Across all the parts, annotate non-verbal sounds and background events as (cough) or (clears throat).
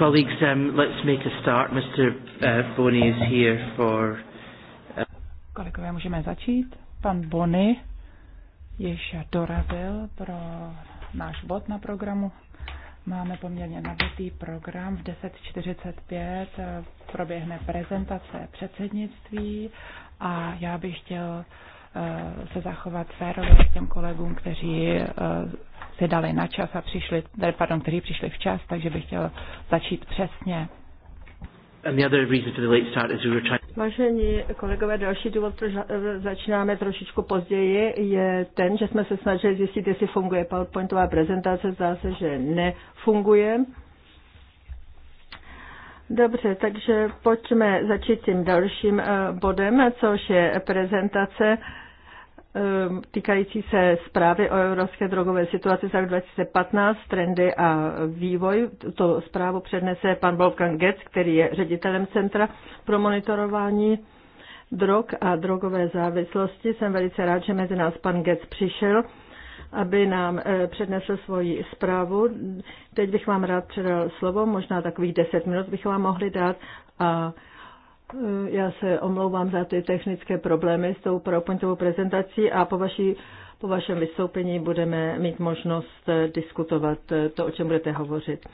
Colleagues, um, let's make a start. Mr. Uh, Boney is here for... Uh, Kolegové, můžeme začít. Pan Boney již dorazil pro náš bod na programu. Máme poměrně nabitý program. V 10.45 eh, proběhne prezentace předsednictví a já bych chtěl eh, se zachovat férově k těm kolegům, kteří eh, si dali na čas a přišli, pardon, kteří přišli včas, takže bych chtěl začít přesně. Vážení kolegové, další důvod, proč eh, začínáme trošičku později, je ten, že jsme se snažili zjistit, jestli funguje PowerPointová prezentace. Zdá se, že nefunguje. Dobře, takže pojďme začít tím dalším eh, bodem, což je prezentace Ehm, týkající se zprávy o evropské drogové situaci za rok 2015, trendy a vývoj. Tuto zprávu přednese pan Wolfgang Getz, který je ředitelem Centra pro monitorování drog a drogové závislosti. Jsem velice rád, že mezi nás pan Getz přišel, aby nám eh, přednesl svoji zprávu. Teď bych vám rád předal slovo, možná takových 10 minut bych vám mohli dát a Eh, já se omlouvám za ty technické problémy s tou PowerPointovou prezentací a po, vaší, po vašem vystoupení budeme mít možnost eh, diskutovat eh, to, o čem budete hovořit.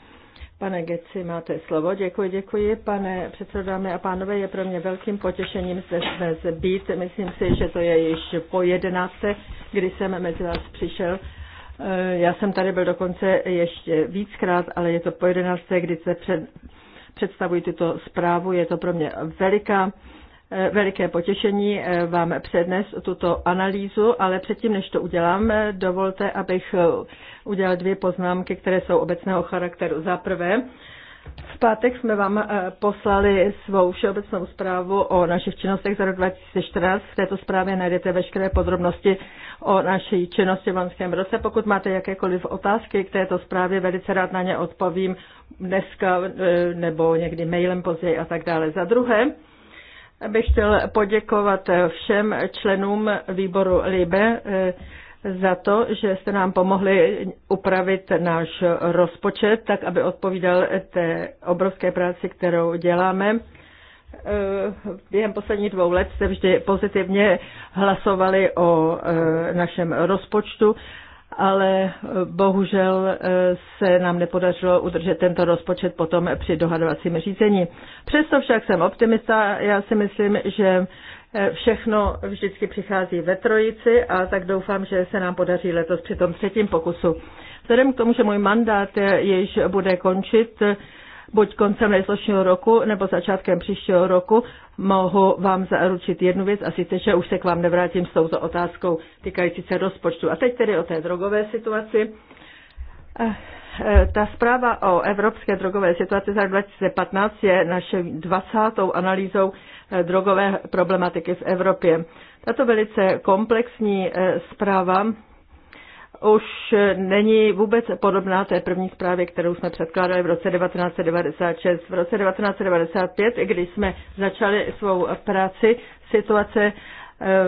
Pane Geci, máte slovo. Děkuji, děkuji. Pane předsedo, dámy a pánové, je pro mě velkým potěšením se dnes být. Myslím si, že to je již po jedenácté, kdy jsem mezi vás přišel. Já jsem tady byl dokonce ještě víckrát, ale je to po jedenácté, kdy se před představuji tuto zprávu. Je to pro mě veliká, eh, veliké potěšení eh, vám přednes tuto analýzu, ale předtím, než to udělám, eh, dovolte, abych udělal dvě poznámky, které jsou obecného charakteru. Za prvé, v pátek jsme vám eh, poslali svou všeobecnou zprávu o našich činnostech za rok 2014. V této zprávě najdete veškeré podrobnosti o naší činnosti v loňském roce. Pokud máte jakékoliv otázky k této zprávě, velice rád na ně odpovím dneska eh, nebo někdy mailem později a tak dále. Za druhé, bych chtěl poděkovat všem členům výboru LIBE, eh, za to, že jste nám pomohli upravit náš rozpočet, tak aby odpovídal té obrovské práci, kterou děláme. E, během posledních dvou let jste vždy pozitivně hlasovali o e, našem rozpočtu, ale e, bohužel se nám nepodařilo udržet tento rozpočet potom při dohadovacím řízení. Přesto však jsem optimista, já si myslím, že Eh, všechno vždycky přichází ve trojici a tak doufám, že se nám podaří letos při tom třetím pokusu. Vzhledem k tomu, že můj mandát eh, již bude končit, eh, buď koncem letošního roku nebo začátkem příštího roku, mohu vám zaručit jednu věc a sice, že už se k vám nevrátím s touto otázkou týkající se rozpočtu. A teď tedy o té drogové situaci. Ta zpráva o evropské drogové situaci za 2015 je naše 20. analýzou Eh, drogové problematiky v Evropě. Tato velice komplexní eh, zpráva už není vůbec podobná té první zprávě, kterou jsme předkládali v roce 1996. V roce 1995, když jsme začali svou práci, situace eh,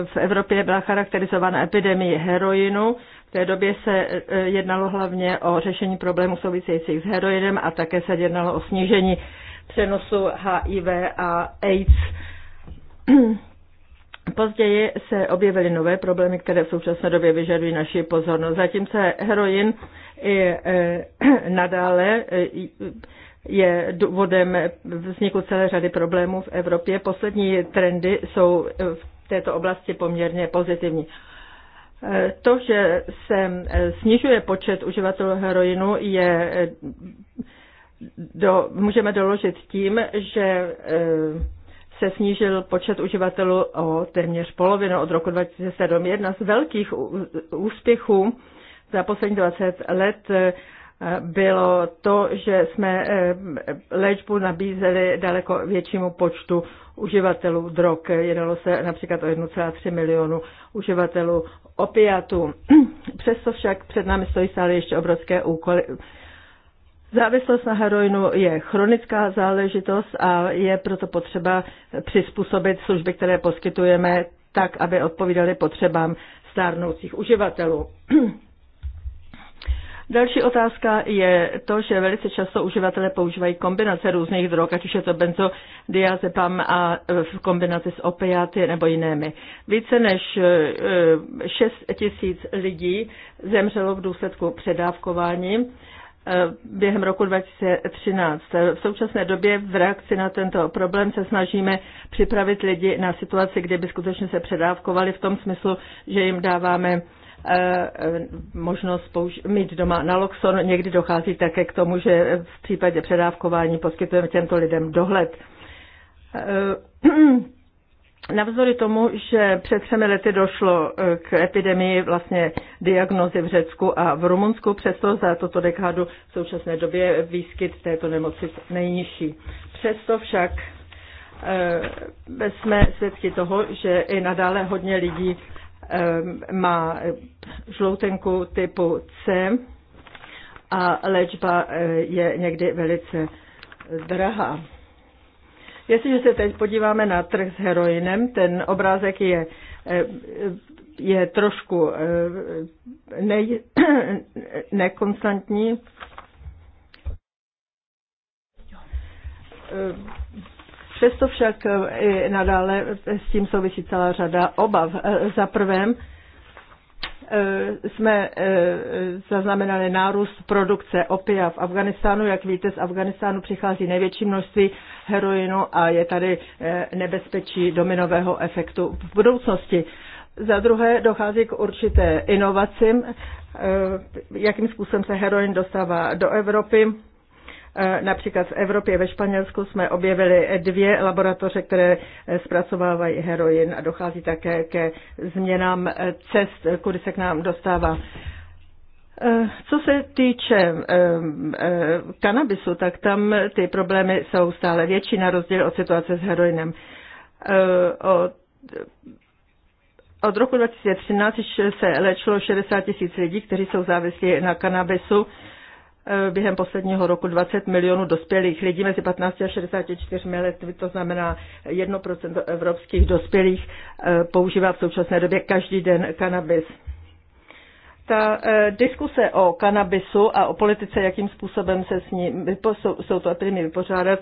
v Evropě byla charakterizována epidemii heroinu. V té době se jednalo hlavně o řešení problémů souvisejících s heroinem a také se jednalo o snížení přenosu HIV a AIDS. (clears throat) Později se objevily nové problémy, které v současné době vyžadují naši pozornost. Zatímco heroin je eh, (clears throat) nadále eh, je důvodem vzniku celé řady problémů v Evropě. Poslední trendy jsou eh, v této oblasti poměrně pozitivní. To, že se snižuje počet uživatelů heroinu, je do, můžeme doložit tím, že e, se snížil počet uživatelů o téměř polovinu od roku 2007. Jedna z velkých úspěchů za poslední 20 let e, bylo to, že jsme e, léčbu nabízeli daleko většímu počtu uživatelů drog. Jednalo se například o 1,3 milionu uživatelů opiatů. (clears throat) Přesto však před námi stojí stále ještě obrovské úkoly Závislost na heroinu je chronická záležitost a je proto potřeba přizpůsobit služby, které poskytujeme, tak, aby odpovídaly potřebám stárnoucích uživatelů. (clears throat) Další otázka je to, že velice často uživatelé používají kombinace různých drog, ať už je to benzodiazepam a e, v kombinaci s opiáty nebo jinými. Více než 6 e, e, tisíc lidí zemřelo v důsledku předávkování Eh, během roku 2013. Eh, v současné době v reakci na tento problém se snažíme připravit lidi na situaci, kdyby skutečně se předávkovali v tom smyslu, že jim dáváme eh, možnost mít doma naloxon. Někdy dochází také k tomu, že v případě předávkování poskytujeme těmto lidem dohled. (clears throat) Navzory tomu, že před třemi lety došlo e, k epidemii vlastně diagnozy v Řecku a v Rumunsku, přesto za toto dekádu v současné době výskyt této nemoci nejnižší. Přesto však e, jsme svědky toho, že i nadále hodně lidí e, má žloutenku typu C a léčba je někdy velice drahá. Jestliže se teď podíváme na trh s heroinem, ten obrázek je, eh, je trošku eh, ne, (clears throat) nekonstantní. Eh, přesto však i nadále s tím souvisí celá řada obav. Za prvém, Eh, jsme eh, zaznamenali nárůst produkce opia v Afganistánu. Jak víte, z Afganistánu přichází největší množství heroinu a je tady eh, nebezpečí dominového efektu v budoucnosti. Za druhé dochází k určité inovacím, jakým způsobem se heroin dostává do Evropy E, například v Evropě, ve Španělsku jsme objevili dvě laboratoře, které zpracovávají heroin a dochází také ke změnám cest, kudy se k nám dostává. E, co se týče e, kanabisu, tak tam ty problémy jsou stále větší na rozdíl od situace s heroinem. Od, od roku 2013 se léčilo 60 tisíc lidí, kteří jsou závislí na kanabisu Eh, během posledního roku 20 milionů dospělých lidí mezi 15 a 64 let. to znamená 1% evropských dospělých eh, používá v současné době každý den kanabis. Ta eh, diskuse o kanabisu a o politice, jakým způsobem se s ní jsou to epidemie vypořádat,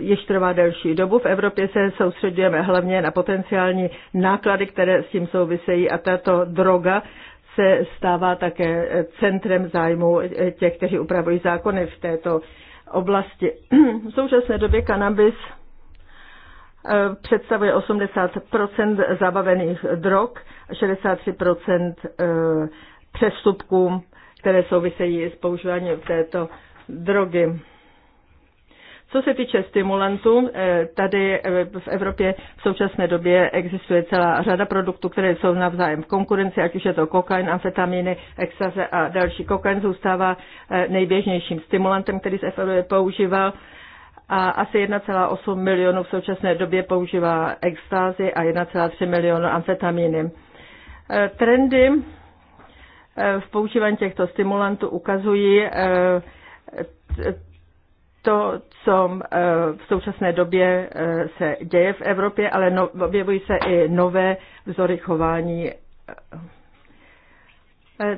již trvá delší dobu. V Evropě se soustředujeme hlavně na potenciální náklady, které s tím souvisejí a tato droga se stává také centrem zájmu těch, kteří upravují zákony v této oblasti. V současné době kanabis eh, představuje 80 zabavených drog a 63 eh, přestupků, které souvisejí s používáním této drogy. Co se týče stimulantů, eh, tady eh, v Evropě v současné době existuje celá řada produktů, které jsou navzájem v konkurenci, ať už je to kokain, amfetamíny, extaze a další. Kokain zůstává eh, nejběžnějším stimulantem, který se v Evropě používal a asi 1,8 milionů v současné době používá extázy a 1,3 milionu amfetamíny. Trendy v používání těchto stimulantů ukazují to, co eh, v současné době eh, se děje v Evropě, ale no, objevují se i nové vzory chování. Eh,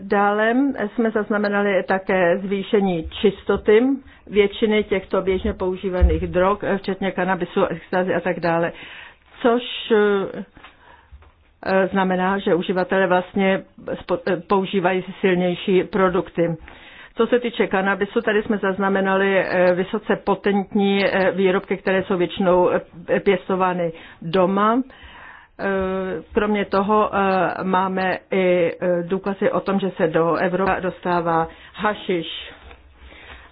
dále jsme zaznamenali také zvýšení čistoty většiny těchto běžně používaných drog, včetně kanabisu, extazy a tak dále, což znamená, že uživatelé vlastně používají silnější produkty. Co se týče kanabisu, tady jsme zaznamenali eh, vysoce potentní eh, výrobky, které jsou většinou eh, pěstovány doma. Kromě toho máme i důkazy o tom, že se do Evropy dostává hašiš.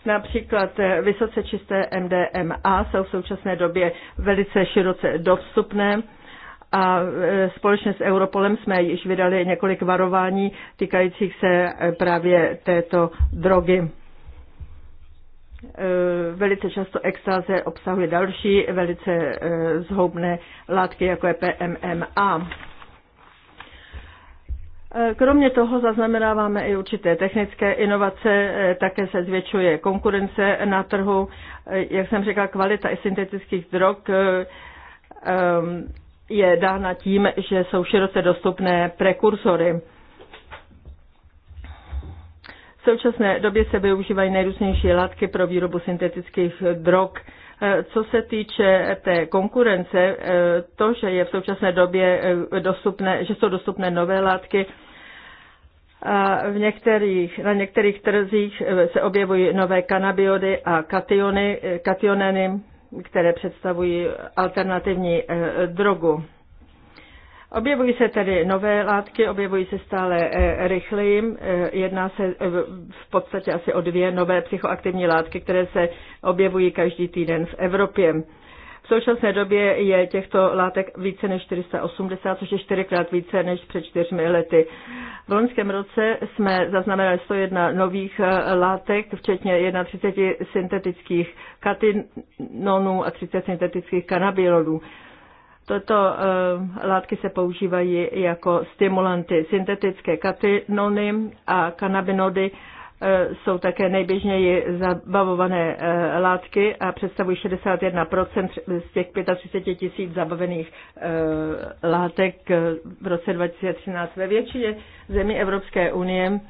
Například vysoce čisté MDMA jsou v současné době velice široce dostupné a e, společně s Europolem jsme již vydali několik varování týkajících se e, právě této drogy. E, velice často extáze obsahuje další velice zhoubné látky, jako je PMMA. Kromě toho zaznamenáváme i určité technické inovace, také se zvětšuje konkurence na trhu. Jak jsem řekla, kvalita i syntetických drog je dána tím, že jsou široce dostupné prekursory. V současné době se využívají nejrůznější látky pro výrobu syntetických drog. Eh, co se týče eh, té konkurence, eh, to, že je v současné době dostupné, že jsou dostupné nové látky, a v některých, na některých trzích se objevují nové kanabiody a kationy, kationeny, které představují alternativní eh, drogu. Objevují se tedy nové látky, objevují se stále eh, rychleji. Eh, jedná se v podstatě asi o dvě nové psychoaktivní látky, které se objevují každý týden v Evropě. V současné době je těchto látek více než 480, což je čtyřikrát více než před čtyřmi lety. V loňském roce jsme zaznamenali 101 nových eh, látek, včetně 31 syntetických katinonů a 30 syntetických kanabilodů. Toto uh, eh, látky se používají jako stimulanty. Syntetické katinony a kanabinody uh, E, jsou také nejběžněji zabavované e, látky a představují 61% z těch 35 tisíc zabavených e, látek v roce 2013. Ve většině zemí Evropské unie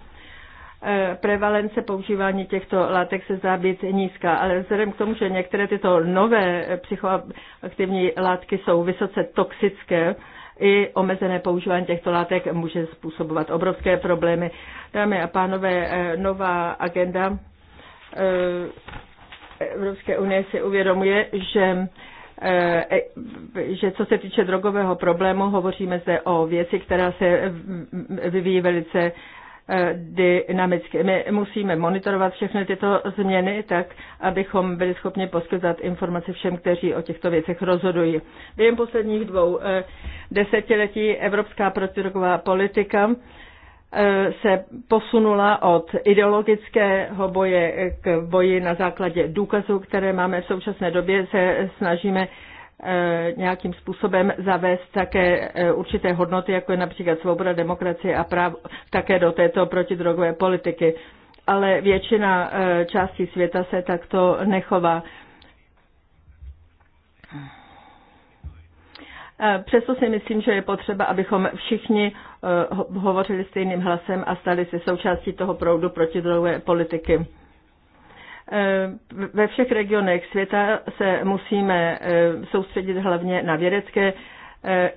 prevalence používání těchto látek se zdá být nízká, ale vzhledem k tomu, že některé tyto nové psychoaktivní látky jsou vysoce toxické, i omezené používání těchto látek může způsobovat obrovské problémy. Dámy a pánové, eh, nová agenda eh, Evropské unie si uvědomuje, že eh, e, že co se týče drogového problému, hovoříme zde o věci, která se vyvíjí velice dynamicky. My musíme monitorovat všechny tyto změny tak, abychom byli schopni poskytovat informace všem, kteří o těchto věcech rozhodují. Během posledních dvou eh, desetiletí evropská protidrogová politika eh, se posunula od ideologického boje k boji na základě důkazů, které máme v současné době, se snažíme Eh, nějakým způsobem zavést také eh, určité hodnoty, jako je například svoboda, demokracie a právo, také do této protidrogové politiky. Ale většina eh, částí světa se takto nechová. Přesto si myslím, že je potřeba, abychom všichni hovořili stejným hlasem a stali se součástí toho proudu protidrogové politiky. Eh, ve všech regionech světa se musíme eh, soustředit hlavně na vědecké eh,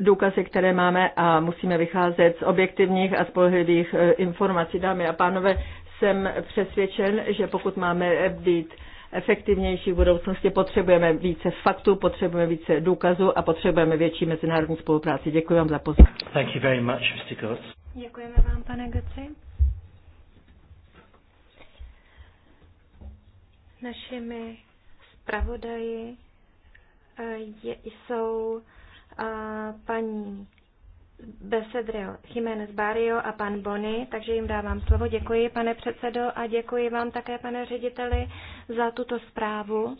důkazy, které máme a musíme vycházet z objektivních a spolehlivých informací. Dámy a pánové, jsem přesvědčen, že pokud máme být efektivnější v budoucnosti, potřebujeme více faktů, potřebujeme více důkazů a potřebujeme větší mezinárodní spolupráci. Děkuji vám za pozornost. Děkujeme vám, pane Götzi. Našimi zpravodaji eh, jsou eh, paní Besedril Jiménez Bario a pan Bony, takže jim dávám slovo. Děkuji, pane předsedo, a děkuji vám také, pane řediteli, za tuto zprávu,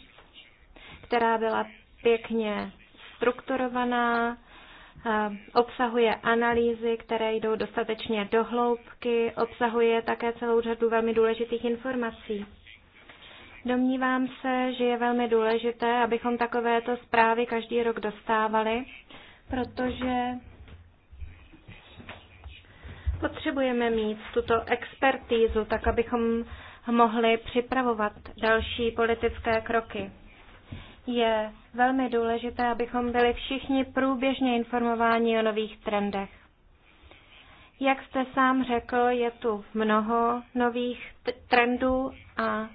která byla pěkně strukturovaná, eh, obsahuje analýzy, které jdou dostatečně do hloubky, obsahuje také celou řadu velmi důležitých informací. Domnívám se, že je velmi důležité, abychom takovéto zprávy každý rok dostávali, protože potřebujeme mít tuto expertízu, tak abychom mohli připravovat další politické kroky. Je velmi důležité, abychom byli všichni průběžně informováni o nových trendech. Jak jste sám řekl, je tu mnoho nových trendů a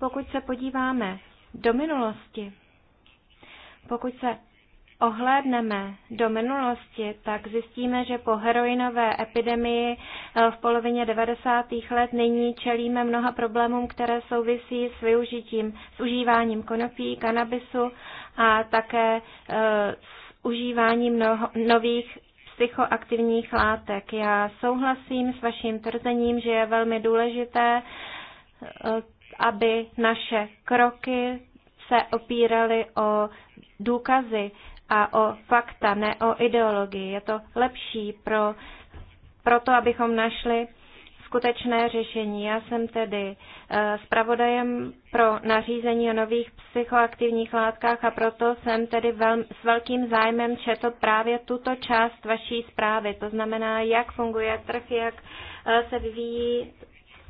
pokud se podíváme do minulosti, pokud se ohlédneme do minulosti, tak zjistíme, že po heroinové epidemii eh, v polovině 90. let nyní čelíme mnoha problémům, které souvisí s využitím, s užíváním konopí, kanabisu a také eh, s užíváním nových psychoaktivních látek. Já souhlasím s vaším tvrzením, že je velmi důležité eh, aby naše kroky se opíraly o důkazy a o fakta, ne o ideologii. Je to lepší pro, pro to, abychom našli skutečné řešení. Já jsem tedy eh, zpravodajem pro nařízení o nových psychoaktivních látkách a proto jsem tedy vel, s velkým zájmem četl právě tuto část vaší zprávy, to znamená, jak funguje trh, jak eh, se vyvíjí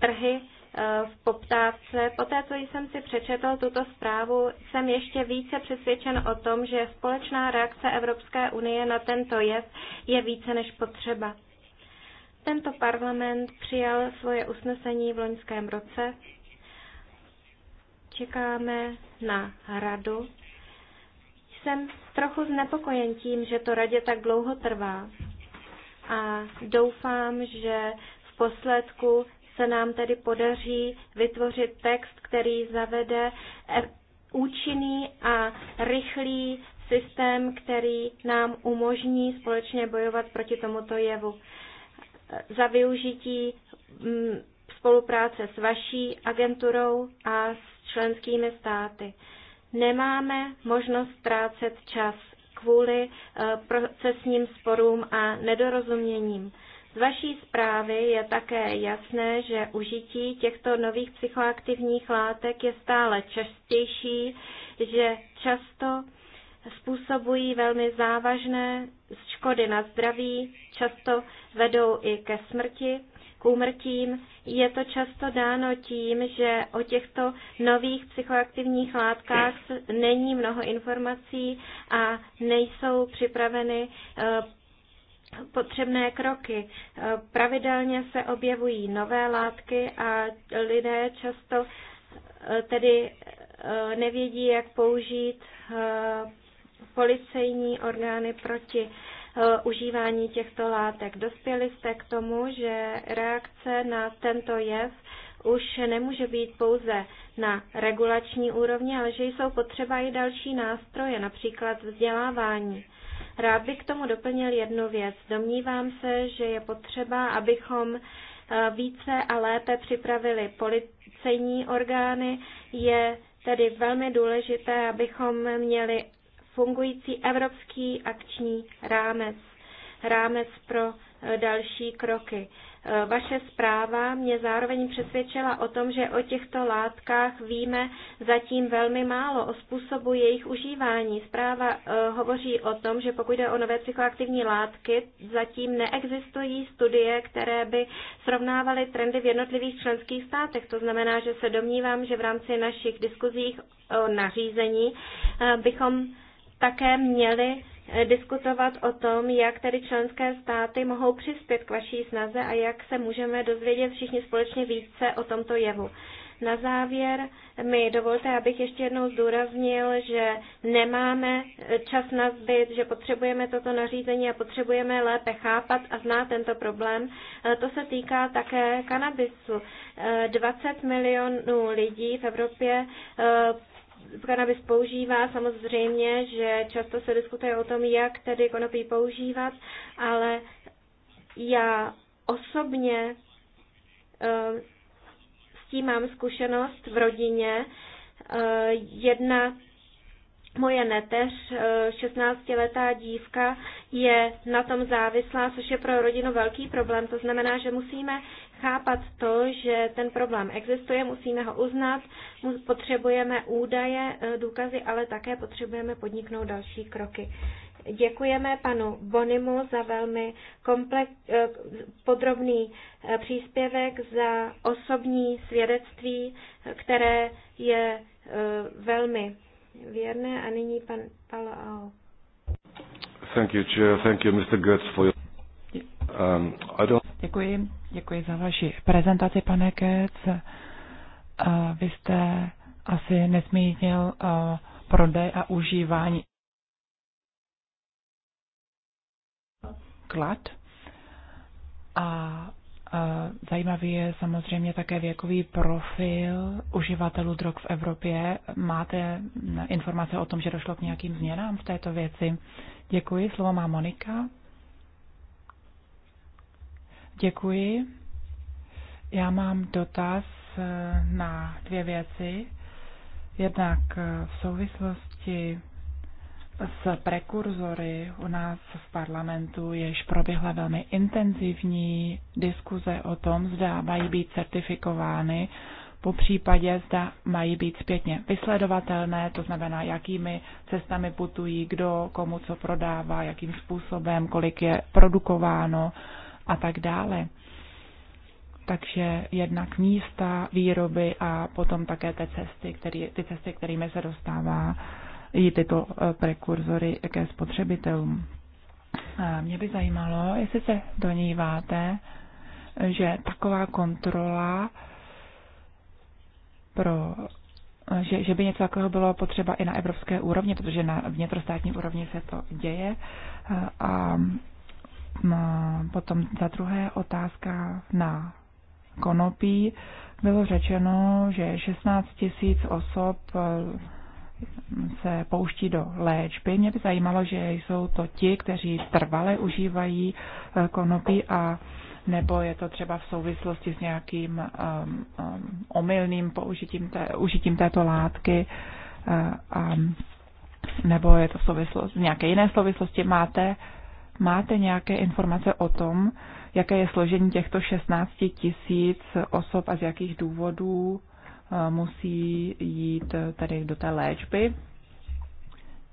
trhy Eh, v poptávce. Poté, co jsem si přečetl tuto zprávu, jsem ještě více přesvědčen o tom, že společná reakce Evropské unie na tento jev je více než potřeba. Tento parlament přijal svoje usnesení v loňském roce. Čekáme na radu. Jsem trochu znepokojen tím, že to radě tak dlouho trvá. A doufám, že v posledku se nám tedy podaří vytvořit text, který zavede e- účinný a rychlý systém, který nám umožní společně bojovat proti tomuto jevu. Za využití mm, spolupráce s vaší agenturou a s členskými státy. Nemáme možnost ztrácet čas kvůli e, procesním sporům a nedorozuměním. Z vaší zprávy je také jasné, že užití těchto nových psychoaktivních látek je stále častější, že často způsobují velmi závažné škody na zdraví, často vedou i ke smrti, k úmrtím. Je to často dáno tím, že o těchto nových psychoaktivních látkách není mnoho informací a nejsou připraveny eh, potřebné kroky. E, pravidelně se objevují nové látky a lidé často e, tedy e, nevědí, jak použít policejní orgány proti užívání těchto látek. Dospěli jste k tomu, že reakce na tento jev už nemůže být pouze na regulační úrovni, ale že jsou potřeba i další nástroje, například vzdělávání. Rád bych k tomu doplnil jednu věc. Domnívám se, že je potřeba, abychom eh, více a lépe připravili policejní orgány. Je tedy velmi důležité, abychom měli fungující evropský akční rámec, rámec pro eh, další kroky. Eh, vaše zpráva mě zároveň přesvědčila o tom, že o těchto látkách víme zatím velmi málo o způsobu jejich užívání. Zpráva eh, hovoří o tom, že pokud jde o nové psychoaktivní látky, zatím neexistují studie, které by srovnávaly trendy v jednotlivých členských státech. To znamená, že se domnívám, že v rámci našich diskuzích o nařízení eh, bychom také měli Eh, diskutovat o tom, jak tedy členské státy mohou přispět k vaší snaze a jak se můžeme dozvědět všichni společně více o tomto jevu. Na závěr mi dovolte, abych ještě jednou zdůraznil, že nemáme eh, čas na zbyt, že potřebujeme toto nařízení a potřebujeme lépe chápat a znát tento problém. Eh, to se týká také kanabisu. 20 milionů lidí v Evropě kanabis používá. Samozřejmě, že často se diskutuje o tom, jak tedy konopí používat, ale já osobně eh, s tím mám zkušenost v rodině. Eh, jedna moje neteř, 16-letá eh, dívka, je na tom závislá, což je pro rodinu velký problém. To znamená, že musíme chápat to, že ten problém existuje, musíme ho uznat, potřebujeme údaje, e, důkazy, ale také potřebujeme podniknout další kroky. Děkujeme panu Bonimu za velmi komplex, e, podrobný e, příspěvek, za osobní svědectví, které je velmi věrné. A nyní pan Palao. Thank you, Chair. Thank you, Mr. Goetz, for your... Um, I don't... Děkuji. Děkuji za vaši prezentaci, pane Kec. Vy jste asi nezmínil uh, prodej a užívání klad. A Zajímavý je samozřejmě také věkový profil uživatelů drog v Evropě. Máte eh, informace o tom, že došlo k nějakým změnám v této věci? Děkuji, slovo má Monika. Děkuji. Já mám dotaz eh, na dvě věci. Jednak eh, v souvislosti s prekurzory u nás v parlamentu jež proběhla velmi intenzivní diskuze o tom, zda mají být certifikovány, po případě zda mají být zpětně vysledovatelné, to znamená, jakými cestami putují, kdo komu co prodává, jakým způsobem, kolik je produkováno a tak dále. Takže jednak místa výroby a potom také ty cesty, který, ty cesty kterými se dostává i tyto eh, prekurzory ke spotřebitelům. A mě by zajímalo, jestli se doníváte, že taková kontrola pro že, že by něco takového bylo potřeba i na evropské úrovni, protože na vnitrostátní úrovni se to děje. A No potom za druhé otázka na konopí. Bylo řečeno, že 16 tisíc osob eh, se pouští do léčby. Mě by zajímalo, že jsou to ti, kteří trvale užívají eh, konopí a nebo je to třeba v souvislosti s nějakým um, um, omylným použitím té, užitím této látky uh, um, nebo je to v souvislosti, v nějaké jiné souvislosti máte Máte nějaké informace o tom, jaké je složení těchto 16 tisíc osob a z jakých důvodů eh, musí jít eh, tady do té léčby?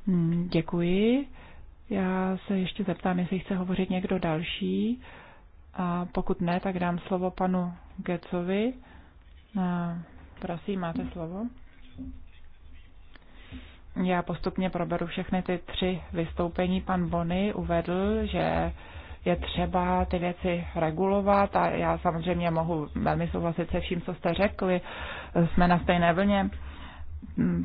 Hmm, děkuji. Já se ještě zeptám, jestli chce hovořit někdo další. A pokud ne, tak dám slovo panu Gecovi. Eh, prosím, máte slovo. Já postupně proberu všechny ty tři vystoupení. Pan Bony uvedl, že je třeba ty věci regulovat a já samozřejmě mohu velmi souhlasit se vším, co jste řekli. Jsme na stejné vlně.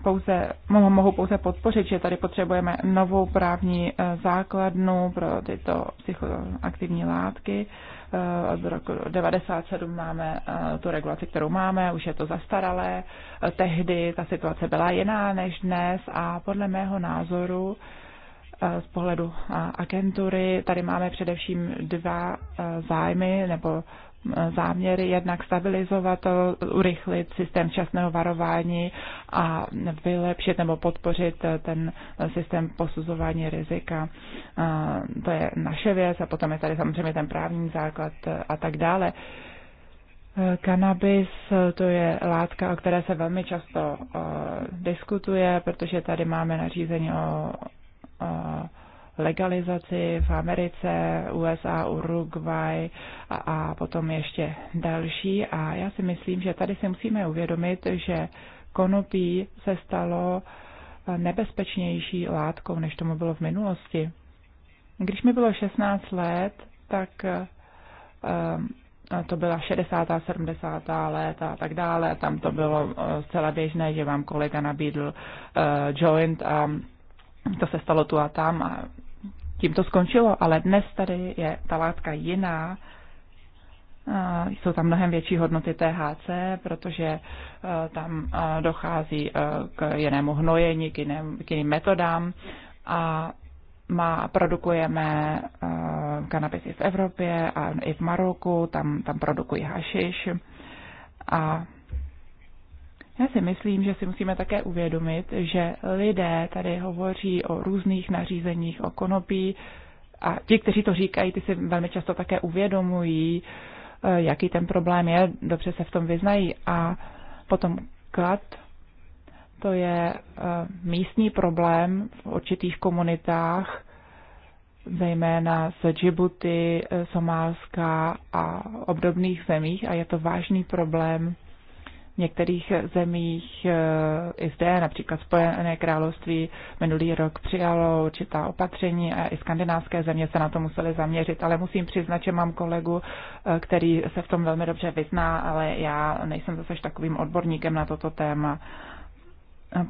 Pouze, mohu pouze podpořit, že tady potřebujeme novou právní eh, základnu pro tyto psychoaktivní látky Eh, od roku 97 máme eh, tu regulaci, kterou máme, už je to zastaralé. Eh, tehdy ta situace byla jiná než dnes a podle mého názoru z pohledu agentury. Tady máme především dva zájmy nebo záměry jednak stabilizovat, urychlit systém časného varování a vylepšit nebo podpořit ten systém posuzování rizika. To je naše věc a potom je tady samozřejmě ten právní základ a tak dále. Kanabis e, to je látka, o které se velmi často e, diskutuje, protože tady máme nařízení o legalizaci v Americe, USA, Uruguay a, a potom ještě další. A já si myslím, že tady si musíme uvědomit, že konopí se stalo nebezpečnější látkou, než tomu bylo v minulosti. Když mi bylo 16 let, tak ehm, to byla 60. a 70. let a tak dále. Tam to bylo e, zcela běžné, že vám kolega nabídl e, joint a to se stalo tu a tam a tím to skončilo, ale dnes tady je ta látka jiná, jsou tam mnohem větší hodnoty THC, protože e, tam e, dochází e, k jinému hnojení, k, jiném, k jiným metodám a má, produkujeme kanabis i v Evropě a i v Maroku, tam, tam produkují hašiš a já si myslím, že si musíme také uvědomit, že lidé tady hovoří o různých nařízeních, o konopí a ti, kteří to říkají, ty si velmi často také uvědomují, eh, jaký ten problém je, dobře se v tom vyznají. A potom klad, to je eh, místní problém v určitých komunitách, zejména z Djibouti, eh, Somálska a obdobných zemích a je to vážný problém některých zemích eh, i zde, například Spojené království, minulý rok přijalo určitá opatření a i skandinávské země se na to musely zaměřit, ale musím přiznat, že mám kolegu, eh, který se v tom velmi dobře vyzná, ale já nejsem zase takovým odborníkem na toto téma.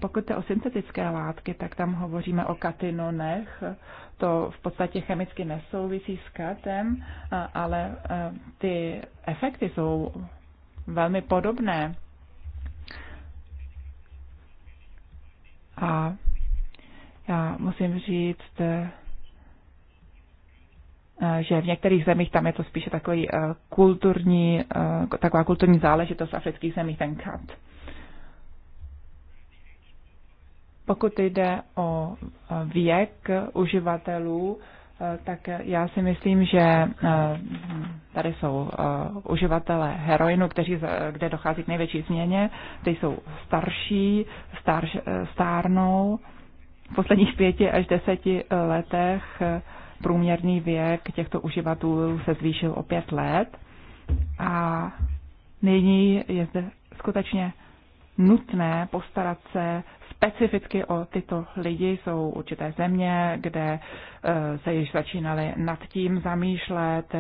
Pokud jde o syntetické látky, tak tam hovoříme o katinonech. To v podstatě chemicky nesouvisí s katem, eh, ale ty efekty jsou velmi podobné. A já musím říct, eh, že v některých zemích tam je to spíše takový eh, kulturní, eh, taková kulturní záležitost v afrických zemích, ten kat. Pokud jde o věk uživatelů, Eh, tak já si myslím, že eh, tady jsou eh, uživatelé heroinu, kteří, kde dochází k největší změně. Ty jsou starší, star, stárnou. V posledních pěti až deseti letech průměrný věk těchto uživatelů se zvýšil o pět let. A nyní je zde skutečně nutné postarat se specificky o tyto lidi. Jsou určité země, kde e, se již začínali nad tím zamýšlet,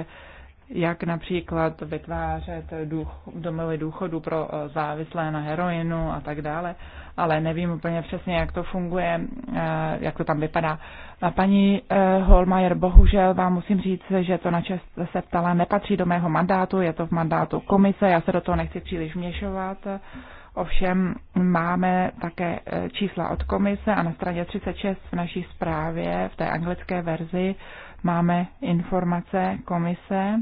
jak například vytvářet duch, domily důchodu pro e, závislé na heroinu a tak dále, ale nevím úplně přesně, jak to funguje, e, jak to tam vypadá. A paní Holmajer, bohužel vám musím říct, že to, na čest se ptala, nepatří do mého mandátu, je to v mandátu komise, já se do toho nechci příliš měšovat. Ovšem máme také e, čísla od komise a na straně 36 v naší zprávě, v té anglické verzi, máme informace komise.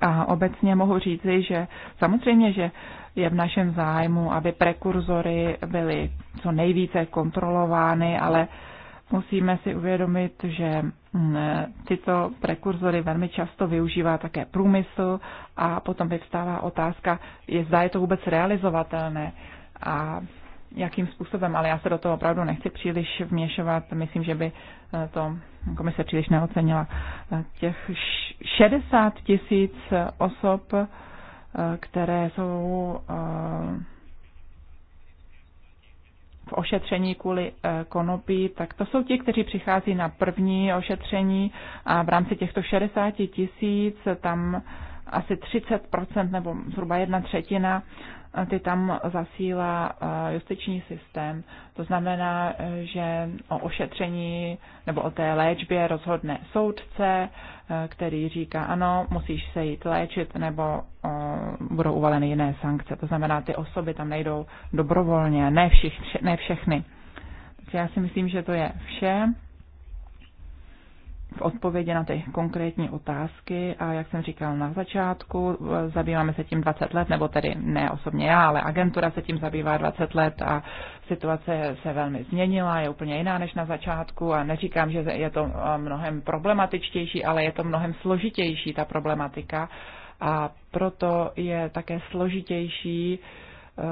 A obecně mohu říci, že samozřejmě, že je v našem zájmu, aby prekurzory byly co nejvíce kontrolovány, ale musíme si uvědomit, že e, tyto prekurzory velmi často využívá také průmysl a potom vyvstává otázka, je, zda je to vůbec realizovatelné a jakým způsobem, ale já se do toho opravdu nechci příliš vměšovat. Myslím, že by eh, to komise příliš neocenila. Eh, těch 60 tisíc eh, osob, které jsou v ošetření kvůli konopí, tak to jsou ti, kteří přichází na první ošetření a v rámci těchto 60 tisíc tam asi 30% nebo zhruba jedna třetina eh, ty tam zasílá eh, justiční systém. To znamená, eh, že o ošetření nebo o té léčbě rozhodne soudce, který říká, ano, musíš se jít léčit nebo budou uvaleny jiné sankce. To znamená, ty osoby tam nejdou dobrovolně, ne, všich, ne všechny. Takže já si myslím, že to je vše v odpovědi na ty konkrétní otázky a jak jsem říkal na začátku, zabýváme se tím 20 let, nebo tedy ne osobně já, ale agentura se tím zabývá 20 let a situace se velmi změnila, je úplně jiná než na začátku a neříkám, že je to eh, mnohem problematičtější, ale je to mnohem složitější ta problematika a proto je také složitější eh,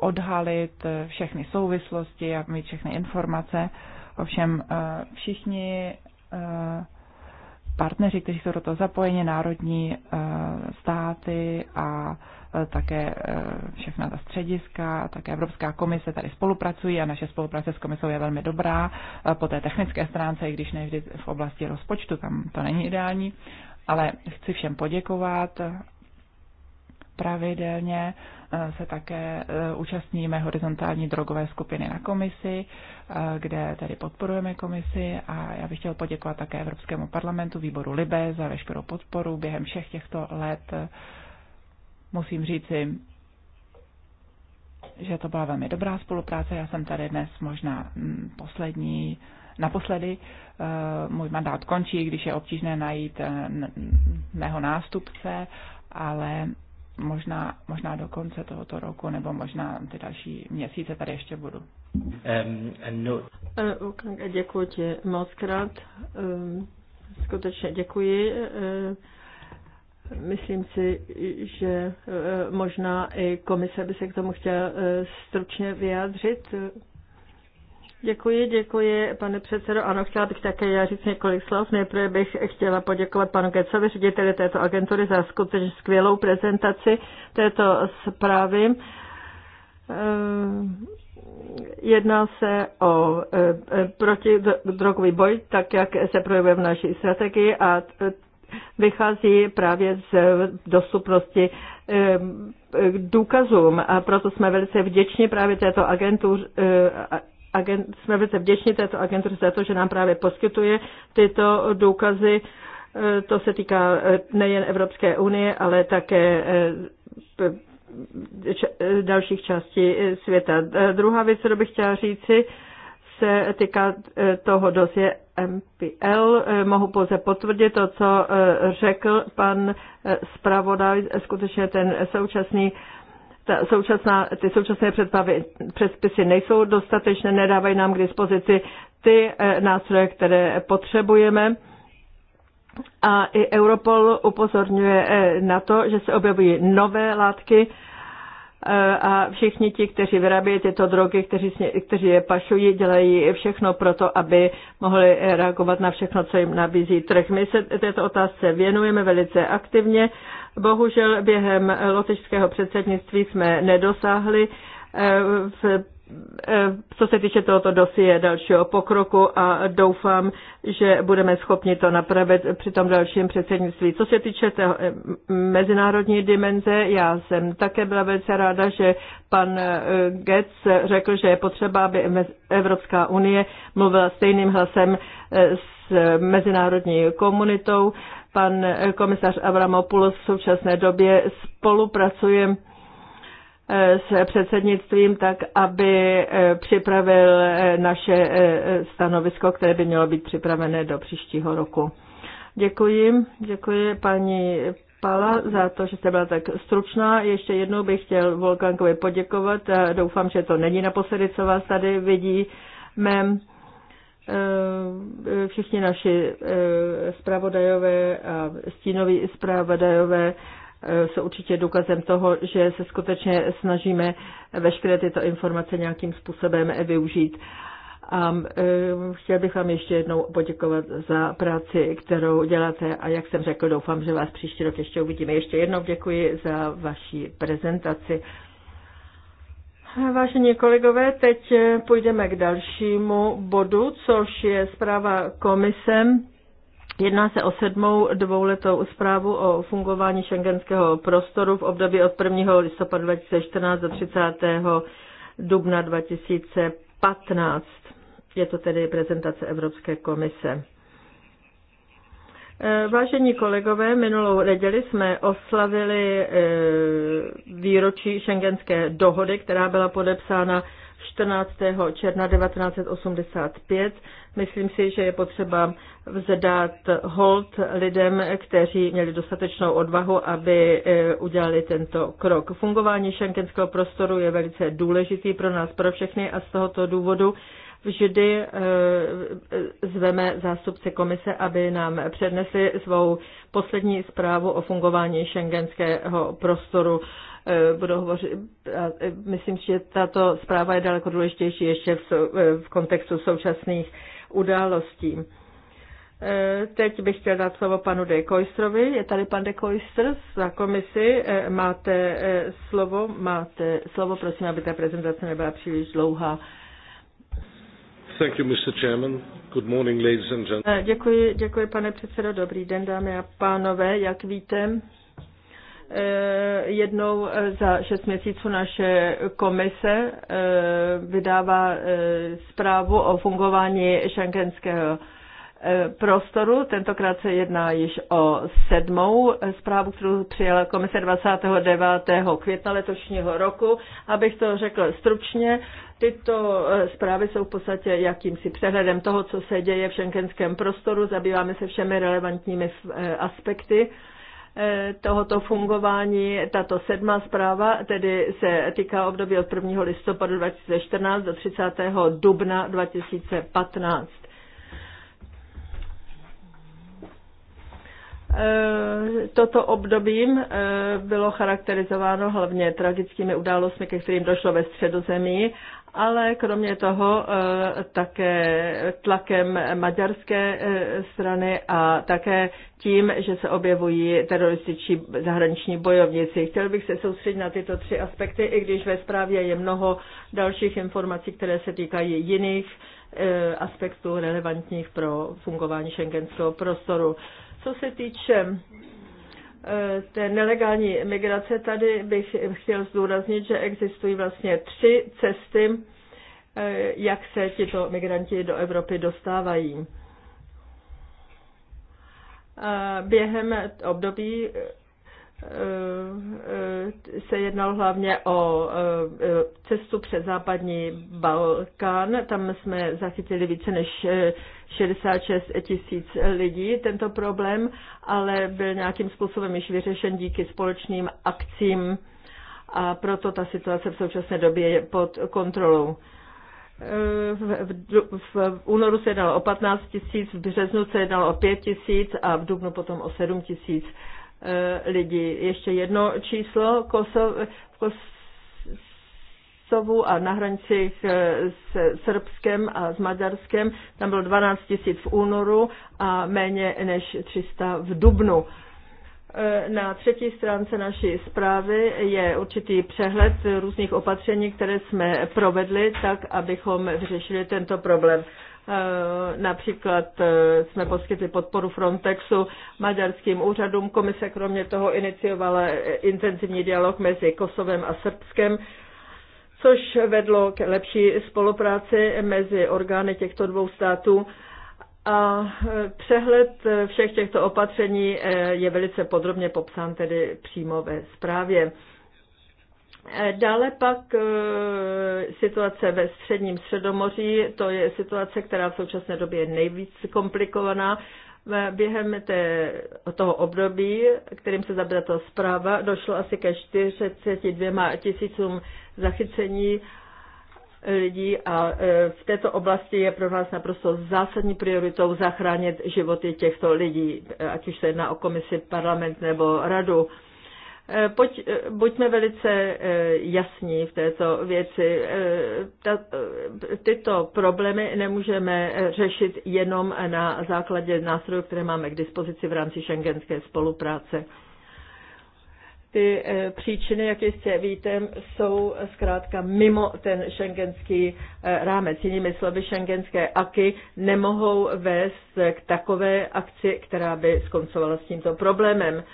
odhalit všechny souvislosti a mít všechny informace. Ovšem eh, všichni Eh, partneři, kteří jsou do toho zapojeni, národní eh, státy a eh, také všechna ta střediska, také Evropská komise tady spolupracují a naše spolupráce s komisou je velmi dobrá po té technické stránce, i když nevždy v oblasti rozpočtu, tam to není ideální, ale chci všem poděkovat pravidelně se také eh, účastníme horizontální drogové skupiny na komisi, eh, kde tedy podporujeme komisi a já bych chtěl poděkovat také Evropskému parlamentu, výboru Libe za veškerou podporu během všech těchto let. Musím říci, že to byla velmi dobrá spolupráce. Já jsem tady dnes možná mm, poslední, naposledy. Eh, můj mandát končí, když je obtížné najít mého nástupce, ale možná, možná do konce tohoto roku, nebo možná ty další měsíce tady ještě budu. Um, no. uh, děkuji ti moc krát. Um, skutečně děkuji. Uh, Myslím si, že možná i komise by se k tomu chtěla stručně vyjádřit. Děkuji, děkuji, pane předsedo. Ano, chtěla bych také já říct několik slov. Nejprve bych chtěla poděkovat panu Gecovi, řediteli této agentury, za skutečně skvělou prezentaci této zprávy. Eh, jedná se o eh, eh, protidrogový boj, tak jak se projevuje v naší strategii a vychází právě z dostupnosti k důkazům a proto jsme velice vděční právě této agentur, agent, jsme velice vděční této agentuře za to, že nám právě poskytuje tyto důkazy. E, to se týká e, nejen Evropské unie, ale také e, dalších částí světa. Druhá věc, kterou bych chtěla říci, se týká toho dosie MPL. Mohu pouze potvrdit to, co řekl pan zpravodaj. Skutečně ten současný ta současná, ty současné předpavy, předpisy nejsou dostatečné, nedávají nám k dispozici ty eh, nástroje, které potřebujeme. A i Europol upozorňuje eh, na to, že se objevují nové látky, a všichni ti, kteří vyrábějí tyto drogy, kteří, kteří je pašují, dělají všechno pro to, aby mohli reagovat na všechno, co jim nabízí trh. My se této otázce věnujeme velice aktivně. Bohužel během lotyšského předsednictví jsme nedosáhli eh, v Eh, co se týče tohoto dosie dalšího pokroku a doufám, že budeme schopni to napravit při tom dalším předsednictví. Co se týče té eh, mezinárodní dimenze, já jsem také byla velice ráda, že pan eh, Getz řekl, že je potřeba, aby Evropská unie mluvila stejným hlasem s mezinárodní komunitou. Pan komisař Avramopoulos v současné době spolupracuje Eh, s předsednictvím tak, aby eh, připravil eh, naše stanovisko, které by mělo být připravené do příštího roku. Děkuji, děkuji paní Pala za to, že jste byla tak stručná. Ještě jednou bych chtěl Volkankovi poděkovat a doufám, že to není naposledy, co vás tady vidí. Mém všichni naši zpravodajové a stínoví zpravodajové Eh, jsou určitě důkazem toho, že se skutečně snažíme veškeré tyto informace nějakým způsobem využít. A eh, chtěl bych vám ještě jednou poděkovat za práci, kterou děláte a jak jsem řekl, doufám, že vás příští rok ještě uvidíme. Ještě jednou děkuji za vaši prezentaci. Vážení kolegové, teď eh, půjdeme k dalšímu bodu, což je zpráva komisem Jedná se o sedmou dvouletou zprávu o fungování šengenského prostoru v období od 1. listopadu 2014 do 30. dubna 2015. Je to tedy prezentace Evropské komise. Eh, vážení kolegové, minulou neděli jsme oslavili eh, výročí šengenské dohody, která byla podepsána 14. června 1985. Myslím si, že je potřeba vzdát hold lidem, kteří měli dostatečnou odvahu, aby eh, udělali tento krok. Fungování šenkenského prostoru je velice důležitý pro nás, pro všechny a z tohoto důvodu vždy eh, zveme zástupce komise, aby nám přednesli svou poslední zprávu o fungování šengenského prostoru E, budou hovořit. E, myslím, že tato zpráva je daleko důležitější ještě v, e, v kontextu současných událostí. Teď bych chtěl dát slovo panu De Koistrovi. Je tady pan De Koistr za komisi. Máte slovo, máte slovo, prosím, aby ta prezentace nebyla příliš dlouhá. Thank you, Mr. Chairman. Good morning, ladies and gentlemen. Děkuji, děkuji, pane předsedo. Dobrý den, dámy a pánové. Jak víte, Eh, jednou eh, za šest měsíců naše komise eh, vydává zprávu o fungování šengenského prostoru. Tentokrát se jedná již o sedmou zprávu, kterou přijala komise 29. května letošního roku. Abych to řekl stručně, tyto zprávy jsou v podstatě jakýmsi přehledem toho, co se děje v šenkenském prostoru. Zabýváme se všemi relevantními aspekty Eh, tohoto fungování. Tato sedmá zpráva tedy se týká období od 1. listopadu 2014 do 30. dubna 2015. Eh, toto období eh, bylo charakterizováno hlavně tragickými událostmi, ke kterým došlo ve středozemí ale kromě toho eh, také tlakem maďarské eh, strany a také tím, že se objevují terorističní zahraniční bojovníci. Chtěl bych se soustředit na tyto tři aspekty, i když ve zprávě je mnoho dalších informací, které se týkají jiných eh, aspektů relevantních pro fungování šengenského prostoru. Co se týče Eh, té nelegální migrace, tady bych chtěl zdůraznit, že existují vlastně tři cesty, eh, jak se tito migranti do Evropy dostávají. Eh, během období Eh, eh, se jednal hlavně o eh, cestu přes západní Balkán. Tam jsme zachytili více než 66 tisíc lidí tento problém, ale byl nějakým způsobem již vyřešen díky společným akcím a proto ta situace v současné době je pod kontrolou. V, v, v únoru se jednalo o 15 tisíc, v březnu se jednalo o 5 tisíc a v dubnu potom o 7 tisíc. Eh, lidi. Ještě jedno číslo. v Kosovu a na hranicích eh, s Srbskem a s Maďarskem. Tam bylo 12 tisíc v únoru a méně než 300 v dubnu. Eh, na třetí stránce naší zprávy je určitý přehled různých opatření, které jsme provedli, tak abychom vyřešili tento problém. Eh, například eh, jsme poskytli podporu Frontexu maďarským úřadům. Komise kromě toho iniciovala eh, intenzivní dialog mezi Kosovem a Srbskem, což vedlo k lepší spolupráci mezi orgány těchto dvou států. A přehled všech těchto opatření je velice podrobně popsán tedy přímo ve zprávě. Eh, dále pak eh, situace ve středním středomoří, to je situace, která v současné době je nejvíc komplikovaná. Během té, toho období, kterým se zabývá ta zpráva, došlo asi ke 42 tisícům zachycení eh, lidí a v této oblasti je pro nás naprosto zásadní prioritou zachránit životy těchto lidí, ať už se jedná o komisi, parlament nebo radu. Eh, pojď, eh, buďme velice eh, jasní v této věci. tyto problémy nemůžeme řešit jenom na základě nástrojů, které máme k dispozici v rámci šengenské spolupráce. Ty příčiny, jak jistě víte, jsou zkrátka mimo ten šengenský rámec. Jinými slovy, šengenské aky nemohou vést k takové akci, která by skoncovala s tímto problémem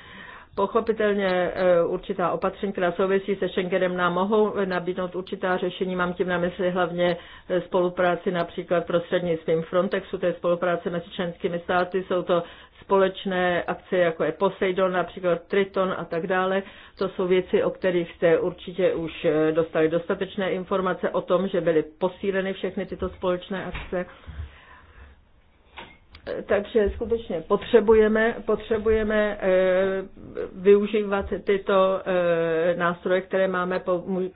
Pochopitelně e, určitá opatření, která souvisí se Schengenem, nám mohou nabídnout určitá řešení. Mám tím na mysli hlavně e, spolupráci například prostřednictvím Frontexu, to je spolupráce mezi členskými státy, jsou to společné akce, jako je Poseidon, například Triton a tak dále. To jsou věci, o kterých jste určitě už e, dostali dostatečné informace o tom, že byly posíleny všechny tyto společné akce takže skutečně potřebujeme, potřebujeme eh, využívat tyto eh, nástroje, které máme,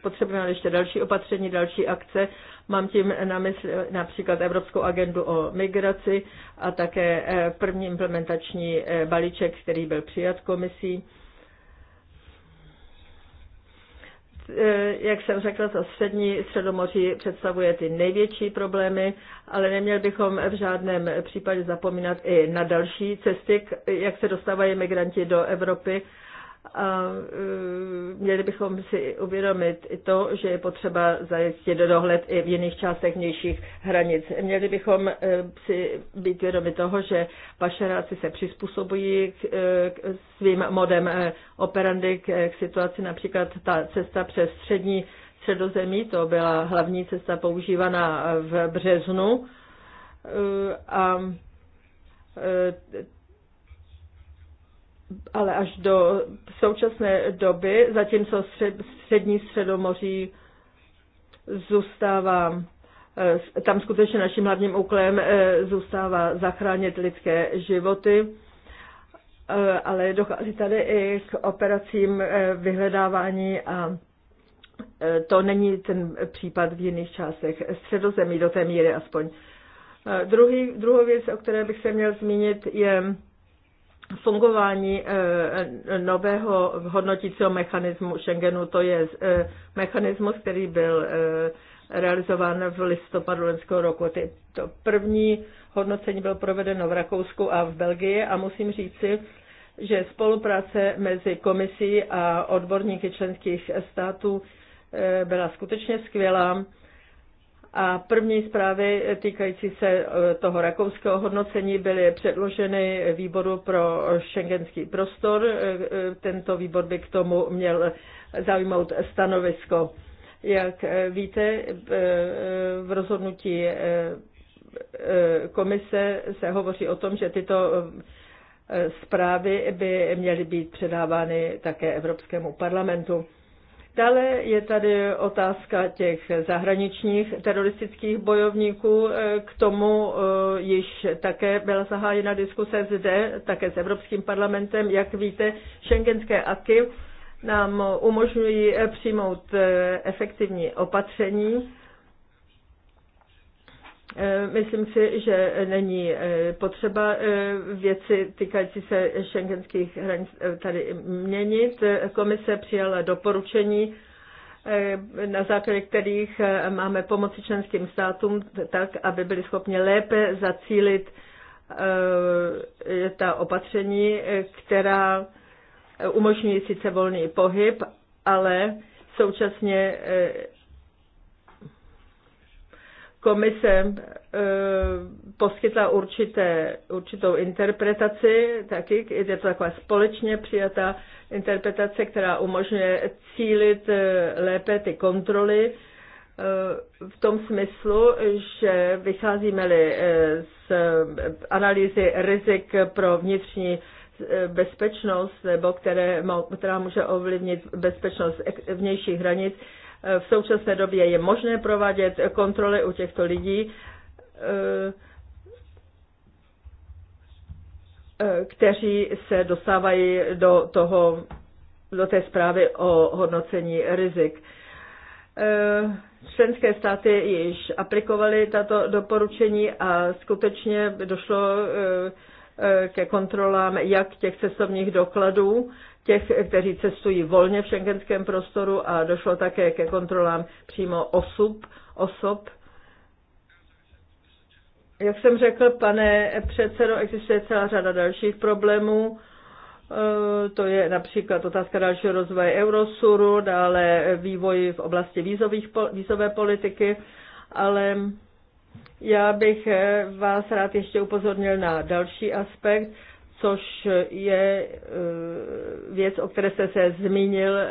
potřebujeme ještě další opatření, další akce. Mám tím na mysli například Evropskou agendu o migraci a také eh, první implementační balíček, který byl přijat komisí Eh, jak jsem řekla, to střední středomoří představuje ty největší problémy, ale neměl bychom v žádném případě zapomínat i na další cesty, jak se dostávají migranti do Evropy a e, měli bychom si uvědomit i to, že je potřeba zajistit do dohled i v jiných částech vnějších hranic. Měli bychom e, si být vědomi toho, že pašeráci se přizpůsobují k, e, k svým modem operandy k, k situaci. Například ta cesta přes střední středozemí, to byla hlavní cesta používaná v březnu a ale až do současné doby, zatímco střed, střední středomoří zůstává, eh, tam skutečně naším hlavním úkolem eh, zůstává zachránit lidské životy, eh, ale dochází tady i k operacím vyhledávání a to není ten případ v jiných částech středozemí, do té míry aspoň. Druhý, druhou věc, o které bych se měl zmínit, je fungování eh, nového hodnotícího mechanismu Schengenu, to je eh, mechanismus, který byl eh, realizován v listopadu loňského roku. Ty, to první hodnocení bylo provedeno v Rakousku a v Belgii a musím říci, že spolupráce mezi komisí a odborníky členských států byla skutečně skvělá. A první zprávy týkající se e, toho rakouského hodnocení byly předloženy výboru pro šengenský prostor. E, e, tento výbor by k tomu měl zaujmout stanovisko. Jak víte, v rozhodnutí komise se hovoří o tom, že tyto zprávy by měly být předávány také Evropskému parlamentu. Dále je tady otázka těch zahraničních teroristických bojovníků. Eh, k tomu eh, již také byla zahájena diskuse zde, také s Evropským parlamentem. Jak víte, šengenské aky nám umožňují eh, přijmout efektivní opatření Eh, myslím si, že není eh, potřeba eh, věci týkající se šengenských hranic tady měnit. Komise přijala doporučení, na základě kterých máme pomoci členským státům tak, aby byli schopni lépe zacílit ta opatření, která umožňují sice volný pohyb, ale současně komise eh, poskytla určité, určitou interpretaci, taky je to taková společně přijatá interpretace, která umožňuje cílit eh, lépe ty kontroly eh, v tom smyslu, že vycházíme-li z analýzy rizik pro vnitřní bezpečnost, nebo které, která může ovlivnit bezpečnost vnějších hranic, v současné době je možné provádět kontroly u těchto lidí, eh, eh, kteří se dostávají do, toho, do té zprávy o hodnocení rizik. Eh, členské státy již aplikovaly tato doporučení a skutečně došlo ke kontrolám jak těch cestovních dokladů, těch, kteří cestují volně v šengenském prostoru a došlo také ke kontrolám přímo osob, osob. Jak jsem řekl, pane předsedo, existuje celá řada dalších problémů. E, to je například otázka dalšího rozvoje Eurosuru, dále vývoj v oblasti vízových, vízové politiky, ale já bych e, vás rád ještě upozornil na další aspekt což je eh, věc, o které jste se zmínil eh,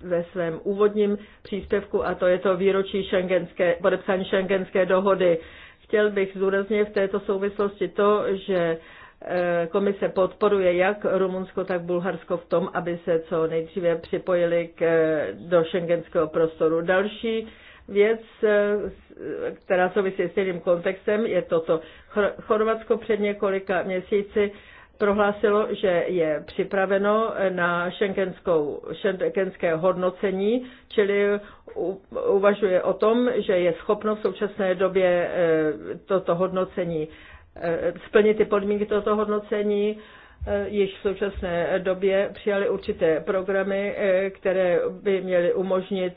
ve svém úvodním příspěvku, a to je to výročí šengenské, podepsání šengenské dohody. Chtěl bych zúraznit v této souvislosti to, že eh, komise podporuje jak Rumunsko, tak Bulharsko v tom, aby se co nejdříve připojili k, do šengenského prostoru. Další věc, která souvisí s jiným kontextem, je toto. Chorvatsko před několika měsíci prohlásilo, že je připraveno na šengenské hodnocení, čili uvažuje o tom, že je schopno v současné době e, toto hodnocení e, splnit ty podmínky tohoto hodnocení. E, již v současné době přijali určité programy, které by měly umožnit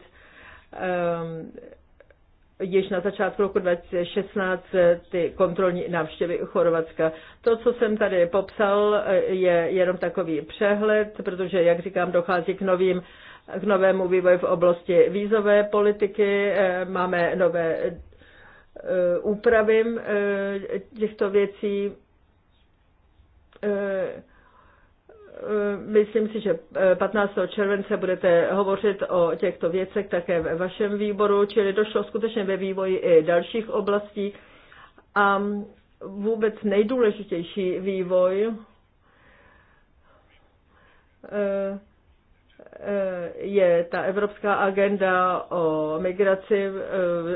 již na začátku roku 2016 ty kontrolní návštěvy Chorvatska. To, co jsem tady popsal, je jenom takový přehled, protože, jak říkám, dochází k novým k novému vývoji v oblasti vízové politiky, eh, máme nové eh, úpravy eh, těchto věcí Eh, myslím si, že 15. Eh, července budete hovořit o těchto věcech také ve vašem výboru, čili došlo skutečně ve vývoji i dalších oblastí. A vůbec nejdůležitější vývoj eh, Eh, je ta evropská agenda o migraci eh,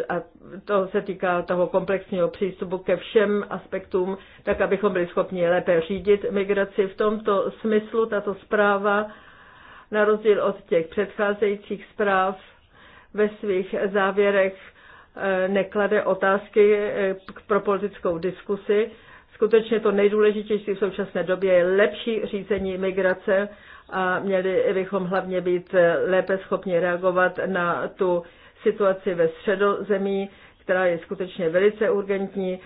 a to se týká toho komplexního přístupu ke všem aspektům, tak abychom byli schopni lépe řídit migraci. V tomto smyslu tato zpráva, na rozdíl od těch předcházejících zpráv, ve svých závěrech eh, neklade otázky pro politickou diskusi. Skutečně to nejdůležitější v současné době je lepší řízení migrace a měli bychom hlavně být lépe schopni reagovat na tu situaci ve středozemí, která je skutečně velice urgentní. E,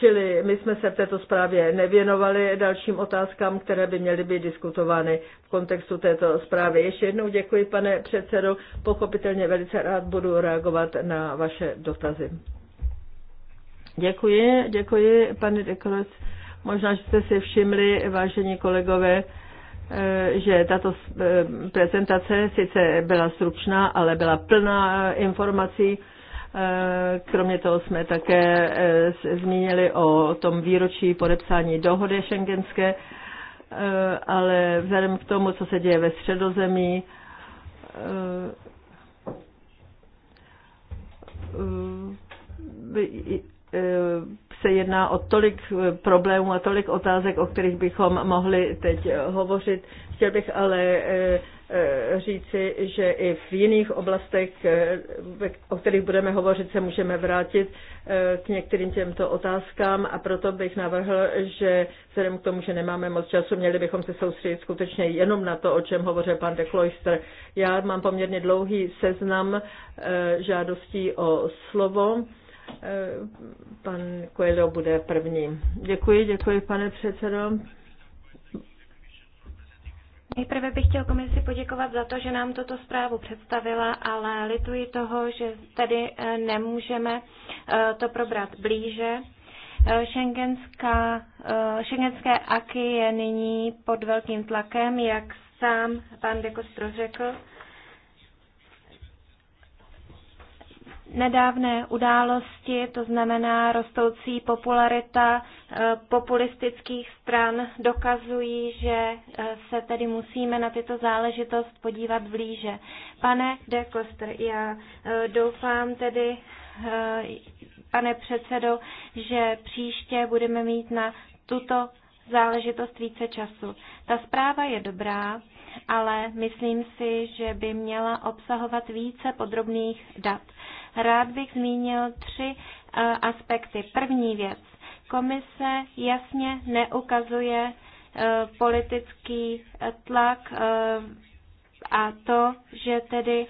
čili my jsme se v této zprávě nevěnovali dalším otázkám, které by měly být diskutovány v kontextu této zprávy. Ještě jednou děkuji, pane předsedo. Pochopitelně velice rád budu reagovat na vaše dotazy. Děkuji, děkuji, pane Dekroc. Možná, že jste si všimli, vážení kolegové, eh, že tato eh, prezentace sice byla stručná, ale byla plná eh, informací. Kromě toho jsme také zmínili o tom výročí podepsání dohody šengenské, ale vzhledem k tomu, co se děje ve středozemí, se jedná o tolik eh, problémů a tolik otázek, o kterých bychom mohli teď eh, hovořit. Chtěl bych ale eh, říci, že i v jiných oblastech, o kterých budeme hovořit, se můžeme vrátit k některým těmto otázkám a proto bych navrhl, že vzhledem k tomu, že nemáme moc času, měli bychom se soustředit skutečně jenom na to, o čem hovořil pan de Kloister. Já mám poměrně dlouhý seznam žádostí o slovo. Eh, pan Coelho bude první. Děkuji, děkuji, pane předsedo. Nejprve bych chtěl komisi poděkovat za to, že nám toto zprávu představila, ale lituji toho, že tady eh, nemůžeme eh, to probrat blíže. Schengenská, šengenské aky je nyní pod velkým tlakem, jak sám pan Dekostro řekl. nedávné události, to znamená rostoucí popularita eh, populistických stran, dokazují, že eh, se tedy musíme na tyto záležitost podívat blíže. Pane De Koster, já eh, doufám tedy, pane předsedo, že příště budeme mít na tuto záležitost více času. Ta zpráva je dobrá, ale myslím si, že by měla obsahovat více podrobných dat. Rád bych zmínil tři eh, aspekty. První věc. Komise jasně neukazuje eh, politický eh, tlak a to, že tedy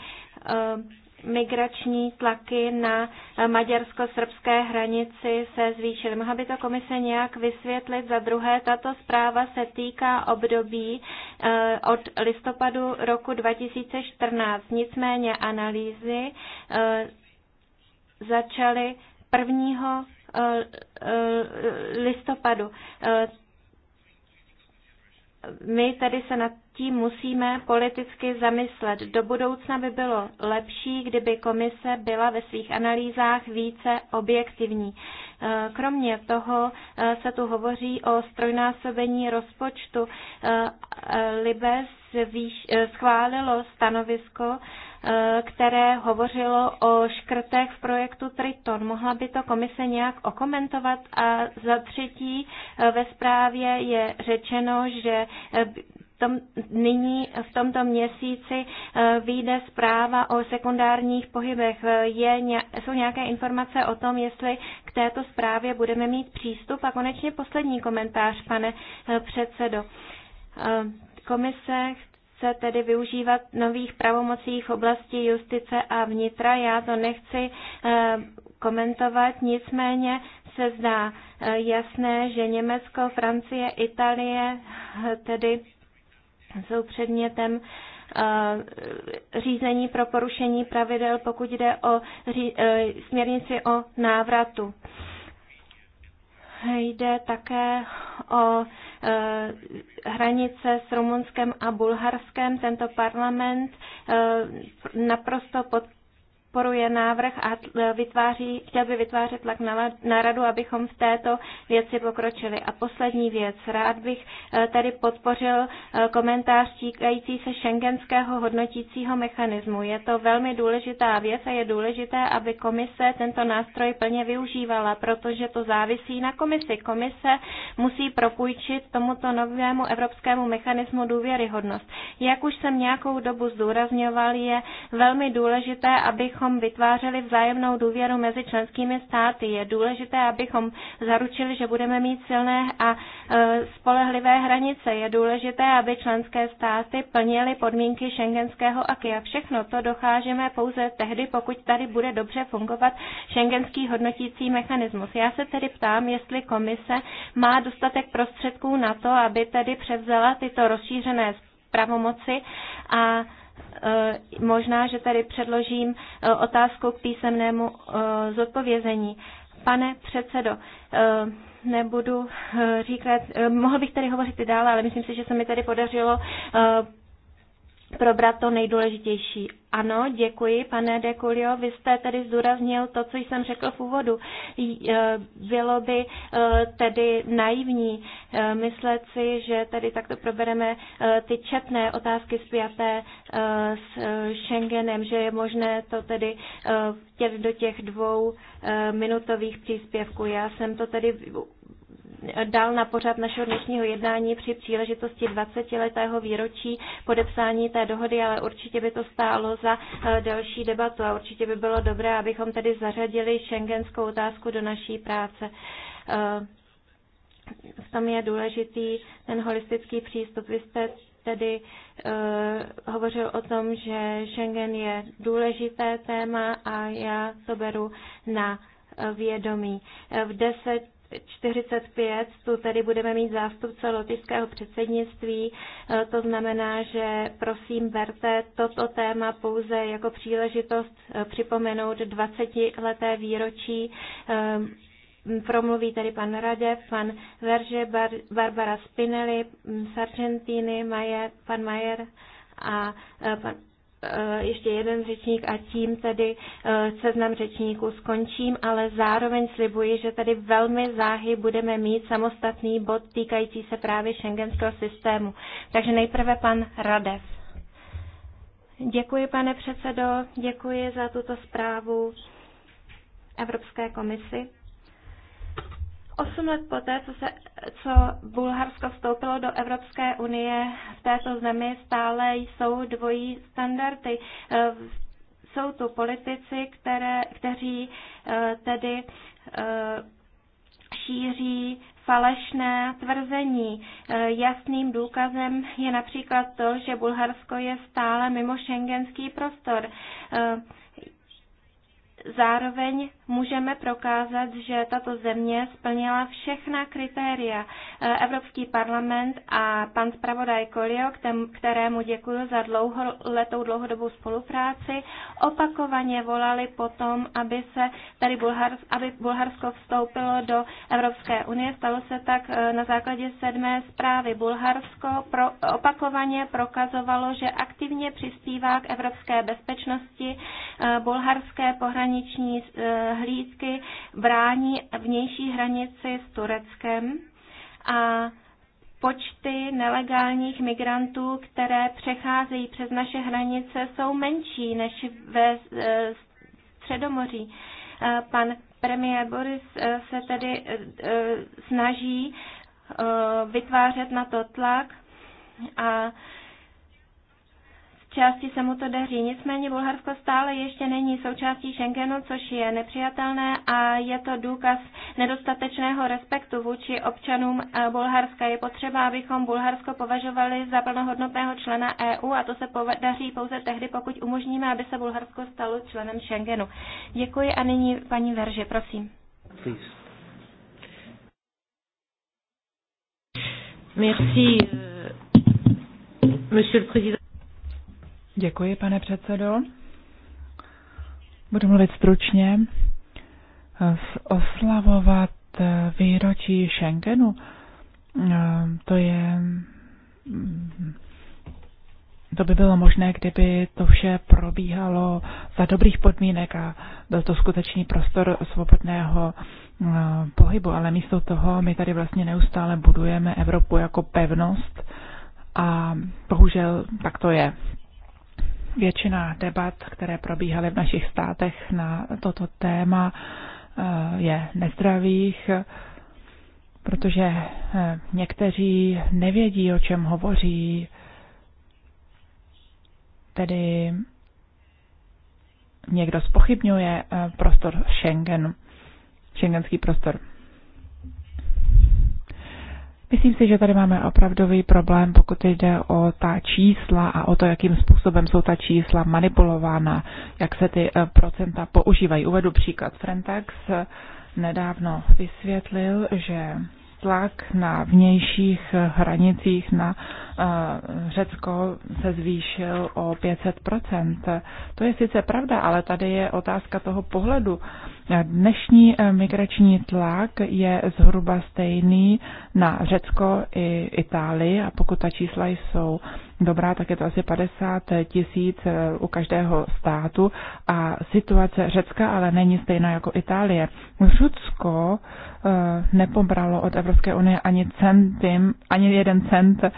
migrační tlaky na maďarsko-srbské hranici se zvýšily. Mohla by to komise nějak vysvětlit? Za druhé, tato zpráva se týká období od listopadu roku 2014. Nicméně analýzy začaly 1. Eh, eh, listopadu. Eh, my tady se nad tím musíme politicky zamyslet. Do budoucna by bylo lepší, kdyby komise byla ve svých analýzách více objektivní. Kromě toho se tu hovoří o strojnásobení rozpočtu. Libes zvýš, eh, schválilo stanovisko, eh, které hovořilo o škrtech v projektu Triton. Mohla by to komise nějak okomentovat? A za třetí eh, ve zprávě je řečeno, že tom, nyní v tomto měsíci vyjde zpráva o sekundárních pohybech. Je, jsou nějaké informace o tom, jestli k této zprávě budeme mít přístup? A konečně poslední komentář, pane předsedo. Komise chce tedy využívat nových pravomocí v oblasti justice a vnitra. Já to nechci eh, komentovat, nicméně se zdá eh, jasné, že Německo, Francie, Itálie eh, tedy jsou předmětem řízení pro porušení pravidel, pokud jde o směrnici o návratu jde také o e, hranice s Rumunskem a Bulharskem. Tento parlament e, naprosto podporuje podporuje návrh a e, vytváří, chtěl by vytvářet tlak na, na radu, abychom v této věci pokročili. A poslední věc. Rád bych e, tady podpořil e, komentář týkající se šengenského hodnotícího mechanismu. Je to velmi důležitá věc a je důležité, aby komise tento nástroj plně využívala, protože to závisí na komisi. Komise musí propůjčit tomuto novému evropskému mechanismu důvěryhodnost. Jak už jsem nějakou dobu zdůrazňoval, je velmi důležité, abychom abychom vytvářeli vzájemnou důvěru mezi členskými státy. Je důležité, abychom zaručili, že budeme mít silné a e, spolehlivé hranice. Je důležité, aby členské státy plnily podmínky šengenského aky. A všechno to dokážeme pouze tehdy, pokud tady bude dobře fungovat šengenský hodnotící mechanismus. Já se tedy ptám, jestli komise má dostatek prostředků na to, aby tedy převzala tyto rozšířené pravomoci a Eh, možná, že tady předložím eh, otázku k písemnému eh, zodpovězení. Pane předsedo, nebudu říkat, mohl bych tady hovořit i dále, ale myslím si, že se mi tady podařilo probrat to nejdůležitější. Ano, děkuji, pane De Culio. Vy jste tedy zdůraznil to, co jsem řekl v úvodu. E, bylo by e, tedy naivní e, myslet si, že tedy takto probereme ty četné otázky spjaté s Schengenem, že je možné to tedy vtět do těch dvou minutových příspěvků. Já jsem to tedy dal na pořad našeho dnešního jednání při příležitosti 20. letého výročí podepsání té dohody, ale určitě by to stálo za eh, další debatu a určitě by bylo dobré, abychom tedy zařadili šengenskou otázku do naší práce eh, v tom je důležitý ten holistický přístup. Vy jste tedy uh, hovořil o tom, že Schengen je důležité téma a já to beru na vědomí. V deset 45, tu tady budeme mít zástupce lotyšského předsednictví. E, to znamená, že prosím, berte toto téma pouze jako příležitost e, připomenout 20-leté výročí. E, promluví tady pan Radě, pan Verže, Bar- Barbara Spinelli, Sargentini, Majer, pan Majer a pan Eh, ještě jeden řečník a tím tedy eh, seznam řečníků skončím, ale zároveň slibuji, že tady velmi záhy budeme mít samostatný bod týkající se právě šengenského systému. Takže nejprve pan Radev. Děkuji, pane předsedo, děkuji za tuto zprávu Evropské komisi. Osm let poté, co, se, co Bulharsko vstoupilo do Evropské unie, v této zemi stále jsou dvojí standardy. E, jsou tu politici, které, kteří e, tedy e, šíří falešné tvrzení. Jasným důkazem je například to, že Bulharsko je stále mimo šengenský prostor. Zároveň můžeme prokázat, že tato země splnila všechna kritéria. Eh, Evropský parlament a pan zpravodaj Kolio, kterému děkuji za dlouholetou dlouhodobou spolupráci, opakovaně volali potom, aby se tady Bulhars, aby Bulharsko vstoupilo do Evropské unie. Stalo se tak eh, na základě sedmé zprávy. Bulharsko pro, opakovaně prokazovalo, že aktivně přispívá k evropské bezpečnosti. Eh, Bulharské pohraniční hlídky brání vnější hranici s Tureckem a počty nelegálních migrantů, které přecházejí přes naše hranice, jsou menší než ve eh, Středomoří. Eh, pan premiér Boris eh, se tedy snaží vytvářet na to tlak a části se mu to daří. Nicméně Bulharsko stále ještě není součástí Schengenu, což je nepřijatelné a je to důkaz nedostatečného respektu vůči občanům eh, Bulharska. Je potřeba, abychom Bulharsko považovali za plnohodnotného člena EU a to se daří pouze tehdy, pokud umožníme, aby se Bulharsko stalo členem Schengenu. Děkuji a nyní paní Verže, prosím. Please. Merci, euh, Monsieur le Président. Děkuji, pane předsedo. Budu mluvit stručně. Oslavovat výročí Schengenu, to je to by bylo možné, kdyby to vše probíhalo za dobrých podmínek a byl to skutečný prostor svobodného eh, pohybu, ale místo toho my tady vlastně neustále budujeme Evropu jako pevnost a bohužel tak to je většina debat, které probíhaly v našich státech na toto téma, eh, je nezdravých, protože eh, někteří nevědí, o čem hovoří, tedy někdo spochybňuje eh, prostor Schengen, Schengenský prostor. Myslím si, že tady máme opravdový problém, pokud jde o ta čísla a o to, jakým způsobem jsou ta čísla manipulována, jak se ty eh, procenta používají. Uvedu příklad. Frentex eh, nedávno vysvětlil, že tlak na vnějších hranicích na eh, Řecko se zvýšil o 500%. To je sice pravda, ale tady je otázka toho pohledu. Dnešní eh, migrační tlak je zhruba stejný na Řecko i Itálii a pokud ta čísla jsou dobrá, tak je to asi 50 tisíc eh, u každého státu a situace Řecka ale není stejná jako Itálie. Řecko Eh, nepobralo od Evropské unie ani centim, ani jeden cent eh,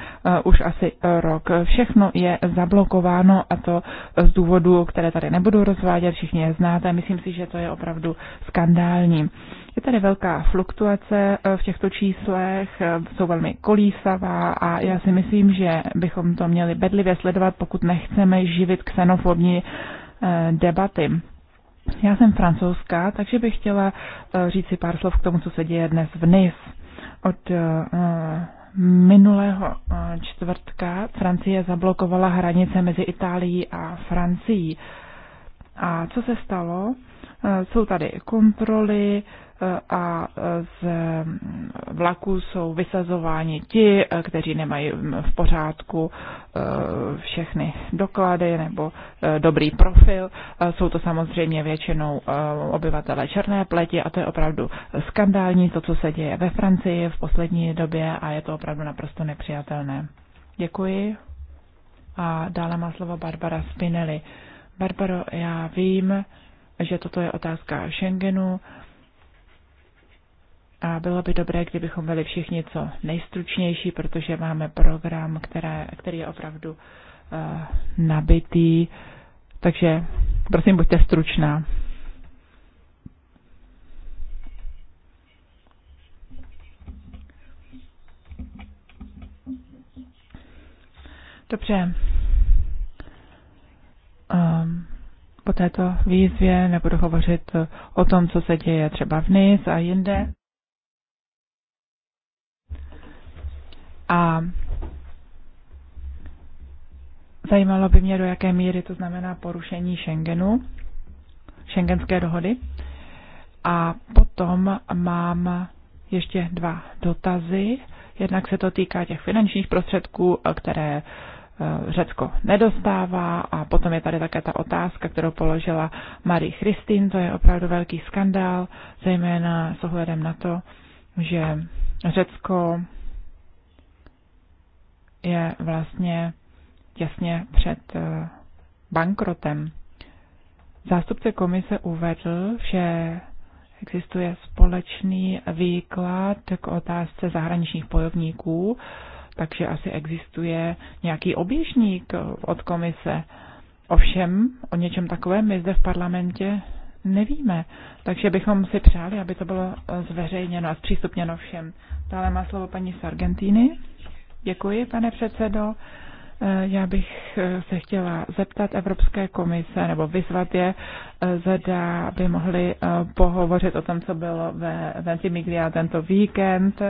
už asi eh, rok. Všechno je zablokováno a to z důvodu, které tady nebudu rozvádět, všichni je znáte. Myslím si, že to je opravdu skandální. Je tady velká fluktuace v těchto číslech, jsou velmi kolísavá a já si myslím, že bychom to měli bedlivě sledovat, pokud nechceme živit xenofobní debaty. Já jsem francouzská, takže bych chtěla eh, říct si pár slov k tomu, co se děje dnes v NIS. Od eh, minulého eh, čtvrtka Francie zablokovala hranice mezi Itálií a Francií. A co se stalo? Jsou tady kontroly, a z vlaku jsou vysazováni ti, kteří nemají v pořádku e, všechny doklady nebo e, dobrý profil. E, jsou to samozřejmě většinou obyvatele černé pleti a to je opravdu skandální, to, co se děje ve Francii v poslední době a je to opravdu naprosto nepřijatelné. Děkuji. A dále má slovo Barbara Spinelli. Barbaro, já vím, že toto je otázka Schengenu a bylo by dobré, kdybychom byli všichni co nejstručnější, protože máme program, které, který je opravdu uh, nabitý. Takže prosím, buďte stručná. Dobře. Um, po této výzvě nebudu hovořit o tom, co se děje třeba v NIS a jinde. A zajímalo by mě, do jaké míry to znamená porušení Schengenu, Schengenské dohody. A potom mám ještě dva dotazy. Jednak se to týká těch finančních prostředků, které eh, Řecko nedostává a potom je tady také ta otázka, kterou položila Marie Christine. to je opravdu velký skandál, zejména s ohledem na to, že Řecko je vlastně těsně před eh, bankrotem. Zástupce komise uvedl, že existuje společný výklad k otázce zahraničních bojovníků, takže asi existuje nějaký oběžník eh, od komise. Ovšem, o něčem takovém my zde v parlamentě nevíme. Takže bychom si přáli, aby to bylo eh, zveřejněno a zpřístupněno všem. Dále má slovo paní Sargentini. Děkuji, pane předsedo. Eh, já bych eh, se chtěla zeptat Evropské komise nebo vyzvat je, eh, zda by mohli pohovořit o tom, co bylo ve Ventimiglia tento víkend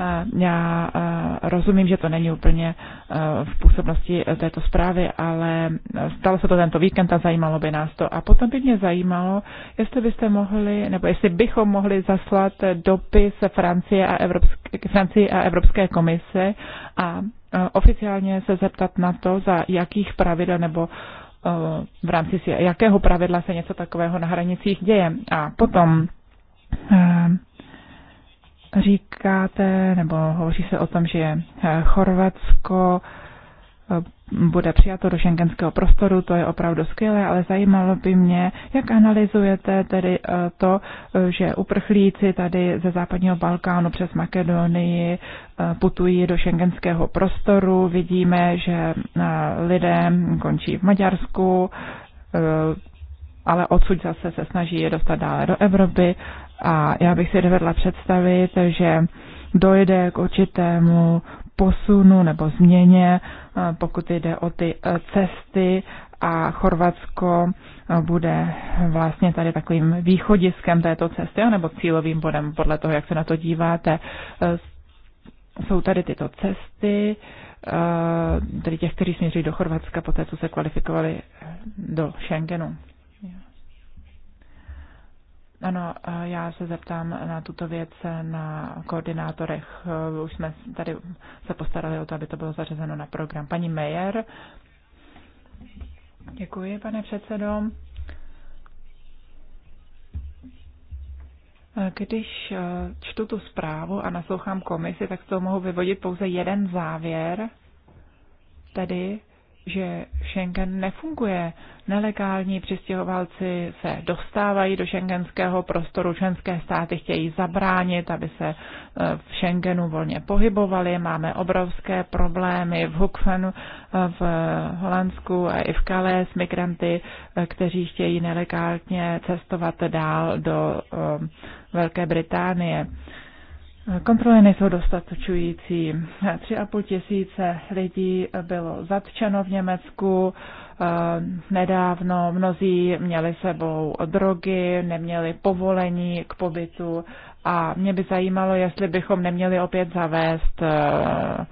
Eh, já eh, rozumím, že to není úplně eh, v působnosti této zprávy, ale stalo se to tento víkend a zajímalo by nás to. A potom by mě zajímalo, jestli byste mohli, nebo jestli bychom mohli zaslat dopis Francie a Evropské, Francii a Evropské komise a oficiálně se zeptat na to, za jakých pravidel nebo v rámci jakého pravidla se něco takového na hranicích děje. A potom říkáte, nebo hovoří se o tom, že eh, Chorvatsko eh, bude přijato do šengenského prostoru, to je opravdu skvělé, ale zajímalo by mě, jak analyzujete tedy eh, to, že uprchlíci tady ze západního Balkánu přes Makedonii putují do šengenského prostoru. Vidíme, že lidé končí v Maďarsku, ale odsud zase se snaží je dostat dále do Evropy a já bych si dovedla představit, že dojde k určitému posunu nebo změně, pokud jde o ty e, cesty a Chorvatsko e, bude vlastně tady takovým východiskem této cesty, nebo cílovým bodem podle toho, jak se na to díváte. E, jsou tady tyto cesty, tedy těch, kteří směřují do Chorvatska, poté co se kvalifikovali do Schengenu. Ano, já se zeptám na tuto věc na koordinátorech. Už jsme tady se postarali o to, aby to bylo zařazeno na program. Paní Meyer. Děkuji, pane předsedo. Když e, čtu tu zprávu a naslouchám komisi, tak z toho mohu vyvodit pouze jeden závěr, tedy, že Schengen nefunguje. Nelegální přistěhovalci se dostávají do šengenského prostoru, členské státy chtějí zabránit, aby se e, v Schengenu volně pohybovali. Máme obrovské problémy v Hukfenu, e, v Holandsku a i v Calais s migranty, e, kteří chtějí nelegálně cestovat dál do Velké Británie. Kontroly nejsou dostatečující. Tři a půl tisíce lidí bylo zatčeno v Německu eh, nedávno. Mnozí měli sebou drogy, neměli povolení k pobytu a mě by zajímalo, jestli bychom neměli opět zavést eh,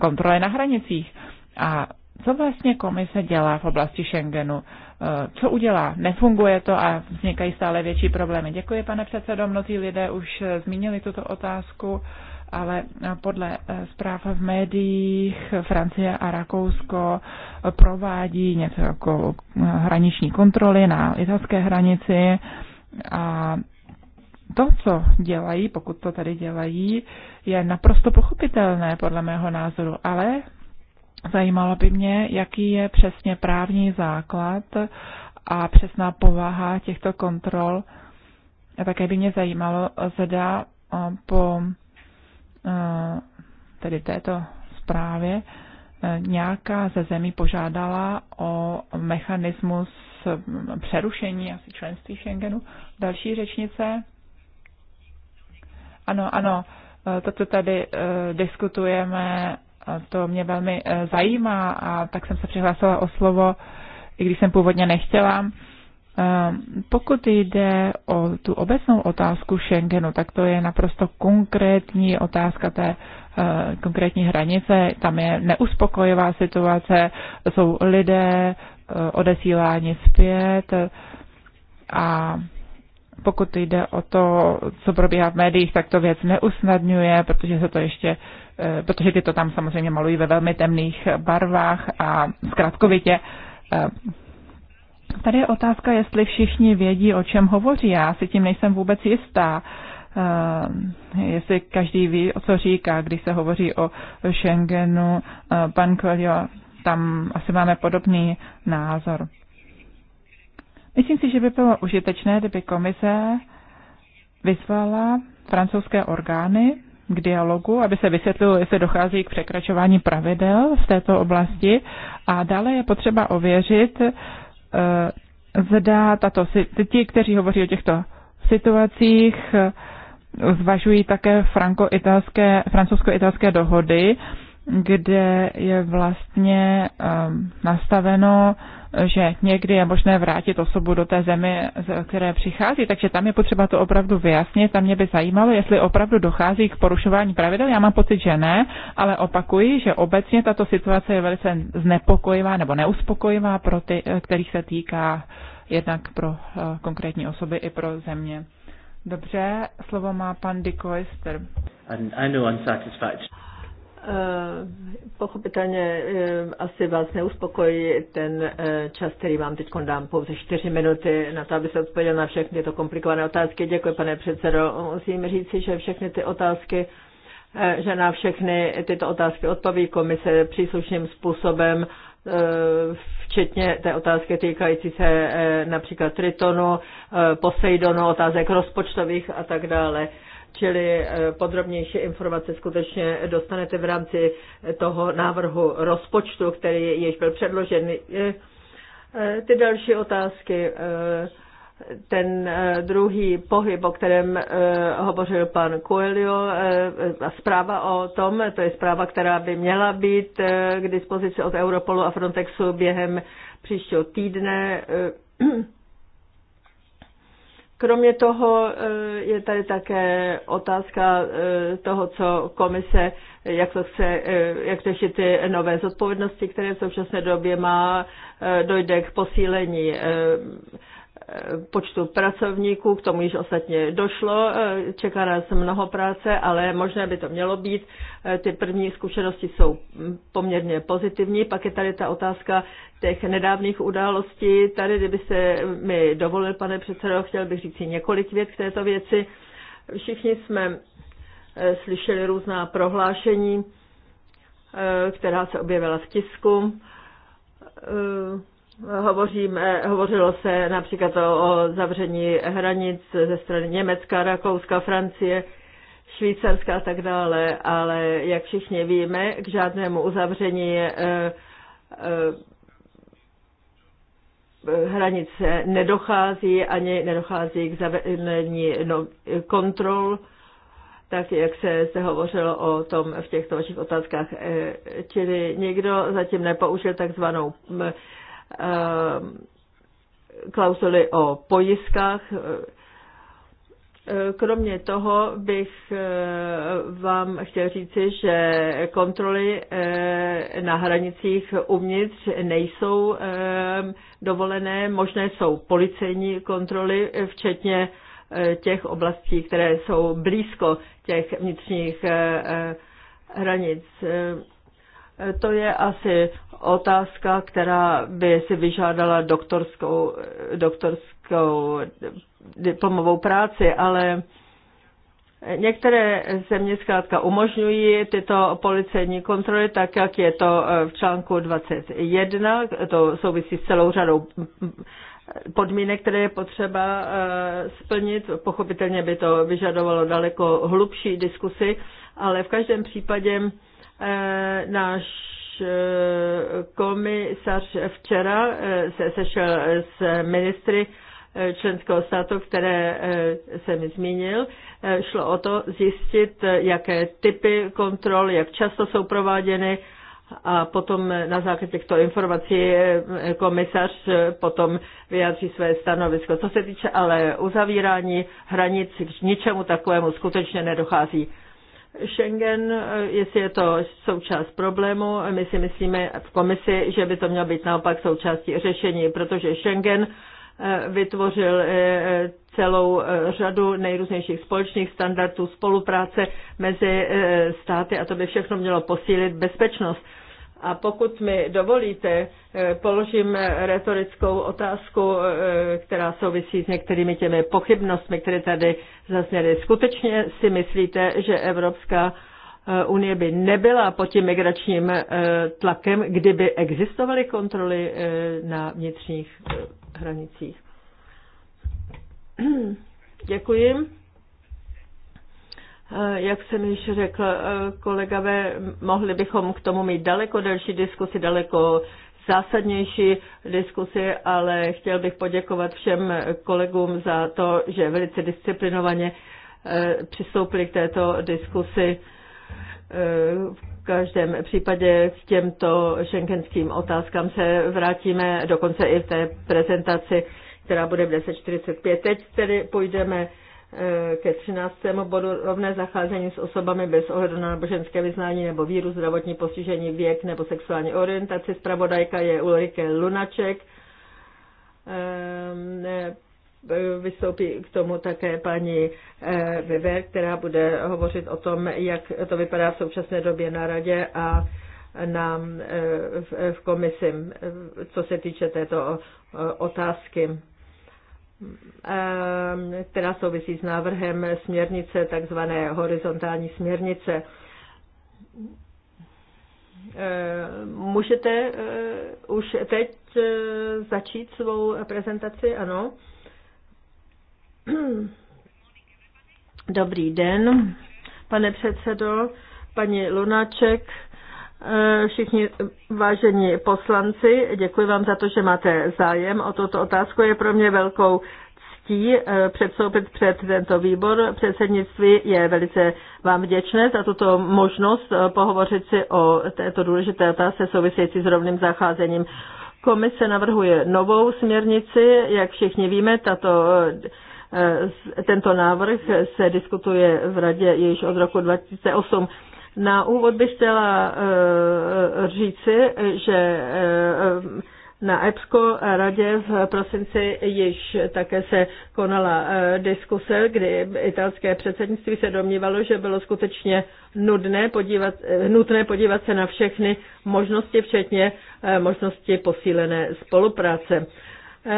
kontroly na hranicích. A co vlastně komise dělá v oblasti Schengenu? Eh, co udělá. Nefunguje to a vznikají stále větší problémy. Děkuji, pane předsedo. Mnozí lidé už eh, zmínili tuto otázku, ale eh, podle zpráv v médiích Francie a Rakousko provádí něco jako hraniční kontroly na italské hranici a to, co dělají, pokud to tady dělají, je naprosto pochopitelné podle mého názoru, ale Zajímalo by mě, jaký je přesně právní základ a přesná povaha těchto kontrol. A také by mě zajímalo, zda eh, po eh, tedy této zprávě eh, nějaká ze zemí požádala o mechanismus přerušení asi členství Schengenu. Další řečnice? Ano, ano, to, co tady diskutujeme to mě velmi e, zajímá a tak jsem se přihlásila o slovo, i když jsem původně nechtěla. E, pokud jde o tu obecnou otázku Schengenu, tak to je naprosto konkrétní otázka té e, konkrétní hranice. Tam je neuspokojivá situace, jsou lidé odesíláni zpět a pokud jde o to, co probíhá v médiích, tak to věc neusnadňuje, protože se to ještě Eh, protože ty to tam samozřejmě malují ve velmi temných barvách a zkrátkovitě. Eh, tady je otázka, jestli všichni vědí, o čem hovoří. Já si tím nejsem vůbec jistá. Uh, jestli každý ví, o co říká, když se hovoří o Schengenu, uh, pan Kvelio, tam asi máme podobný názor. Myslím si, že by bylo užitečné, kdyby komise vyzvala francouzské orgány, k dialogu, aby se vysvětlilo, jestli dochází k překračování pravidel v této oblasti. A dále je potřeba ověřit, eh, zda tato, ti, kteří hovoří o těchto situacích, eh, zvažují také franco-italské, francouzsko-italské dohody, kde je vlastně eh, nastaveno že někdy je možné vrátit osobu do té země, z které přichází. Takže tam je potřeba to opravdu vyjasnit. Tam mě by zajímalo, jestli opravdu dochází k porušování pravidel. Já mám pocit, že ne, ale opakuji, že obecně tato situace je velice znepokojivá nebo neuspokojivá pro ty, eh, kterých se týká jednak pro eh, konkrétní osoby i pro země. Dobře, slovo má pan Dikoister. Eh, pochopitelně eh, asi vás neuspokojí ten eh, čas, který vám teď dám, pouze čtyři minuty na to, aby se odpověděl na všechny to komplikované otázky. Děkuji, pane předsedo. Musím říci, že všechny ty otázky, že na všechny tyto otázky odpoví komise příslušným způsobem, včetně té otázky týkající se například Tritonu, Poseidonu, otázek rozpočtových a tak dále čili eh, podrobnější informace skutečně dostanete v rámci toho návrhu rozpočtu, který již byl předložen. Eh, eh, ty další otázky, ten druhý pohyb, o kterém hovořil pan Coelho, zpráva o tom, to je zpráva, která by měla být k dispozici od Europolu a Frontexu během příštího týdne. Kromě toho eh, je tady také otázka eh, toho, co komise, jak to chce, eh, jak řešit ty nové zodpovědnosti, které v současné době má, dojde k posílení počtu pracovníků, k tomu již ostatně došlo, čeká nás mnoho práce, ale možná by to mělo být. Ty první zkušenosti jsou poměrně pozitivní, pak je tady ta otázka těch nedávných událostí. Tady, kdyby se mi dovolil, pane předsedo, chtěl bych říct si několik vět k této věci. Všichni jsme eh, slyšeli různá prohlášení, eh, která se objevila v tisku eh, Hovoříme, eh, hovořilo se například o, o zavření hranic ze strany Německa, Rakouska, Francie, Švýcarska a tak dále, ale jak všichni víme, k žádnému uzavření e, e, hranice nedochází, ani nedochází k zavření no, kontrol, tak jak se zde hovořilo o tom v těchto vašich otázkách. Čili nikdo zatím nepoužil takzvanou Eh, klauzuly o pojistkách. Eh, kromě toho bych eh, vám chtěl říci, že kontroly na hranicích uvnitř nejsou dovolené. Možné jsou policejní kontroly, včetně těch oblastí, které jsou blízko těch vnitřních hranic. To je asi otázka, která by si vyžádala doktorskou, doktorskou diplomovou práci, ale Některé země zkrátka umožňují tyto policejní kontroly, tak jak je to eh, v článku 21, to souvisí s celou řadou podmínek, které je potřeba eh, splnit. Pochopitelně by to vyžadovalo daleko hlubší diskusy, ale v každém případě eh, náš komisař včera eh, se sešel s ministry eh, členského státu, které eh, jsem zmínil. Šlo o to zjistit, jaké typy kontrol, jak často jsou prováděny a potom na základě těchto informací komisař potom vyjádří své stanovisko. Co se týče ale uzavírání hranic, k ničemu takovému skutečně nedochází. Schengen, jestli je to součást problému, my si myslíme v komisi, že by to mělo být naopak součástí řešení, protože Schengen eh, vytvořil eh, celou eh, řadu nejrůznějších společných standardů spolupráce mezi státy a to by všechno mělo posílit bezpečnost. A pokud mi dovolíte, eh, položím retorickou otázku, eh, která souvisí s některými těmi pochybnostmi, které tady zazněly. Skutečně si myslíte, že Evropská eh, unie by nebyla pod tím migračním tlakem, kdyby existovaly kontroly na vnitřních hranicích? (clears throat) Děkuji. Eh, jak jsem již řekl, eh, kolegové, mohli bychom k tomu mít daleko delší diskusy, daleko zásadnější diskusy, ale chtěl bych poděkovat všem kolegům za to, že velice disciplinovaně eh, přistoupili k této diskusi. V každém případě k těmto šenkenským otázkám se vrátíme dokonce i v té prezentaci, která bude v 10.45. Teď tedy půjdeme Eh, ke 13. bodu rovné zacházení s osobami bez ohledu na náboženské vyznání nebo víru, zdravotní postižení, věk nebo sexuální orientaci. Zpravodajka je Ulrike Lunaček. Ehm, eh, vystoupí k tomu také paní eh, Weber, která bude hovořit o tom, jak to vypadá v současné době na radě a na, v komisi, co se týče této otázky která ehm, souvisí s návrhem směrnice, takzvané horizontální směrnice. Ehm, můžete eh, už teď eh, začít svou prezentaci? Ano. (clears throat) Dobrý den, pane předsedo, paní Lunaček. Eh, všichni vážení poslanci. Děkuji vám za to, že máte zájem o tuto otázku. Je pro mě velkou ctí eh, předstoupit před tento výbor. Předsednictví je velice vám vděčné za tuto možnost eh, pohovořit si o této důležité otázce související s rovným zacházením. Komise navrhuje novou směrnici, jak všichni víme, tato tento návrh se diskutuje v radě již od roku 2008. Na úvod bych chtěla eh, eh, říci, že eh, na EPSCO radě v prosinci již také se konala diskuse, kdy italské předsednictví se domnívalo, že bylo skutečně nudné podívat, nutné podívat se na všechny možnosti, včetně možnosti posílené spolupráce.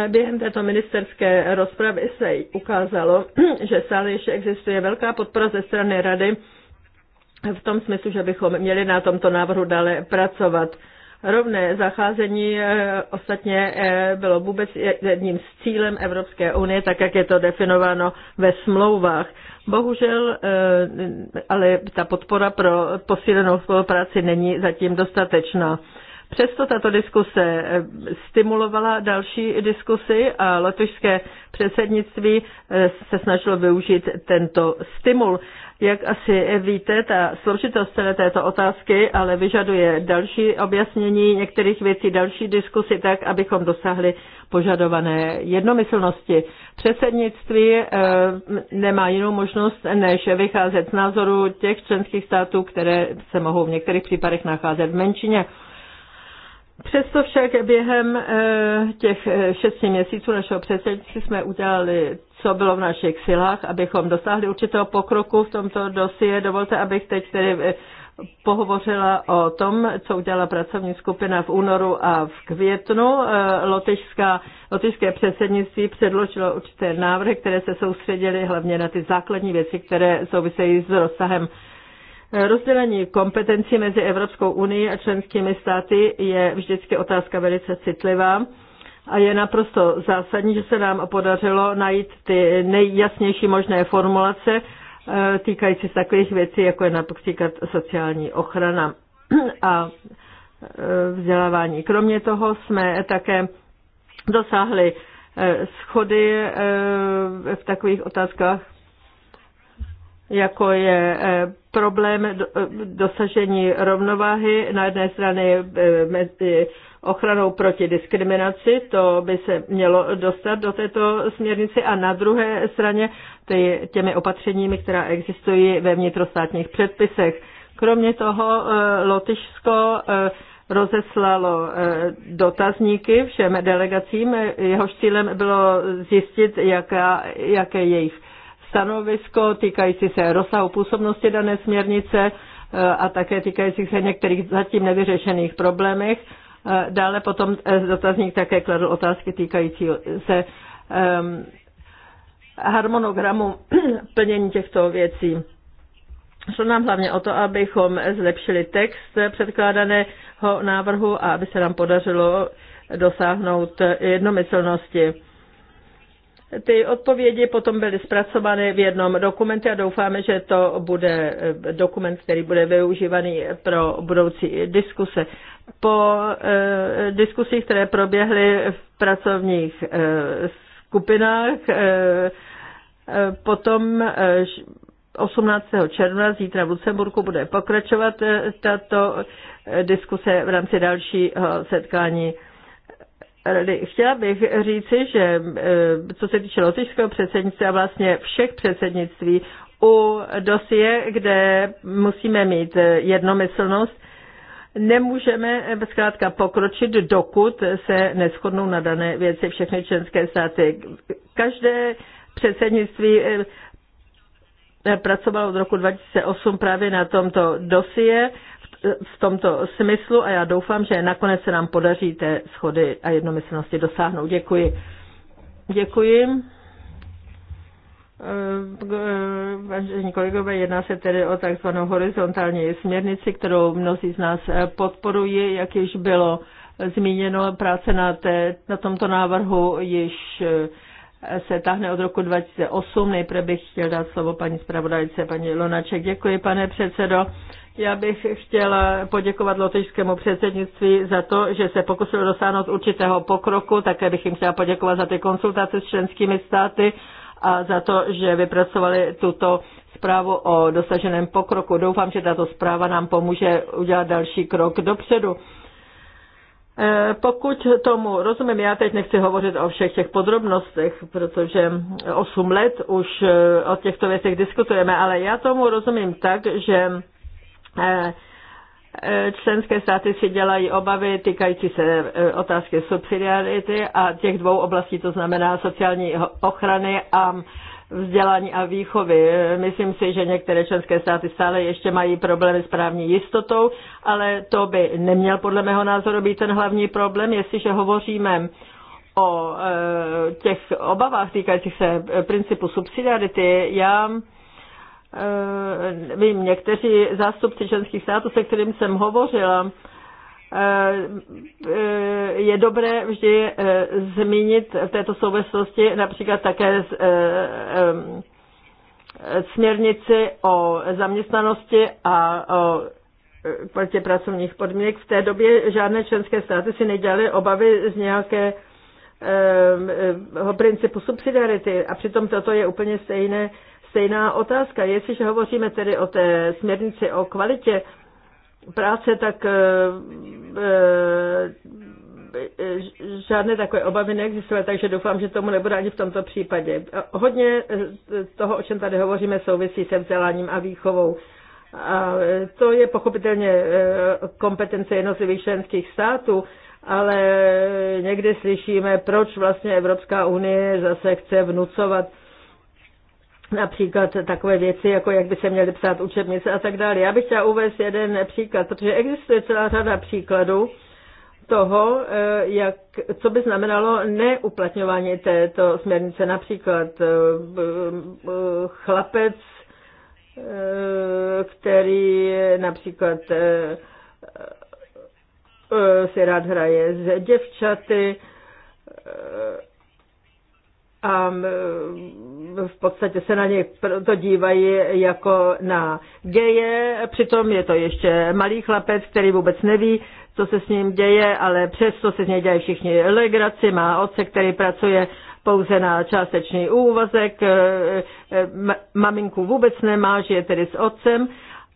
Během této ministerské rozpravy se ukázalo, (clears throat) že stále ještě existuje velká podpora ze strany Rady v tom smyslu, že bychom měli na tomto návrhu dále pracovat. Rovné zacházení eh, ostatně eh, bylo vůbec jedním z cílem Evropské unie, tak jak je to definováno ve smlouvách. Bohužel, eh, ale ta podpora pro posílenou spolupráci není zatím dostatečná. Přesto tato diskuse stimulovala další diskusy a lotyšské Předsednictví eh, se snažilo využít tento stimul. Jak asi víte, ta složitost celé této otázky ale vyžaduje další objasnění některých věcí, další diskusy tak, abychom dosáhli požadované jednomyslnosti. Předsednictví eh, nemá jinou možnost, než vycházet z názoru těch členských států, které se mohou v některých případech nacházet v menšině. Přesto však během eh, těch eh, šesti měsíců našeho předsednictví jsme udělali, co bylo v našich silách, abychom dosáhli určitého pokroku v tomto dosie. Dovolte, abych teď tedy eh, pohovořila o tom, co udělala pracovní skupina v únoru a v květnu. Lotyšská, lotyšské předsednictví předložilo určité návrhy, které se soustředily hlavně na ty základní věci, které souvisejí s rozsahem Eh, rozdělení kompetencí mezi Evropskou unii a členskými státy je vždycky otázka velice citlivá a je naprosto zásadní, že se nám podařilo najít ty nejjasnější možné formulace eh, týkající se takových věcí, jako je například sociální ochrana (clears throat) a eh, vzdělávání. Kromě toho jsme také dosáhli schody v takových otázkách, jako je problém eh, dosažení rovnováhy na jedné strany eh, mezi ochranou proti diskriminaci, to by se mělo dostat do této směrnice a na druhé straně těmi opatřeními, která existují ve vnitrostátních předpisech. Kromě toho eh, Lotyšsko rozeslalo dotazníky všem delegacím, jehož cílem bylo zjistit, jaká, jaké jejich stanovisko týkající se rozsahu působnosti dané směrnice eh, a také týkající se některých zatím nevyřešených problémech. Eh, dále potom eh, dotazník také kladl otázky týkající se ehm, harmonogramu (clears throat) plnění těchto věcí. Šlo nám hlavně o to, abychom zlepšili text předkládaného návrhu a aby se nám podařilo dosáhnout jednomyslnosti. Ty odpovědi potom byly zpracovány v jednom dokumentu a doufáme, že to bude eh, dokument, který bude využívaný pro budoucí diskuse. Po eh, diskusích, které proběhly v pracovních eh, skupinách, eh, eh potom eh, 18. června zítra v Lucemburku bude pokračovat eh, tato eh, diskuse v rámci dalšího setkání eh, Chtěla bych říci, že eh, co se týče lotyšského předsednictví a vlastně všech předsednictví, u dosie, kde musíme mít eh, jednomyslnost, nemůžeme eh, zkrátka pokročit, dokud se neschodnou na dané věci všechny členské státy. Každé předsednictví pracovalo od roku 2008 právě na tomto dosie v tomto smyslu a já doufám, že nakonec se nám podaří té schody a jednomyslnosti dosáhnout. Děkuji. Děkuji. Eh, vážení kolegové, jedná se tedy o takzvanou horizontální směrnici, kterou mnozí z nás eh, podporují, jak již bylo zmíněno, práce na, té, na tomto návrhu již eh, se tahne od roku 2008. Nejprve bych chtěl dát slovo paní zpravodajce, paní Lonaček. Děkuji, pane předsedo. Já bych chtěla poděkovat lotyšskému předsednictví za to, že se pokusilo dosáhnout určitého pokroku. Také bych jim chtěla poděkovat za ty konzultace s členskými státy a za to, že vypracovali tuto zprávu o dosaženém pokroku. Doufám, že tato zpráva nám pomůže udělat další krok dopředu. Pokud tomu rozumím, já teď nechci hovořit o všech těch podrobnostech, protože 8 let už eh, o těchto věcech diskutujeme, ale já tomu rozumím tak, že eh, eh, členské státy si dělají obavy týkající se otázky subsidiarity a těch dvou oblastí, to znamená sociální ochrany a vzdělání a výchovy. Myslím si, že některé členské státy stále ještě mají problémy s právní jistotou, ale to by neměl podle mého názoru být ten hlavní problém, jestliže hovoříme o e, těch obavách týkajících se principu subsidiarity. Já e, vím, někteří zástupci členských států, se kterým jsem hovořila, Eh, eh, je dobré vždy eh, zmínit v této souvislosti například také směrnici o zaměstnanosti a o kvalitě pracovních podmínek. V té době žádné členské státy si nedělaly obavy z nějaké principu subsidiarity a přitom toto je úplně stejné, stejná otázka. Jestliže hovoříme tedy o té směrnici o kvalitě práce, tak eh, eh, eh, žádné takové obavy neexistovaly, takže doufám, že tomu nebude ani v tomto případě. Hodně toho, o čem tady hovoříme, souvisí se vzděláním a výchovou. A to je pochopitelně kompetence jednotlivých členských států, ale někdy slyšíme, proč vlastně Evropská unie zase chce vnucovat Například takové věci, jako jak by se měly psát učebnice a tak dále. Já bych chtěla uvést jeden příklad, protože existuje celá řada příkladů toho, eh, jak, co by znamenalo neuplatňování této směrnice. Například eh, chlapec, eh, který například si rád hraje s děvčaty, a v podstatě se na něj to dívají jako na geje, přitom je to ještě malý chlapec, který vůbec neví, co se s ním děje, ale přesto se z něj dělají všichni legraci, má otce, který pracuje pouze na částečný úvazek, e, e, maminku vůbec nemá, žije tedy s otcem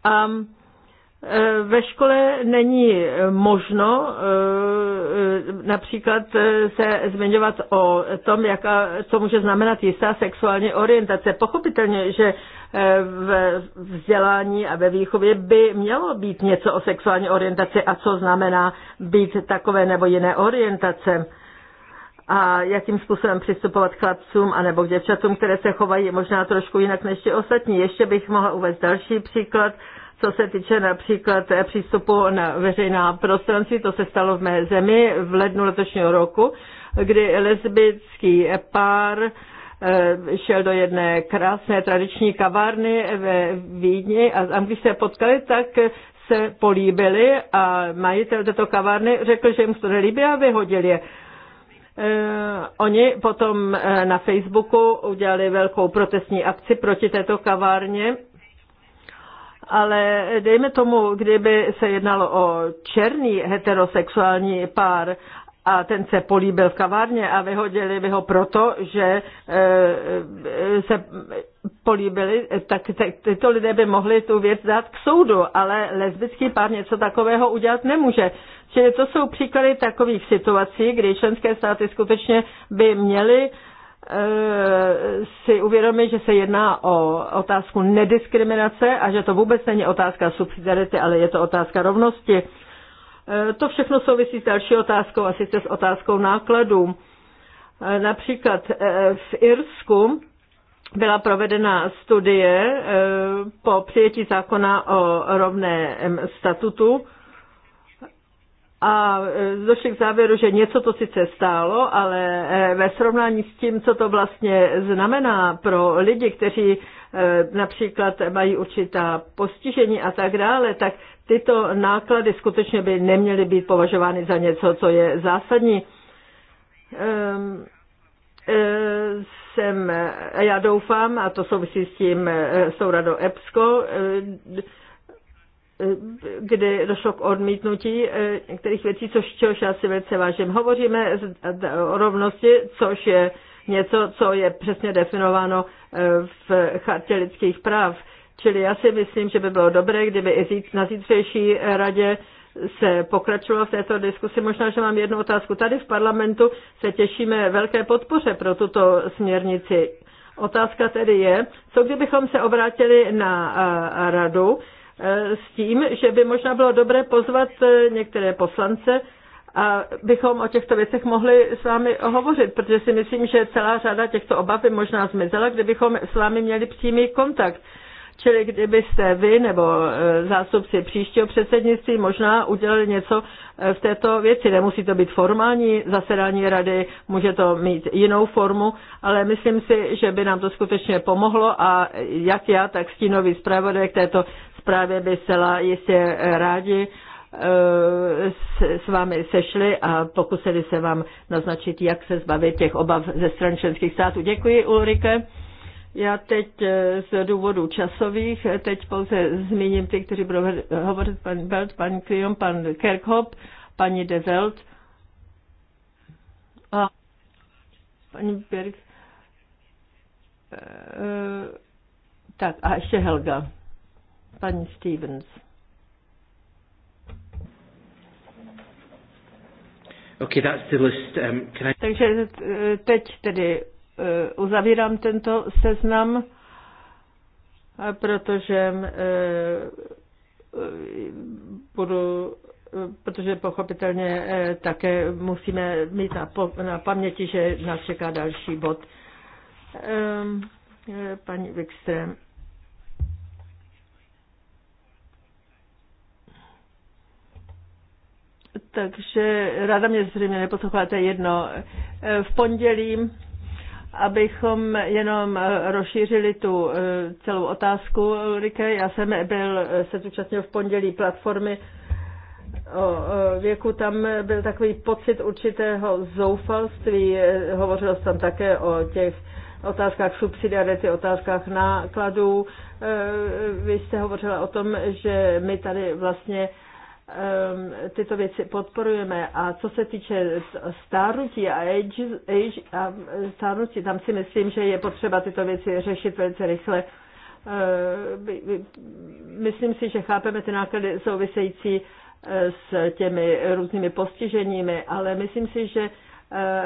a um, Eh, ve škole není možno eh, například eh, se zmiňovat o tom, jaká, co může znamenat jistá sexuální orientace. Pochopitelně, že v vzdělání a ve výchově by mělo být něco o sexuální orientaci a co znamená být takové nebo jiné orientace a jakým způsobem přistupovat k chlapcům a nebo k děvčatům, které se chovají možná trošku jinak než ti ostatní. Ještě bych mohla uvést další příklad. Co se týče například eh, přístupu na veřejná prostranství, to se stalo v mé zemi v lednu letošního roku, kdy lesbický pár eh, šel do jedné krásné tradiční kavárny ve Vídni a tam, když se potkali, tak se políbili a majitel této kavárny řekl, že jim to nelíbí a vyhodil je. Eh, oni potom na Facebooku udělali velkou protestní akci proti této kavárně ale dejme tomu, kdyby se jednalo o černý heterosexuální pár a ten se políbil v kavárně a vyhodili by ho proto, že eh, eh, se políbili, tak tyto lidé by mohli tu věc dát k soudu, ale lesbický pár něco takového udělat nemůže. Čili to jsou příklady takových situací, kdy členské státy skutečně by měly e, Eh, si uvědomit, že se jedná o otázku nediskriminace a že to vůbec není otázka subsidiarity, ale je to otázka rovnosti. Eh, to všechno souvisí s další otázkou, a sice s otázkou nákladů. Eh, například v Irsku byla provedena studie po přijetí zákona o rovném statutu a e, došli k závěru, že něco to sice stálo, ale e, ve srovnání s tím, co to vlastně znamená pro lidi, kteří e, například mají určitá postižení a tak dále, tak tyto náklady skutečně by neměly být považovány za něco, co je zásadní. Ehm, jsem, já doufám, a to souvisí s tím, s tou radou EPSCO, kdy došlo k odmítnutí eh, některých věcí, což čehož já si velice vážím. Hovoříme o rovnosti, což je něco, co je přesně definováno eh, v chartě lidských práv. Čili já si myslím, že by bylo dobré, kdyby i na zítřejší radě se pokračovalo v této diskusi. Možná, že mám jednu otázku. Tady v parlamentu se těšíme velké podpoře pro tuto směrnici. Otázka tedy je, co kdybychom se obrátili na eh, radu Eh, s tím, že by možná bylo dobré pozvat eh, některé poslance, a bychom o těchto věcech mohli s vámi hovořit, protože si myslím, že celá řada těchto obav by možná zmizela, kdybychom s vámi měli přímý kontakt. Čili kdybyste vy nebo eh, zástupci příštího předsednictví možná udělali něco v této věci. Nemusí to být formální zasedání rady, může to mít jinou formu, ale myslím si, že by nám to skutečně pomohlo a jak já, tak stínový zpravodaj k této zprávě by zcela jistě rádi eh, s vámi sešli a pokusili se vám naznačit, jak se zbavit těch obav ze stran členských států. Děkuji, Ulrike. Já teď eh, z důvodů časových, eh, teď pouze zmíním ty, kteří budou hovořit, pan Belt, pan Klion, pan Kerkhop, paní De Welt a paní Berg. Tak a ještě Helga paní Stevens. Okay, that's the list. Um, can I... Takže eh, teď tedy eh, uzavírám tento seznam, eh, protože budu protože pochopitelně také musíme mít na, na paměti, že nás čeká další bod. Paní Wikström. takže ráda mě zřejmě neposloucháte jedno. V pondělí, abychom jenom rozšířili tu eh, celou otázku, Ulrike, já jsem byl, eh, se zúčastnil v pondělí platformy o eh, věku, tam byl takový pocit určitého zoufalství, Hovořil jsem tam také o těch otázkách subsidiarity, otázkách nákladů. Vy jste hovořila o tom, že my tady vlastně Ehm, tyto věci podporujeme. A co se týče stárnutí a, age, age, a stárnutí, tam si myslím, že je potřeba tyto věci řešit velice rychle. Ehm, myslím si, že chápeme ty náklady související e, s těmi různými postiženími, ale myslím si, že e,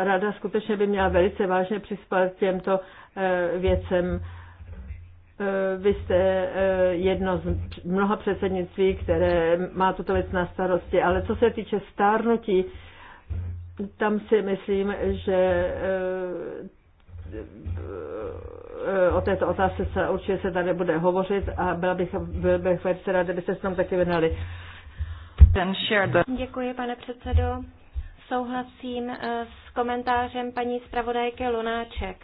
rada skutečně by měla velice vážně přispět těmto e, věcem Eh, vy jste eh, jedno z mnoha předsednictví, které má tuto věc na starosti, ale co se týče stárnutí, tam si myslím, že eh, o této otázce se určitě se tady bude hovořit a byla bych, byl bych velice ráda, kdybyste se tam taky vynali. Děkuji, pane předsedo. Souhlasím s komentářem paní zpravodajky Lunáček.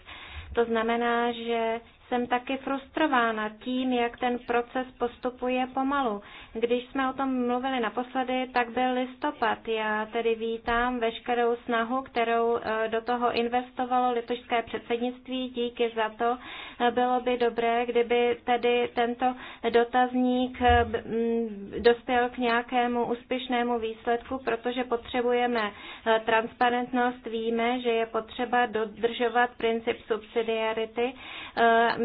To znamená, že jsem taky frustrována tím, jak ten proces postupuje pomalu. Když jsme o tom mluvili naposledy, tak byl listopad. Já tedy vítám veškerou snahu, kterou eh, do toho investovalo litošské předsednictví. Díky za to. Eh, bylo by dobré, kdyby tedy tento dotazník eh, mm, dospěl k nějakému úspěšnému výsledku, protože potřebujeme transparentnost. Víme, že je potřeba dodržovat princip subsidiarity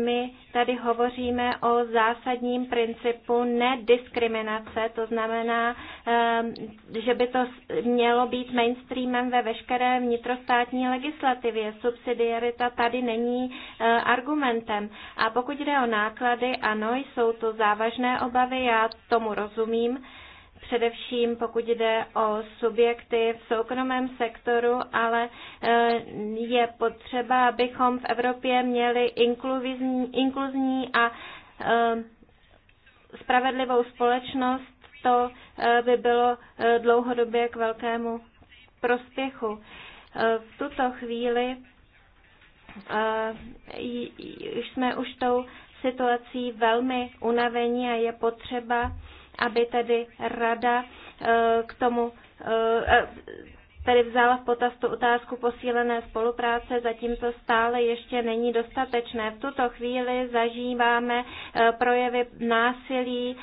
my tady hovoříme o zásadním principu nediskriminace, to znamená, eh, že by to mělo být mainstreamem ve veškeré vnitrostátní legislativě. Subsidiarita tady není eh, argumentem. A pokud jde o náklady, ano, jsou to závažné obavy, já tomu rozumím především pokud jde o subjekty v soukromém sektoru, ale e, je potřeba, abychom v Evropě měli inkluzní a e, spravedlivou společnost. To e, by bylo dlouhodobě k velkému prospěchu. V tuto chvíli jsme už tou situací velmi unavení a je potřeba aby tedy rada eh, k tomu eh, eh, tedy vzala v potaz tu otázku posílené spolupráce, zatímco stále ještě není dostatečné. V tuto chvíli zažíváme projevy násilí,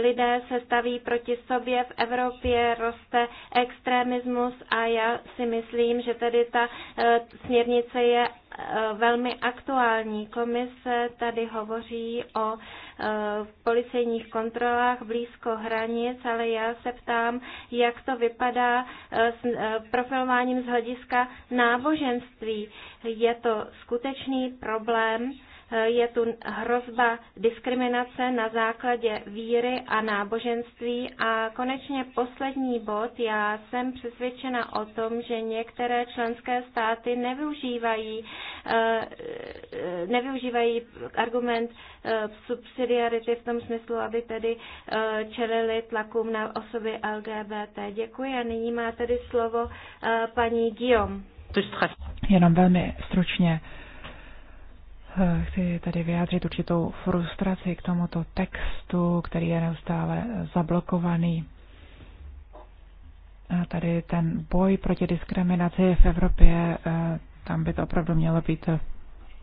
lidé se staví proti sobě, v Evropě roste extremismus a já si myslím, že tedy ta směrnice je velmi aktuální. Komise tady hovoří o v policejních kontrolách blízko hranic, ale já se ptám, jak to vypadá eh, s eh, profilováním z hlediska náboženství. Je to skutečný problém, je tu hrozba diskriminace na základě víry a náboženství. A konečně poslední bod. Já jsem přesvědčena o tom, že některé členské státy nevyužívají, eh, nevyužívají argument eh, subsidiarity v tom smyslu, aby tedy eh, čelili tlakům na osoby LGBT. Děkuji a nyní má tedy slovo paní Guillaume. Jenom velmi stručně. Eh, chci tady vyjádřit určitou frustraci k tomuto textu, který je neustále eh, zablokovaný. A tady ten boj proti diskriminaci v Evropě, eh, tam by to opravdu mělo být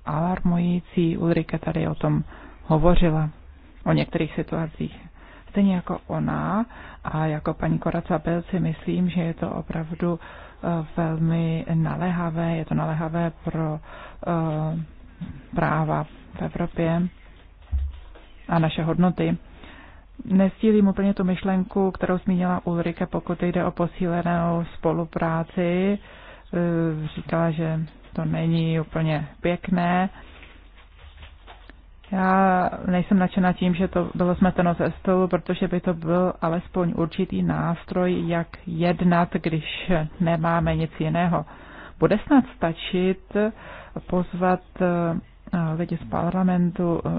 alarmující. Ulrike tady o tom hovořila, o některých situacích. Stejně jako ona a jako paní Koraca Bel si myslím, že je to opravdu velmi naléhavé. Je to naléhavé pro práva v Evropě a naše hodnoty. Nestílím úplně tu myšlenku, kterou zmínila Ulrike, pokud jde o posílenou spolupráci. Eh, říkala, že to není úplně pěkné. Já nejsem nadšena tím, že to bylo smeteno ze stolu, protože by to byl alespoň určitý nástroj, jak jednat, když nemáme nic jiného. Bude snad stačit pozvat eh, lidi z parlamentu eh,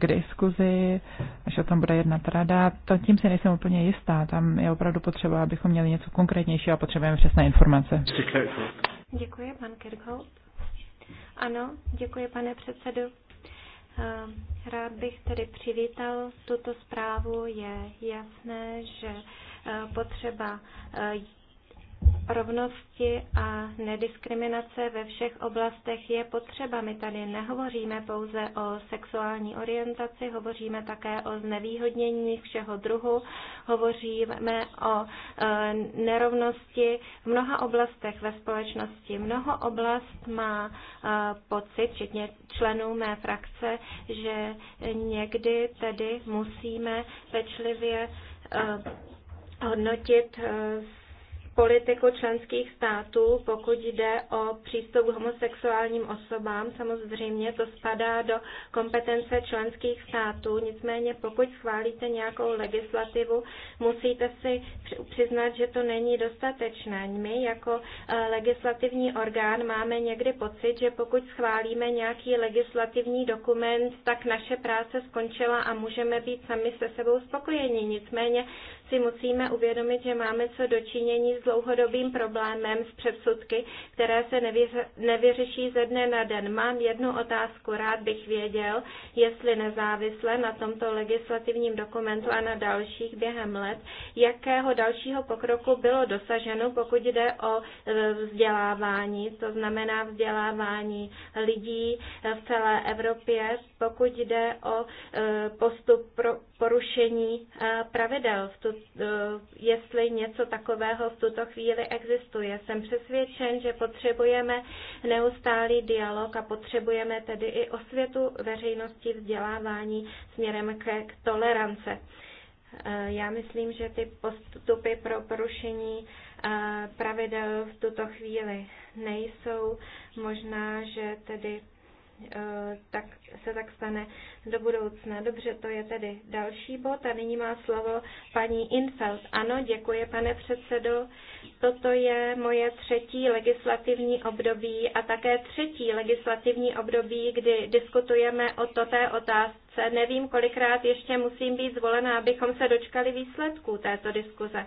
k diskuzi, že o tom bude jednat rada. To tím si nejsem úplně jistá. Tam je opravdu potřeba, abychom měli něco konkrétnějšího a potřebujeme přesné informace. Děkuji, pan Kirchhoff. Ano, děkuji, pane předsedu. Eh, rád bych tedy přivítal tuto zprávu. Je jasné, že potřeba rovnosti a nediskriminace ve všech oblastech je potřeba. My tady nehovoříme pouze o sexuální orientaci, hovoříme také o znevýhodnění všeho druhu, hovoříme o e, nerovnosti v mnoha oblastech ve společnosti. Mnoho oblast má e, pocit, včetně členů mé frakce, že někdy tedy musíme pečlivě e, hodnotit politiku členských států, pokud jde o přístup k homosexuálním osobám. Samozřejmě to spadá do kompetence členských států, nicméně pokud schválíte nějakou legislativu, musíte si přiznat, že to není dostatečné. My jako eh, legislativní orgán máme někdy pocit, že pokud schválíme nějaký legislativní dokument, tak naše práce skončila a můžeme být sami se sebou spokojeni. Nicméně si musíme uvědomit, že máme co dočinění s dlouhodobým problémem, s předsudky, které se nevyře, nevyřeší ze dne na den. Mám jednu otázku, rád bych věděl, jestli nezávisle na tomto legislativním dokumentu a na dalších během let, jakého dalšího pokroku bylo dosaženo, pokud jde o e, vzdělávání, to znamená vzdělávání lidí e, v celé Evropě, pokud jde o e, postup pro porušení pravidel v tuto jestli něco takového v tuto chvíli existuje. Jsem přesvědčen, že potřebujeme neustálý dialog a potřebujeme tedy i osvětu veřejnosti vzdělávání směrem k tolerance. Eh, já myslím, že ty postupy pro porušení eh, pravidel v tuto chvíli nejsou. Možná, že tedy Eh, tak se tak stane do budoucna. Dobře, to je tedy další bod a nyní má slovo paní Infeld. Ano, děkuji, pane předsedo. Toto je moje třetí legislativní období a také třetí legislativní období, kdy diskutujeme o toté otázce. Nevím, kolikrát ještě musím být zvolena, abychom se dočkali výsledků této diskuze.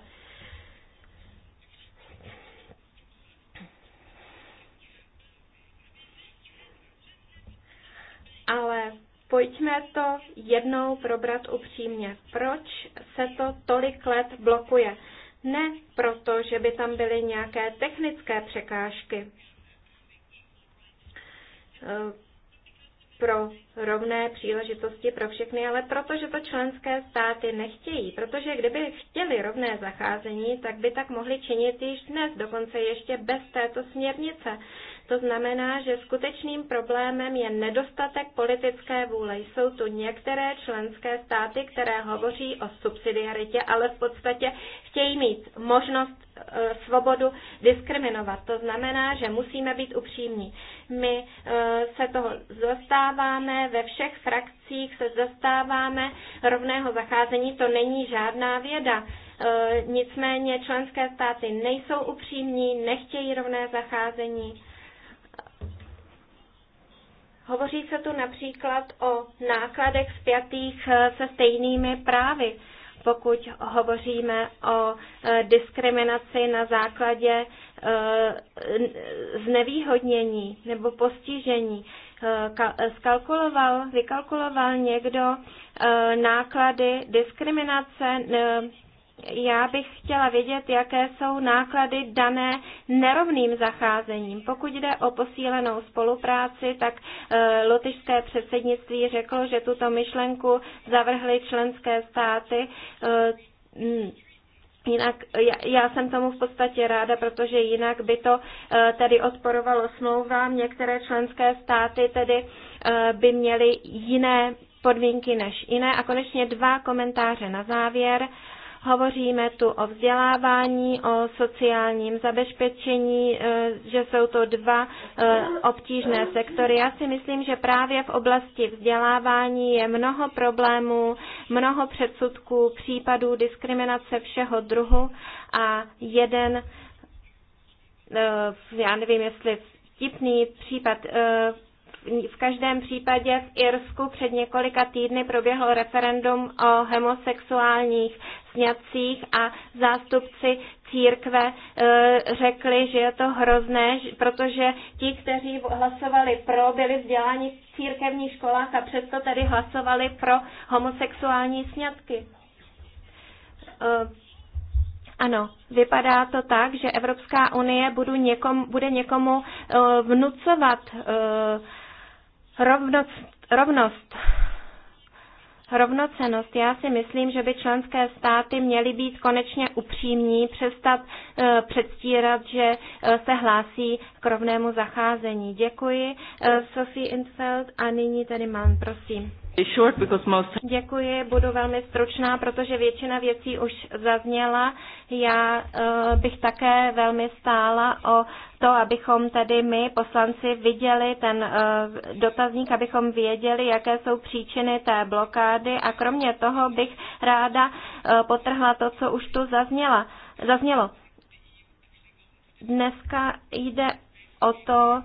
ale pojďme to jednou probrat upřímně. Proč se to tolik let blokuje? Ne proto, že by tam byly nějaké technické překážky e, pro rovné příležitosti pro všechny, ale protože to členské státy nechtějí. Protože kdyby chtěli rovné zacházení, tak by tak mohli činit již dnes, dokonce ještě bez této směrnice. To znamená, že skutečným problémem je nedostatek politické vůle. Jsou tu některé členské státy, které hovoří o subsidiaritě, ale v podstatě chtějí mít možnost e, svobodu diskriminovat. To znamená, že musíme být upřímní. My e, se toho zastáváme, ve všech frakcích se zastáváme rovného zacházení, to není žádná věda. E, nicméně členské státy nejsou upřímní, nechtějí rovné zacházení. Hovoří se tu například o nákladech spjatých eh, se stejnými právy, pokud hovoříme o eh, diskriminaci na základě eh, znevýhodnění nebo postižení. Skalkuloval, vykalkuloval někdo náklady diskriminace já bych chtěla vědět, jaké jsou náklady dané nerovným zacházením. Pokud jde o posílenou spolupráci, tak e, lotyšské předsednictví řeklo, že tuto myšlenku zavrhly členské státy. E, jinak já jsem tomu v podstatě ráda, protože jinak by to e, tedy odporovalo smlouvám. Některé členské státy tedy e, by měly jiné podmínky než jiné. A konečně dva komentáře na závěr. Hovoříme tu o vzdělávání, o sociálním zabezpečení, e, že jsou to dva e, obtížné sektory. Já si myslím, že právě v oblasti vzdělávání je mnoho problémů, mnoho předsudků, případů diskriminace všeho druhu a jeden, e, já nevím, jestli vtipný případ v každém případě v Irsku před několika týdny proběhlo referendum o homosexuálních sňacích a zástupci církve e, řekli, že je to hrozné, protože ti, kteří hlasovali pro, byli vzděláni v církevních školách a přesto tedy hlasovali pro homosexuální sňatky. E, ano, vypadá to tak, že Evropská unie budu někom, bude někomu uh, vnucovat uh, Rovnost, rovnost rovnocenost. Já si myslím, že by členské státy měly být konečně upřímní, přestat e, předstírat, že e, se hlásí k rovnému zacházení. Děkuji, e, Sophie Infeld, a nyní tedy mám, prosím. Děkuji, budu velmi stručná, protože většina věcí už zazněla. Já eh, bych také velmi stála o to, abychom tedy my, poslanci, viděli ten eh, dotazník, abychom věděli, jaké jsou příčiny té blokády a kromě toho bych ráda eh, potrhla to, co už tu zazněla. zaznělo. Dneska jde o to,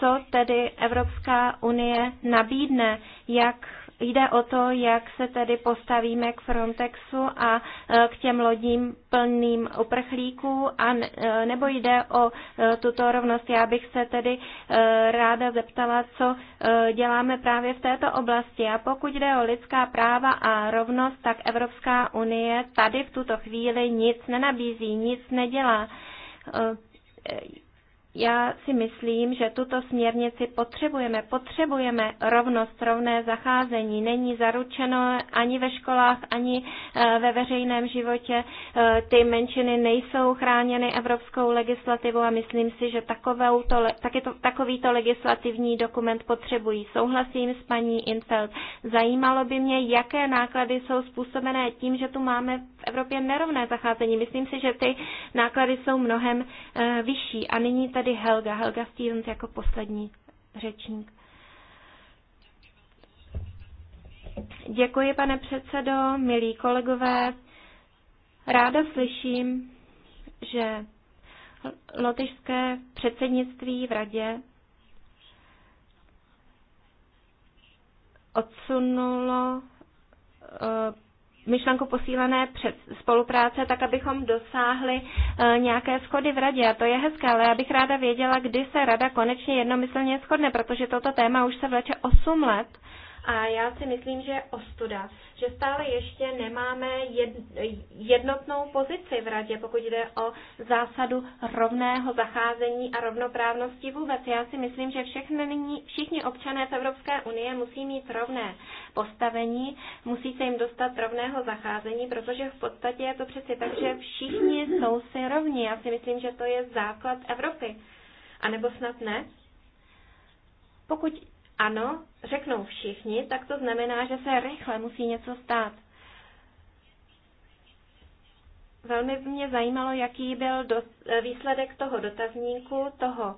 co tedy Evropská unie nabídne, jak jde o to, jak se tedy postavíme k Frontexu a e, k těm lodím plným uprchlíků, a e, nebo jde o e, tuto rovnost. Já bych se tedy ráda zeptala, co děláme právě v této oblasti. A pokud jde o lidská práva a rovnost, tak Evropská unie tady v tuto chvíli nic nenabízí, nic nedělá já si myslím, že tuto směrnici potřebujeme. Potřebujeme rovnost, rovné zacházení. Není zaručeno ani ve školách, ani eh, ve veřejném životě. Eh, ty menšiny nejsou chráněny evropskou legislativou a myslím si, že takovouto, taky to, takovýto legislativní dokument potřebují. Souhlasím s paní Infeld. Zajímalo by mě, jaké náklady jsou způsobené tím, že tu máme v Evropě nerovné zacházení. Myslím si, že ty náklady jsou mnohem eh, vyšší. A nyní tady tedy Helga, Helga Stevens jako poslední řečník. Děkuji, pane předsedo, milí kolegové. Ráda slyším, že lotyšské předsednictví v radě odsunulo eh, myšlenku posílené před spolupráce, tak abychom dosáhli e, nějaké schody v radě. A to je hezké, ale já bych ráda věděla, kdy se rada konečně jednomyslně shodne, protože toto téma už se vleče 8 let. A já si myslím, že je ostuda, že stále ještě nemáme jednotnou pozici v radě, pokud jde o zásadu rovného zacházení a rovnoprávnosti vůbec. Já si myslím, že všechny, všichni občané z Evropské unie musí mít rovné postavení, musí se jim dostat rovného zacházení, protože v podstatě je to přeci tak, že všichni jsou si rovni. Já si myslím, že to je základ Evropy. A nebo snad ne? Pokud ano řeknou všichni, tak to znamená, že se rychle musí něco stát. Velmi mě zajímalo, jaký byl do, výsledek toho dotazníku, toho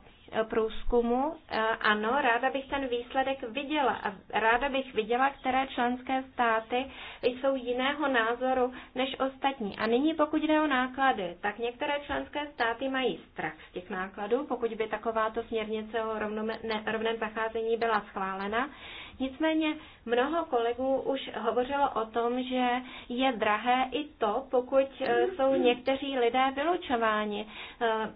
průzkumu. E, ano, ráda bych ten výsledek viděla a ráda bych viděla, které členské státy jsou jiného názoru než ostatní. A nyní, pokud jde o náklady, tak některé členské státy mají strach z těch nákladů, pokud by takováto směrnice o rovném zacházení byla schválena. Nicméně mnoho kolegů už hovořilo o tom, že je drahé i to, pokud e, jsou někteří lidé vylučováni e,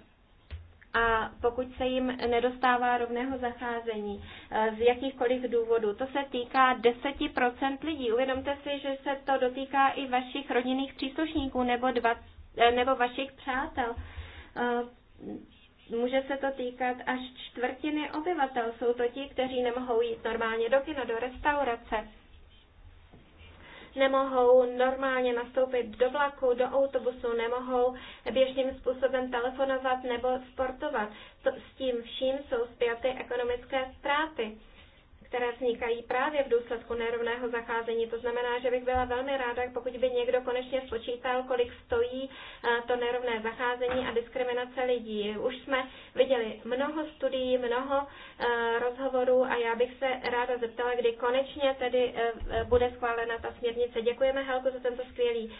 a pokud se jim nedostává rovného zacházení eh, z jakýchkoliv důvodů. To se týká 10% lidí. Uvědomte si, že se to dotýká i vašich rodinných příslušníků nebo, dva, eh, nebo vašich přátel. Eh, může se to týkat až čtvrtiny obyvatel. Jsou to ti, kteří nemohou jít normálně do kina, do restaurace nemohou normálně nastoupit do vlaku, do autobusu, nemohou běžným způsobem telefonovat nebo sportovat. To, s tím vším jsou zpěty ekonomické ztráty které vznikají právě v důsledku nerovného zacházení. To znamená, že bych byla velmi ráda, pokud by někdo konečně spočítal, kolik stojí eh, to nerovné zacházení a diskriminace lidí. Už jsme viděli mnoho studií, mnoho eh, rozhovorů a já bych se ráda zeptala, kdy konečně tedy eh, bude schválena ta směrnice. Děkujeme Helku za tento skvělý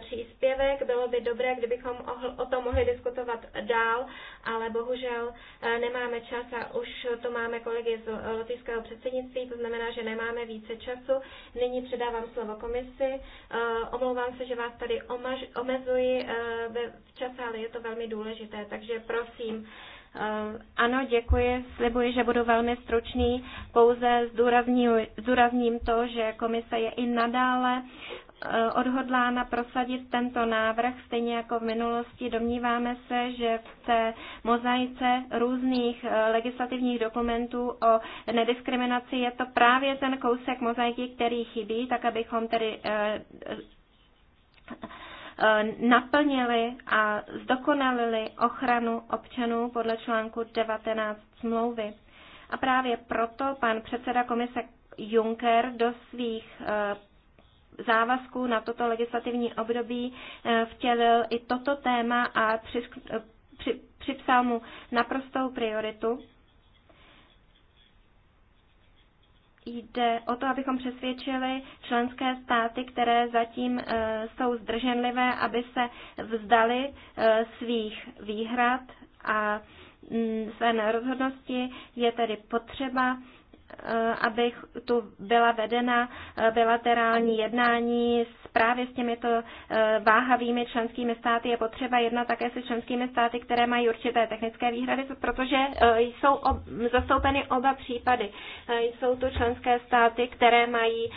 příspěvek. Bylo by dobré, kdybychom o tom mohli diskutovat dál, ale bohužel nemáme čas a už to máme kolegy z lotyšského předsednictví předsednictví, to znamená, že nemáme více času. Nyní předávám slovo komisi. Eh, omlouvám se, že vás tady omezuji eh, v čase, ale je to velmi důležité, takže prosím. Eh, ano, děkuji. Slibuji, že budu velmi stručný. Pouze zdůrazním, zdůrazním to, že komise je i nadále Eh, odhodlána prosadit tento návrh, stejně jako v minulosti. Domníváme se, že v té mozaice různých eh, legislativních dokumentů o nediskriminaci je to právě ten kousek mozaiky, který chybí, tak abychom tedy eh, naplnili a zdokonalili ochranu občanů podle článku 19 smlouvy. A právě proto pan předseda komise Juncker do svých závazků na toto legislativní období eh, vtělil i toto téma a při, eh, při, připsal mu naprostou prioritu. Jde o to, abychom přesvědčili členské státy, které zatím e, jsou zdrženlivé, aby se vzdali e, svých výhrad a m, mm, své nerozhodnosti. Je tedy potřeba Eh, aby tu byla vedena eh, bilaterální jednání s právě s těmito eh, váhavými členskými státy. Je potřeba jednat také se členskými státy, které mají určité technické výhrady, protože jsou zastoupeny oba případy. Jsou tu členské státy, které mají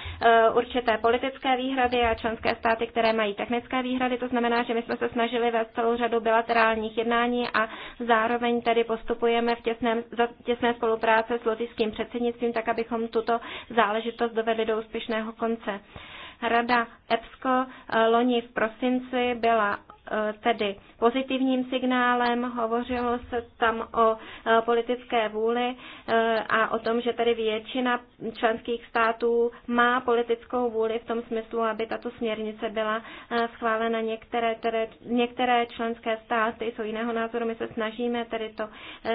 určité politické výhrady a členské státy, které mají technické výhrady. To znamená, že my jsme se snažili vést celou řadu bilaterálních jednání a zároveň tedy postupujeme v těsném, těsné spolupráce s lotickým předsednictvím především tak, abychom tuto záležitost dovedli do úspěšného konce. Rada EPSCO eh, loni v prosinci byla Eh, tedy pozitivním signálem. Hovořilo se tam o eh, politické vůli eh, a o tom, že tedy většina členských států má politickou vůli v tom smyslu, aby tato směrnice byla schválena. Některé, tedy, některé členské státy jsou jiného názoru. My se snažíme tedy to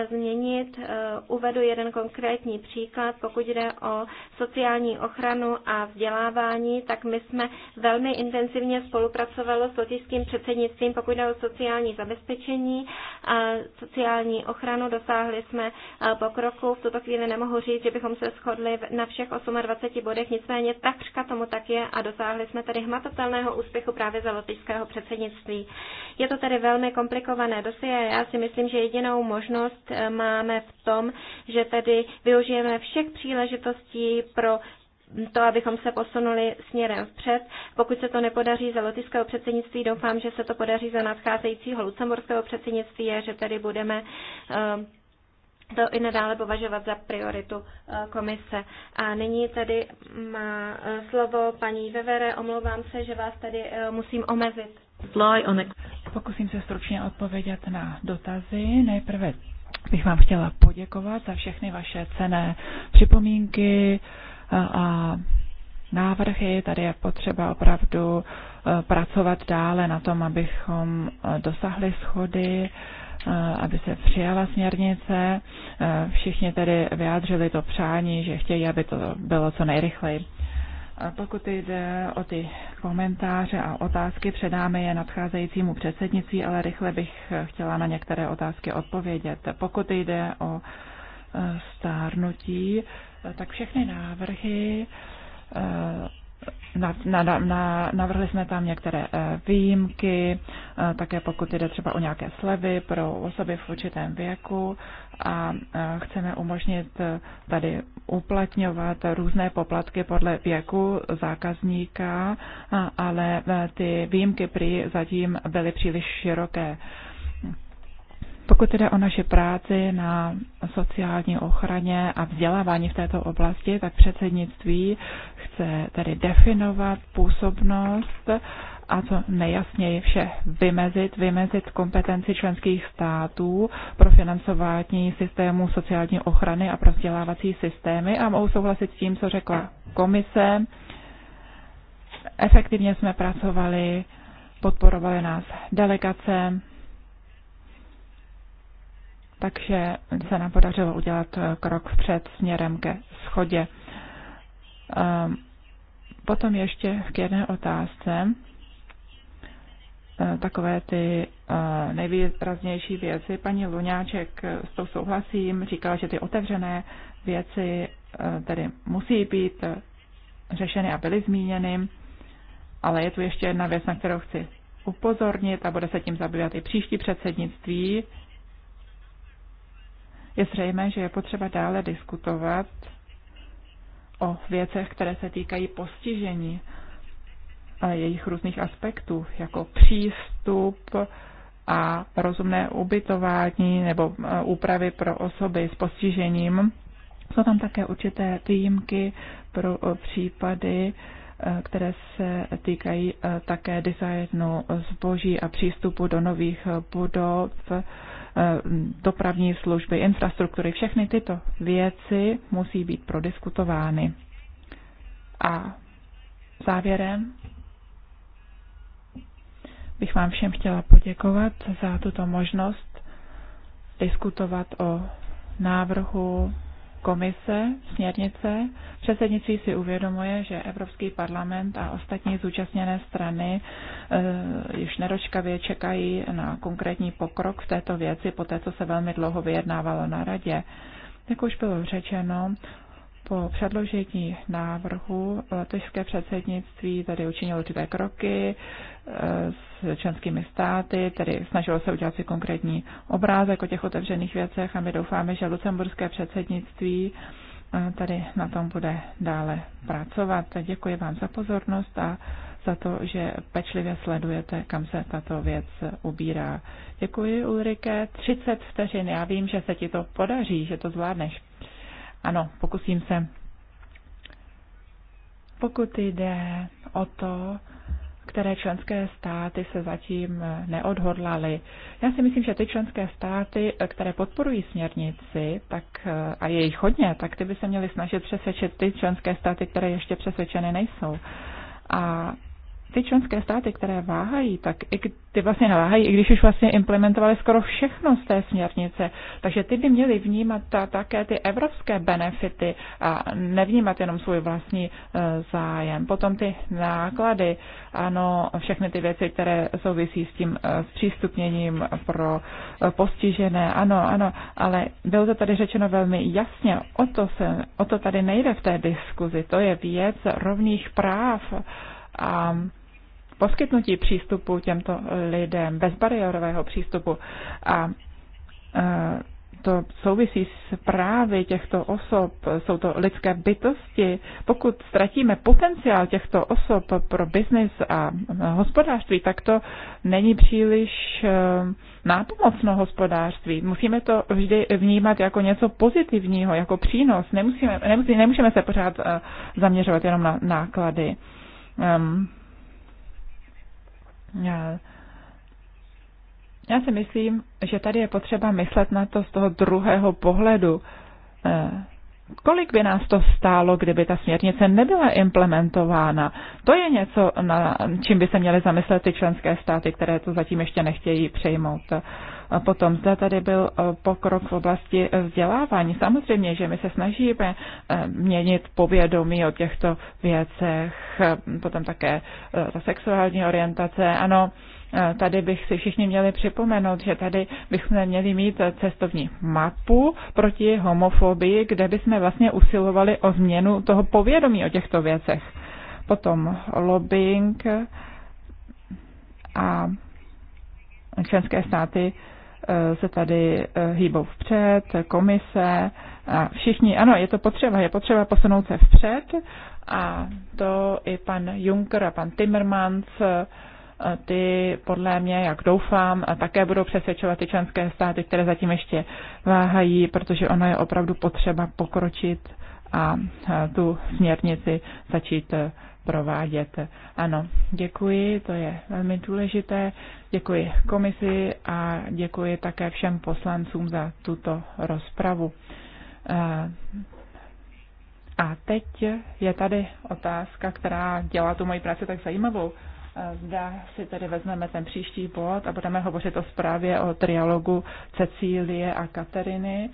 změnit. Uvedu jeden konkrétní příklad. Pokud jde o sociální ochranu a vzdělávání, tak my jsme velmi intenzivně spolupracovali s lotišským předsednictvím předsednictvím, pokud jde o sociální zabezpečení a sociální ochranu. Dosáhli jsme e, pokroku. V tuto chvíli nemohu říct, že bychom se shodli na všech 28 bodech, nicméně takřka tomu tak je a dosáhli jsme tady hmatatelného úspěchu právě za lotyšského předsednictví. Je to tedy velmi komplikované dosie a já si myslím, že jedinou možnost e, máme v tom, že tedy využijeme všech příležitostí pro to, abychom se posunuli směrem vpřed. Pokud se to nepodaří za lotyšského předsednictví, doufám, že se to podaří za nadcházejícího lucemburského předsednictví a že tedy budeme eh, to i nadále považovat za prioritu eh, komise. A nyní tedy má eh, slovo paní Vevere. Omlouvám se, že vás tady musím omezit. Pokusím se stručně odpovědět na dotazy. Nejprve bych vám chtěla poděkovat za všechny vaše cené připomínky, a návrhy. Tady je potřeba opravdu e, pracovat dále na tom, abychom e, dosahli schody, e, aby se přijala směrnice. Všichni tedy vyjádřili to přání, že chtějí, aby to bylo co nejrychleji. A pokud jde o ty komentáře a otázky, předáme je nadcházejícímu předsednictví, ale rychle bych chtěla na některé otázky odpovědět. Pokud jde o stárnutí, tak všechny návrhy eh, na, na, na, navrhli jsme tam některé eh, výjimky, eh, také pokud jde třeba o nějaké slevy pro osoby v určitém věku a chceme umožnit tady uplatňovat různé poplatky podle věku zákazníka, ale ty výjimky prý zatím byly příliš široké. Pokud jde o naše práci na sociální ochraně a vzdělávání v této oblasti, tak předsednictví chce tedy definovat působnost a co nejjasněji vše vymezit, vymezit kompetenci členských států pro financování systému sociální ochrany a pro vzdělávací systémy a mohu souhlasit s tím, co řekla komise. Efektivně jsme pracovali, podporovali nás delegace takže se nám podařilo udělat krok vpřed směrem ke schodě. Ehm, potom ještě k jedné otázce. Ehm, takové ty ehm, nejvýraznější věci. Paní Luňáček s tou souhlasím, říkala, že ty otevřené věci tedy musí být řešeny a byly zmíněny, ale je tu ještě jedna věc, na kterou chci upozornit a bude se tím zabývat i příští předsednictví, je zřejmé, že je potřeba dále diskutovat o věcech, které se týkají postižení a jejich různých aspektů, jako přístup a rozumné ubytování nebo e, úpravy pro osoby s postižením. Jsou tam také určité výjimky pro e, případy, e, které se týkají také designu zboží a přístupu do nových budov, Eh, dopravní služby, infrastruktury, všechny tyto věci musí být prodiskutovány. A závěrem bych vám všem chtěla poděkovat za tuto možnost diskutovat o návrhu komise, směrnice. Předsednictví si uvědomuje, že Evropský parlament a ostatní zúčastněné strany eh, již neročkavě čekají na konkrétní pokrok v této věci, po té, co se velmi dlouho vyjednávalo na radě. Jak už bylo řečeno, po předložení návrhu letošské předsednictví tady učinilo určité kroky eh, s členskými státy, tedy snažilo se udělat si konkrétní obrázek o těch otevřených věcech a my doufáme, že lucemburské předsednictví eh, tady na tom bude dále pracovat. Děkuji vám za pozornost a za to, že pečlivě sledujete, kam se tato věc ubírá. Děkuji, Ulrike. 30 vteřin. Já vím, že se ti to podaří, že to zvládneš. Ano, pokusím se. Pokud jde o to, které členské státy se zatím neodhodlaly. Já si myslím, že ty členské státy, které podporují směrnici, tak, a je jich hodně, tak ty by se měly snažit přesvědčit ty členské státy, které ještě přesvědčeny nejsou. A ty členské státy, které váhají, tak i, ty vlastně neváhají, i když už vlastně implementovali skoro všechno z té směrnice. Takže ty by měly vnímat ta, také ty evropské benefity a nevnímat jenom svůj vlastní uh, zájem. Potom ty náklady, ano, všechny ty věci, které souvisí s tím e, zpřístupněním pro uh, postižené, ano, ano, ale bylo to tady řečeno velmi jasně, o to, se, o to tady nejde v té diskuzi, to je věc rovných práv. A poskytnutí přístupu těmto lidem, bezbariérového přístupu. A e, to souvisí s právy těchto osob, jsou to lidské bytosti. Pokud ztratíme potenciál těchto osob pro biznis a e, hospodářství, tak to není příliš e, nápomocno hospodářství. Musíme to vždy vnímat jako něco pozitivního, jako přínos. Nemusíme, nemusí, nemůžeme se pořád zaměřovat jenom na náklady. Um, já si myslím, že tady je potřeba myslet na to z toho druhého pohledu. Eh, kolik by nás to stálo, kdyby ta směrnice nebyla implementována? To je něco, na čím by se měly zamyslet ty členské státy, které to zatím ještě nechtějí přejmout. Potom zda tady byl e, pokrok v oblasti vzdělávání. Samozřejmě, že my se snažíme e, měnit povědomí o těchto věcech, e, potom také ta sexuální orientace. Ano, tady bych si všichni měli připomenout, že tady bychom měli mít cestovní mapu proti homofobii, kde bychom vlastně usilovali o změnu toho povědomí o těchto věcech. Potom lobbying a členské státy Eh, se tady eh, hýbou vpřed, komise a všichni. Ano, je to potřeba, je potřeba posunout se vpřed a to i pan Juncker a pan Timmermans eh, ty podle mě, jak doufám, také budou přesvědčovat ty členské státy, které zatím ještě váhají, protože ono je opravdu potřeba pokročit a tu směrnici začít e, provádět. Ano, děkuji, to je velmi důležité. Děkuji komisi a děkuji také všem poslancům za tuto rozpravu. E, a teď je tady otázka, která dělá tu moji práci tak zajímavou. E, zda si tedy vezmeme ten příští bod a budeme hovořit o zprávě o trialogu Cecílie a Kateriny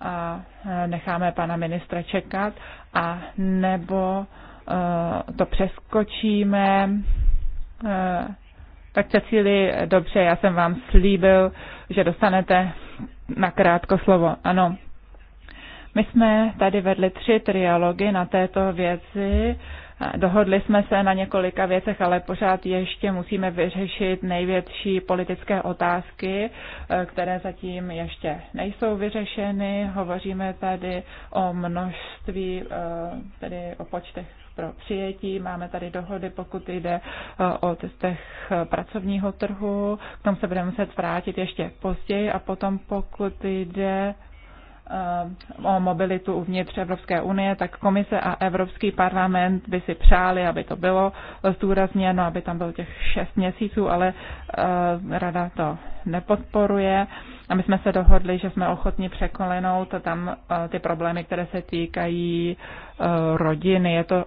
a e, necháme pana ministra čekat, a nebo e, to přeskočíme. E, tak Cecíli, dobře, já jsem vám slíbil, že dostanete na krátko slovo. Ano, my jsme tady vedli tři trialogy na této věci. Dohodli jsme se na několika věcech, ale pořád ještě musíme vyřešit největší politické otázky, eh, které zatím ještě nejsou vyřešeny. Hovoříme tady o množství, eh, tedy o počtech pro přijetí. Máme tady dohody, pokud jde eh, o testech pracovního trhu. K tomu se budeme muset vrátit ještě později a potom pokud jde Eh, o mobilitu uvnitř Evropské unie, tak komise a Evropský parlament by si přáli, aby to bylo zdůrazněno, aby tam bylo těch šest měsíců, ale eh, rada to nepodporuje. A my jsme se dohodli, že jsme ochotni překolenout tam eh, ty problémy, které se týkají rodiny. Je to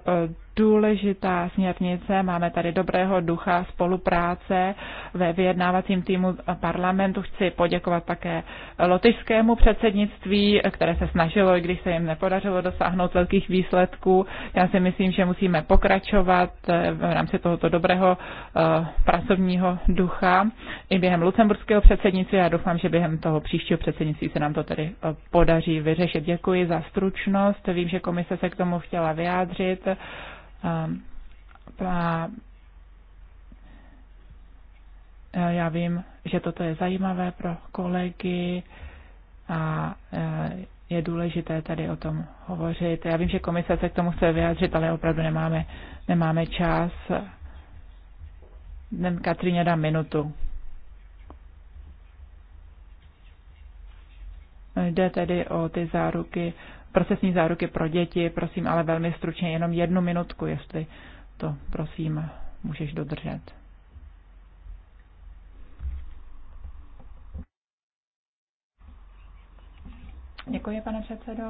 důležitá směrnice. Máme tady dobrého ducha spolupráce ve vyjednávacím týmu parlamentu. Chci poděkovat také lotyšskému předsednictví, které se snažilo, i když se jim nepodařilo dosáhnout velkých výsledků. Já si myslím, že musíme pokračovat v rámci tohoto dobrého eh, pracovního ducha i během lucemburského předsednictví. Já doufám, že během toho příštího předsednictví se nám to tedy eh, podaří vyřešit. Děkuji za stručnost. Vím, že komise se k tomu chtěla vyjádřit. Ehm, a eh, já vím, že toto je zajímavé pro kolegy a eh, je důležité tady o tom hovořit. Já vím, že komise se k tomu chce vyjádřit, ale opravdu nemáme, nemáme čas. Nen Katrině dám minutu. Jde tedy o ty záruky procesní záruky pro děti. Prosím, ale velmi stručně, jenom jednu minutku, jestli to prosím můžeš dodržet. Děkuji, pane předsedo.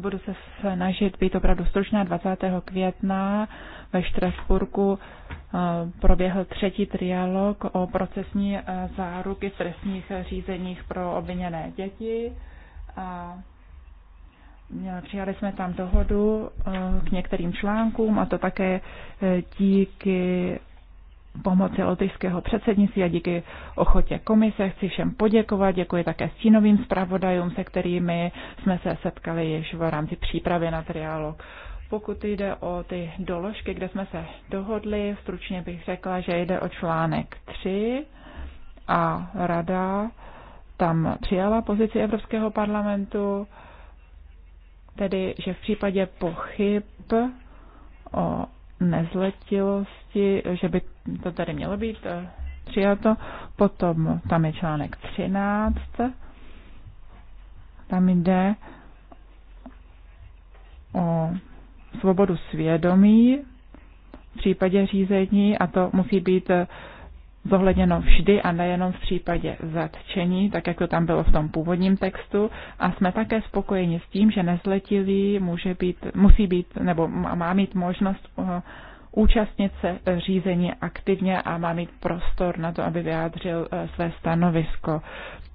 Budu se snažit být opravdu stručná. 20. května ve Štrasburku eh, proběhl třetí trialog o procesní eh, záruky v trestních řízeních pro obviněné děti. A Eh, přijali jsme tam dohodu eh, k některým článkům a to také eh, díky pomoci lotyšského předsednictví a díky ochotě komise. Chci všem poděkovat, děkuji také stínovým zpravodajům, se kterými jsme se setkali již v rámci přípravy na triálog. Pokud jde o ty doložky, kde jsme se dohodli, stručně bych řekla, že jde o článek 3 a rada tam přijala pozici Evropského parlamentu tedy že v případě pochyb o nezletilosti, že by to tady mělo být eh, přijato. Potom tam je článek 13. Tam jde o svobodu svědomí v případě řízení a to musí být eh, zohledněno vždy a nejenom v případě zatčení, tak jak to tam bylo v tom původním textu. A jsme také spokojeni s tím, že nezletilý může být, musí být nebo má mít možnost uh, účastnit se řízení aktivně a má mít prostor na to, aby vyjádřil uh, své stanovisko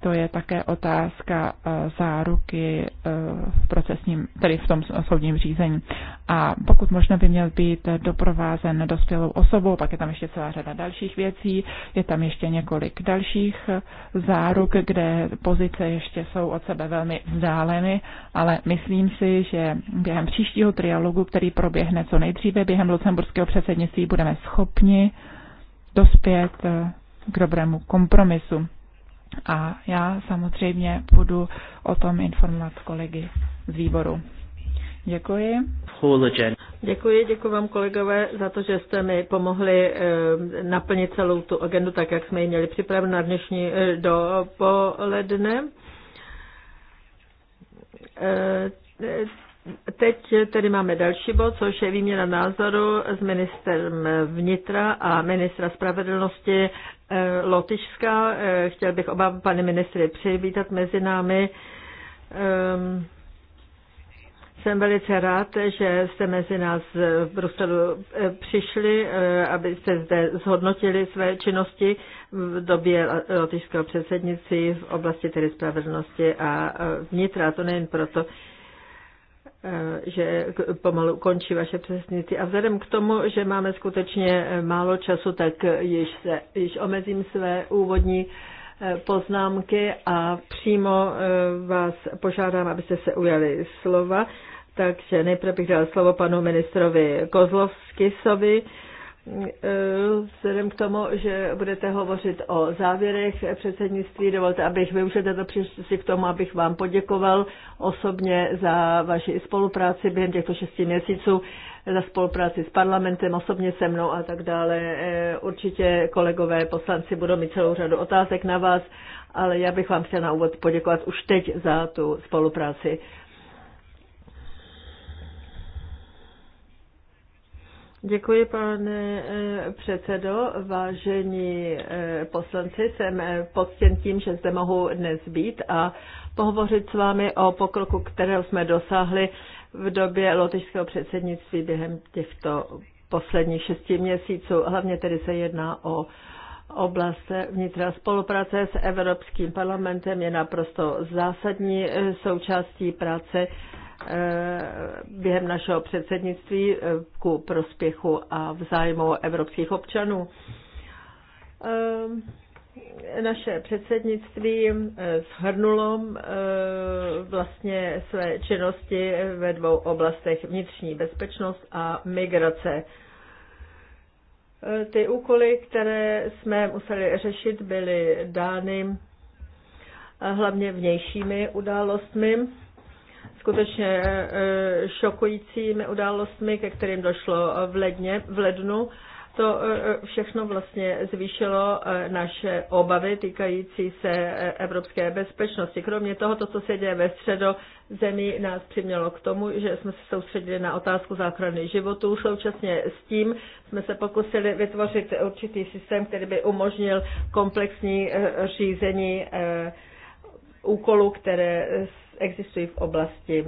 to je také otázka eh, záruky eh, v procesním, tedy v tom soudním řízení. A pokud možno by měl být doprovázen dospělou osobou, pak je tam ještě celá řada dalších věcí, je tam ještě několik dalších eh, záruk, kde pozice ještě jsou od sebe velmi vzdáleny, ale myslím si, že během příštího trialogu, který proběhne co nejdříve během lucemburského předsednictví, budeme schopni dospět k dobrému kompromisu a já samozřejmě budu o tom informovat kolegy z výboru. Děkuji. Děkuji, děkuji vám kolegové za to, že jste mi pomohli eh, naplnit celou tu agendu tak, jak jsme ji měli připraven na dnešní eh, dopoledne. Eh, teď tedy máme další bod, což je výměna názoru s ministrem vnitra a ministra spravedlnosti Eh, Lotyšska. Eh, chtěl bych oba pane ministry přivítat mezi námi. Ehm, jsem velice rád, že jste mezi nás v Bruselu eh, přišli, abyste zde zhodnotili své činnosti v době lotyšského předsednictví v oblasti tedy spravedlnosti a vnitra. To nejen proto, Eh, že pomalu končí vaše přesnici. A vzhledem k tomu, že máme skutečně eh, málo času, tak již, se, již omezím své úvodní eh, poznámky a přímo vás požádám, abyste se ujali slova. Takže nejprve bych dala slovo panu ministrovi Kozlovskisovi. Vzhledem k tomu, že budete hovořit o závěrech předsednictví, dovolte, abych využil této příležitosti k tomu, abych vám poděkoval osobně za vaši spolupráci během těchto šesti měsíců, za spolupráci s parlamentem, osobně se mnou a tak dále. Eh, určitě kolegové poslanci budou mít celou řadu otázek na vás, ale já bych vám chtěl na úvod poděkovat už teď za tu spolupráci. Děkuji, pane eh, předsedo. Vážení eh, poslanci, jsem eh, poctěn tím, že zde mohu dnes být a pohovořit s vámi o pokroku, kterého jsme dosáhli v době lotyšského předsednictví během těchto posledních šesti měsíců. Hlavně tedy se jedná o oblast vnitra spolupráce s Evropským parlamentem je naprosto zásadní součástí práce Eh, během našeho předsednictví eh, ku prospěchu a v zájmu evropských občanů. Eh, naše předsednictví shrnulo vlastně své činnosti ve dvou oblastech vnitřní bezpečnost a migrace. Ty úkoly, které jsme museli řešit, byly dány hlavně vnějšími událostmi skutečně eh, eh, šokujícími událostmi, ke kterým došlo eh, v, ledně, v lednu. To všechno vlastně zvýšilo naše obavy týkající se evropské bezpečnosti. Kromě toho, to, co se děje ve středo zemí, nás přimělo k tomu, že jsme se soustředili na otázku záchrany životů. Současně s tím jsme se pokusili vytvořit určitý systém, který by umožnil komplexní řízení úkolů, které existují v oblasti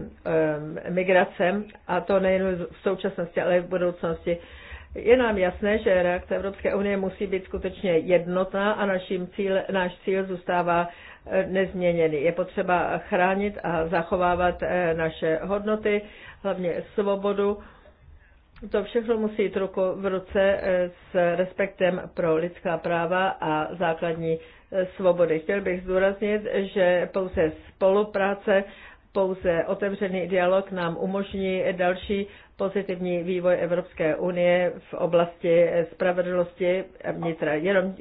migrace, a to nejen v současnosti, ale i v budoucnosti. Je nám jasné, že reakce Evropské unie musí být skutečně jednotná a naším cíl, náš cíl zůstává eh, nezměněný. Je potřeba chránit a zachovávat eh, naše hodnoty, hlavně svobodu. To všechno musí jít ruku v ruce eh, s respektem pro lidská práva a základní svobody. Chtěl bych zdůraznit, že pouze spolupráce, pouze otevřený dialog nám umožní další pozitivní vývoj Evropské unie v oblasti spravedlnosti vnitra. Jenom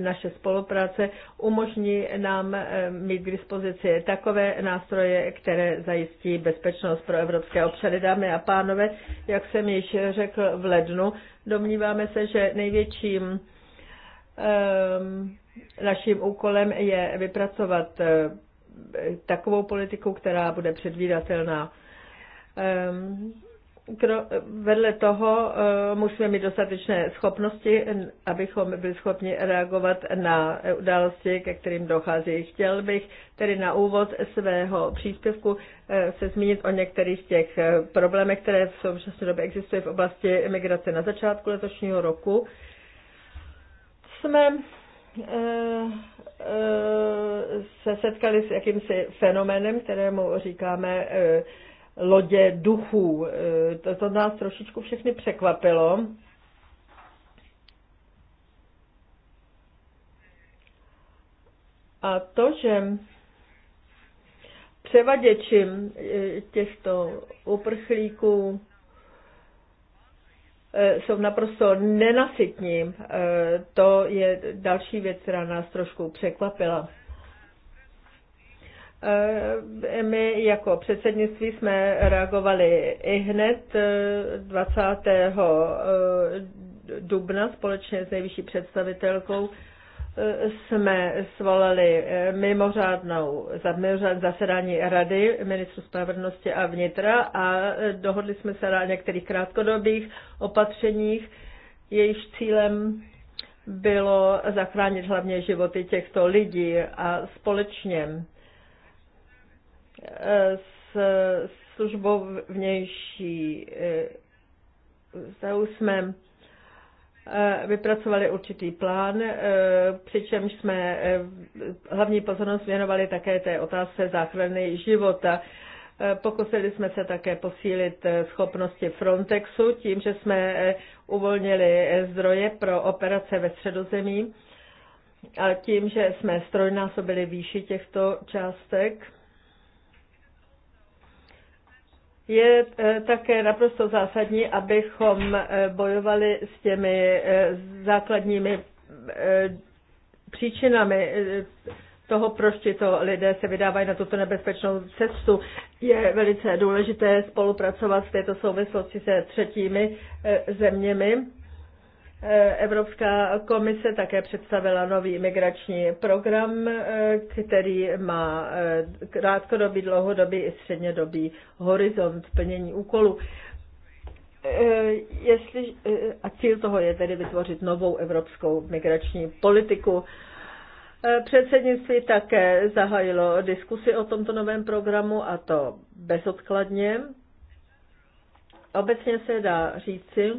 naše spolupráce umožní nám eh, mít k dispozici takové nástroje, které zajistí bezpečnost pro evropské občany. Dámy a pánové, jak jsem již řekl v lednu, domníváme se, že největším um, Naším úkolem je vypracovat eh, takovou politiku, která bude předvídatelná. Ehm, vedle toho eh, musíme mít dostatečné schopnosti, abychom byli schopni reagovat na události, ke kterým dochází. Chtěl bych tedy na úvod svého příspěvku eh, se zmínit o některých těch problémech, které v současné době existují v oblasti migrace na začátku letošního roku. Jsme Eh, eh, se setkali s jakýmsi fenoménem, kterému říkáme eh, lodě duchů. To, to nás trošičku všechny překvapilo. A to, že převaděči těchto uprchlíků Eh, jsou naprosto nenasytní. Eh, to je další věc, která nás trošku překvapila. Eh, my jako předsednictví jsme reagovali i hned 20. dubna společně s nejvyšší představitelkou jsme svolali eh, mimořádnou zasedání Rady ministrů spravedlnosti a vnitra a eh, dohodli jsme se na některých krátkodobých opatřeních. Jejíž cílem bylo zachránit hlavně životy těchto lidí a společně eh, s službou vnější jsme Eh, vypracovali určitý plán, eh, přičemž jsme eh, hlavní pozornost věnovali také té otázce záchrany života. Pokusili jsme se také posílit schopnosti Frontexu tím, že jsme uvolnili zdroje pro operace ve středozemí a tím, že jsme strojnásobili výši těchto částek. je eh, také naprosto zásadní, abychom eh, bojovali s těmi eh, základními příčinami toho, proč to lidé se vydávají na tuto nebezpečnou cestu. Je velice důležité spolupracovat v této souvislosti se třetími zeměmi. Evropská komise také představila nový migrační program, eh, který má eh, krátkodobý, dlouhodobý i střednědobý horizont plnění úkolu. Eh, jestli, a cíl toho je tedy vytvořit novou evropskou migrační politiku. Předsednictví také zahájilo diskusy o tomto novém programu a to bezodkladně. Obecně se dá říci,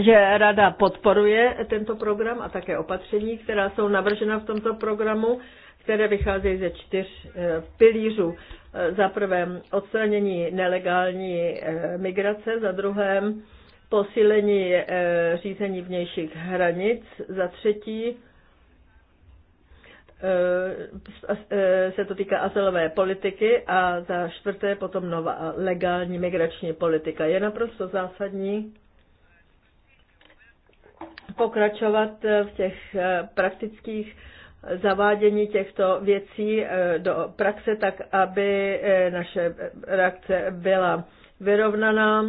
že Rada podporuje tento program a také opatření, která jsou navržena v tomto programu, které vycházejí ze čtyř eh, pilířů. Eh, za prvé odstranění nelegální eh, migrace, za druhé posílení řízení vnějších hranic, za třetí se to týká azylové politiky a za čtvrté potom nová legální migrační politika. Je naprosto zásadní, pokračovat eh, v těch eh, praktických zavádění těchto věcí eh, do praxe, tak aby naše reakce byla vyrovnaná,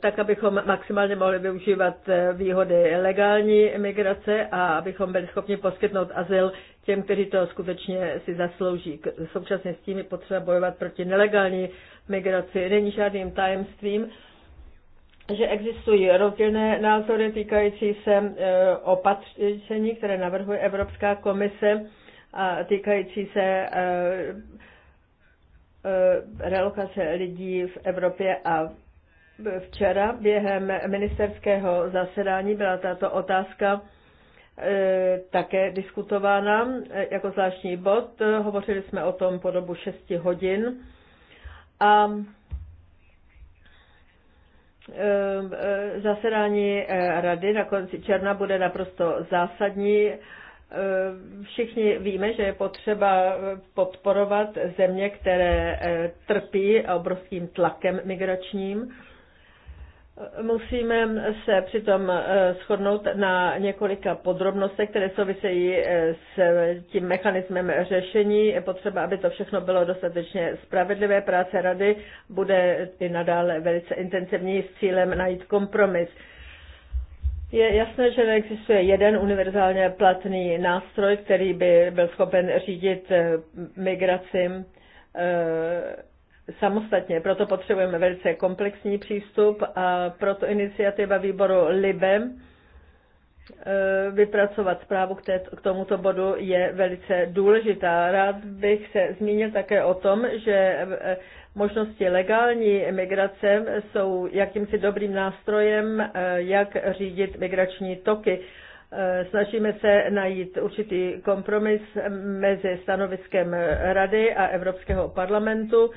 tak abychom maximálně mohli využívat výhody legální migrace a abychom byli schopni poskytnout azyl těm, kteří to skutečně si zaslouží. Současně s tím je potřeba bojovat proti nelegální migraci. Není žádným tajemstvím, že existují rozdílné názory týkající se e, opatření, které navrhuje Evropská komise a týkající se e, e, relokace lidí v Evropě a včera během ministerského zasedání byla tato otázka také diskutována jako zvláštní bod. Hovořili jsme o tom po dobu 6 hodin a Ehm, e, zasedání e, rady na konci června bude naprosto zásadní. Ehm, všichni víme, že je potřeba podporovat země, které e, trpí obrovským tlakem migračním. Musíme se přitom eh, shodnout na několika podrobnostech, které souvisejí eh, s tím mechanismem řešení. Je potřeba, aby to všechno bylo dostatečně spravedlivé. Práce rady bude i nadále velice intenzivní s cílem najít kompromis. Je jasné, že neexistuje jeden univerzálně platný nástroj, který by byl schopen řídit eh, migraci samostatně. Proto potřebujeme velice komplexní přístup a proto iniciativa výboru LIBEM e, vypracovat zprávu k, té, k tomuto bodu je velice důležitá. Rád bych se zmínil také o tom, že e, možnosti legální migrace jsou jakýmsi dobrým nástrojem, e, jak řídit migrační toky. Snažíme se najít určitý kompromis mezi stanoviskem Rady a Evropského parlamentu.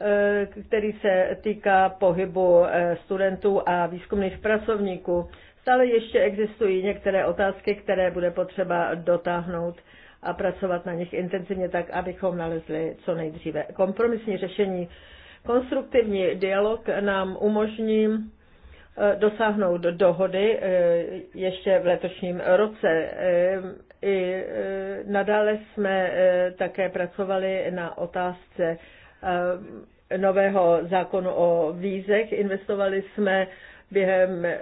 Eh, který se týká pohybu eh, studentů a výzkumných pracovníků. Stále ještě existují některé otázky, které bude potřeba dotáhnout a pracovat na nich intenzivně tak, abychom nalezli co nejdříve kompromisní řešení. Konstruktivní dialog nám umožní eh, dosáhnout dohody ještě v letošním roce. I nadále jsme také pracovali na otázce Eh, nového zákonu o vízech. Investovali jsme během eh,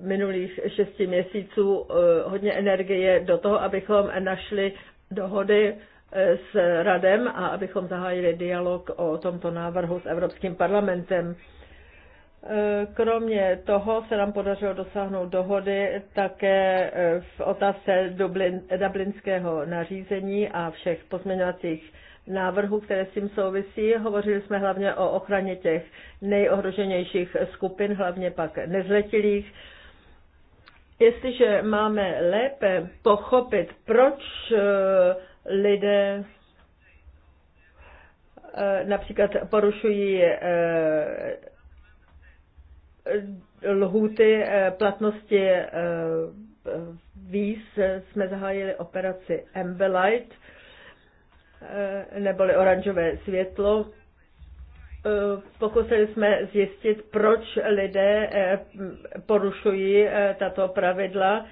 minulých šesti měsíců eh, hodně energie do toho, abychom našli dohody s Radem a abychom zahájili dialog o tomto návrhu s Evropským parlamentem. Kromě toho se nám podařilo dosáhnout dohody také v otázce Dublin, dublinského nařízení a všech pozměňovacích návrhů, které s tím souvisí. Hovořili jsme hlavně o ochraně těch nejohroženějších skupin, hlavně pak nezletilých. Jestliže máme lépe pochopit, proč eh, lidé eh, například porušují eh, lhuty platnosti víz, jsme zahájili operaci Embelite, Eh, neboli oranžové světlo. Eh, pokusili jsme zjistit, proč lidé eh, porušují tato pravidla.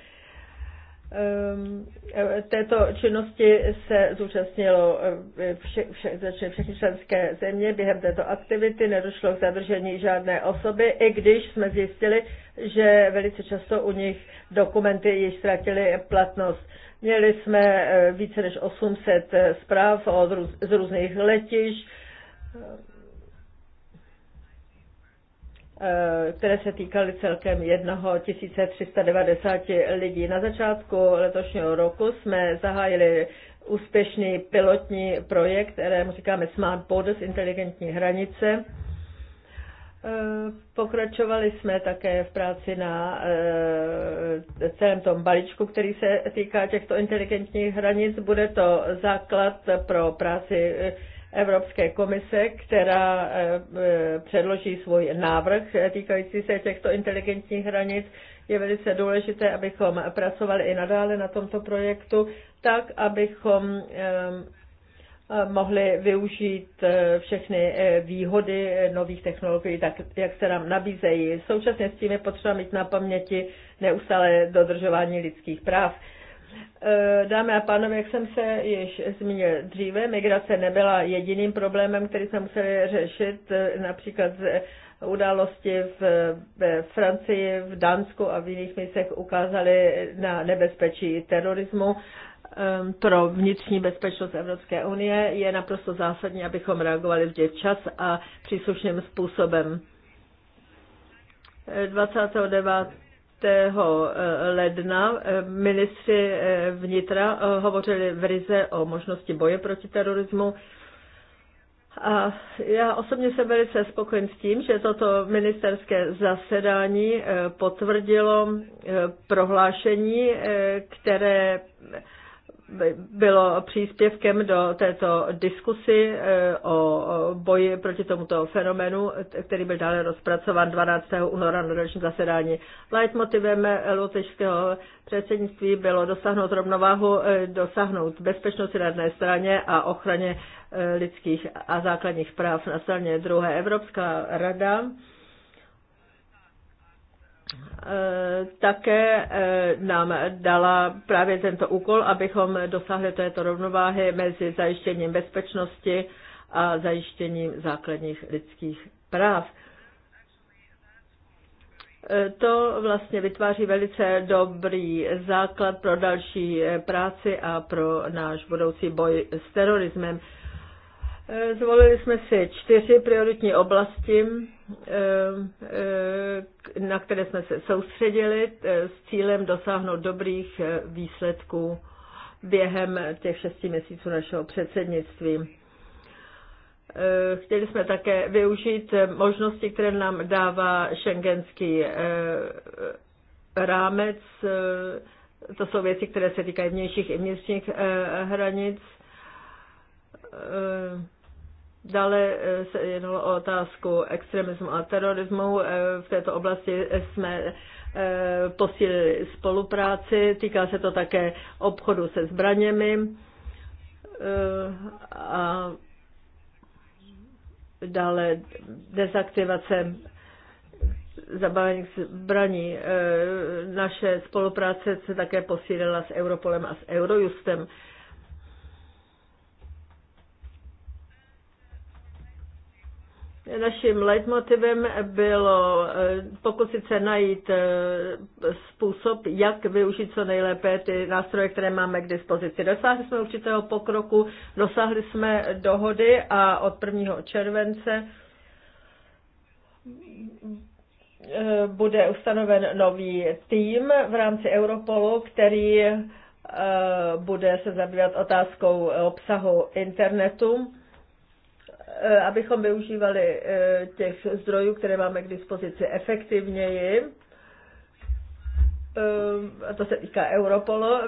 Této činnosti se zúčastnilo vše, vše, všechny členské země. Během této aktivity nedošlo k zadržení žádné osoby, i když jsme zjistili, že velice často u nich dokumenty již ztratily platnost. Měli jsme eh, více než 800 eh, zpráv od, z různých letiš, eh, které se týkaly celkem 1390 lidí. Na začátku letošního roku jsme zahájili úspěšný pilotní projekt, kterému říkáme Smart Borders, inteligentní hranice. Eh, pokračovali jsme také v práci na eh, celém tom balíčku, který se týká těchto inteligentních hranic. Bude to základ pro práci eh, Evropské komise, která předloží svůj návrh týkající se těchto inteligentních hranic. Je velice důležité, abychom pracovali i nadále na tomto projektu, tak abychom mohli využít eh, všechny eh, výhody eh, nových technologií, tak jak se nám nabízejí. Současně s tím je potřeba mít na paměti neustále dodržování lidských práv. Dámy a pánové, jak jsem se již zmínil dříve, migrace nebyla jediným problémem, který jsme museli řešit, například události v, v Francii, v Dánsku a v jiných místech ukázaly na nebezpečí terorismu Ehm, pro vnitřní bezpečnost Evropské unie je naprosto zásadní, abychom reagovali vždy včas a příslušným způsobem. 29 eh, eh, ledna eh, ministři vnitra hovořili v Rize o možnosti boje proti terorismu. A já osobně jsem velice spokojen s tím, že toto ministerské zasedání potvrdilo prohlášení, které bylo příspěvkem do této diskusy eh, o boji proti tomuto fenoménu, který byl dále rozpracován 12. února na dalším zasedání. Leitmotivem lotyšského předsednictví bylo dosáhnout rovnováhu, eh, dosáhnout bezpečnosti na jedné straně a ochraně eh, lidských a základních práv na straně druhé. Evropská rada Eh, také eh, nám dala právě tento úkol, abychom dosáhli této rovnováhy mezi zajištěním bezpečnosti a zajištěním základních lidských práv. Eh, to vlastně vytváří velice dobrý základ pro další práci a pro náš budoucí boj s terorismem. Eh, zvolili jsme si čtyři prioritní oblasti, eh, eh, na které jsme se soustředili s cílem dosáhnout dobrých výsledků během těch šesti měsíců našeho předsednictví. Chtěli jsme také využít možnosti, které nám dává šengenský rámec. To jsou věci, které se týkají vnějších i vnitřních hranic Dále eh, se jednalo o otázku extremismu a terorismu. Eh, v této oblasti jsme eh, posílili spolupráci. Týká se to také obchodu se zbraněmi. A dále dezaktivace zabavení zbraní. Naše spolupráce se také posílila s Europolem a s Eurojustem. Naším leitmotivem bylo eh, pokusit se najít eh, způsob, jak využít co nejlépe ty nástroje, které máme k dispozici. Dosáhli jsme určitého pokroku, dosáhli jsme dohody a od 1. července eh, bude ustanoven nový tým v rámci Europolu, který bude se zabývat otázkou obsahu internetu E, abychom využívali e, těch zdrojů, které máme k dispozici efektivněji. E, a to se týká Europolu.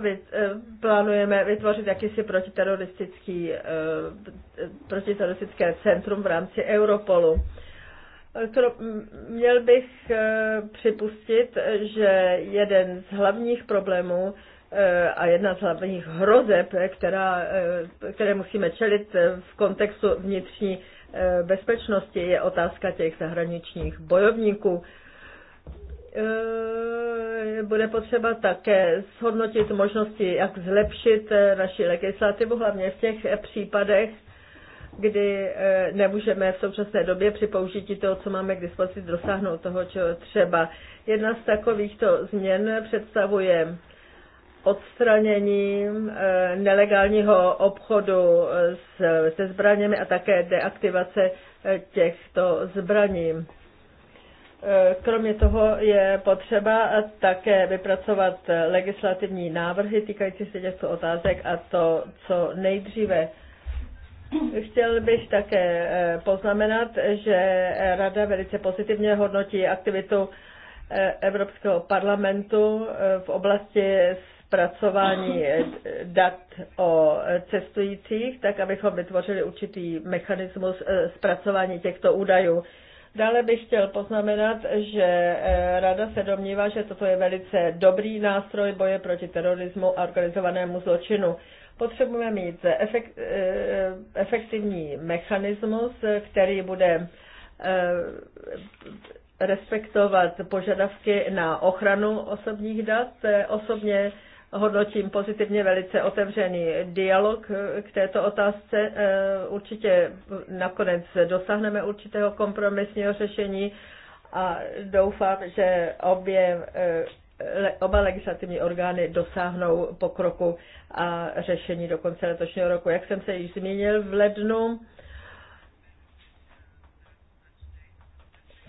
Plánujeme vytvořit jakýsi protiteroristický, protiteroristické centrum v rámci Europolu. Měl bych připustit, že jeden z hlavních problémů Eh, a jedna z hlavních hrozeb, která, eh, které musíme čelit eh, v kontextu vnitřní bezpečnosti, je otázka těch zahraničních bojovníků. Bude potřeba také shodnotit možnosti, jak zlepšit naši legislativu, hlavně v těch případech, kdy nemůžeme v současné době při použití toho, co máme k dispozici, dosáhnout toho, co třeba. Jedna z takovýchto změn představuje odstraněním eh, nelegálního obchodu eh, se zbraněmi a také deaktivace eh, těchto zbraní. Kromě toho je potřeba také vypracovat legislativní návrhy týkající se těchto otázek a to co nejdříve. Chtěl bych také poznamenat, že Rada velice pozitivně hodnotí aktivitu Evropského parlamentu v oblasti zpracování dat o cestujících, tak abychom vytvořili určitý mechanismus eh, zpracování těchto údajů. Dále bych chtěl poznamenat, že eh, Rada se domnívá, že toto je velice dobrý nástroj boje proti terorismu a organizovanému zločinu. Potřebujeme mít eh, efektivní mechanismus, který bude respektovat požadavky na ochranu osobních dat. Osobně hodnotím pozitivně velice otevřený dialog eh, k této otázce. Eh, určitě nakonec dosáhneme určitého kompromisního řešení a doufám, že obě, eh, oba legislativní orgány dosáhnou pokroku a řešení do konce letošního roku. Jak jsem se již zmínil v lednu,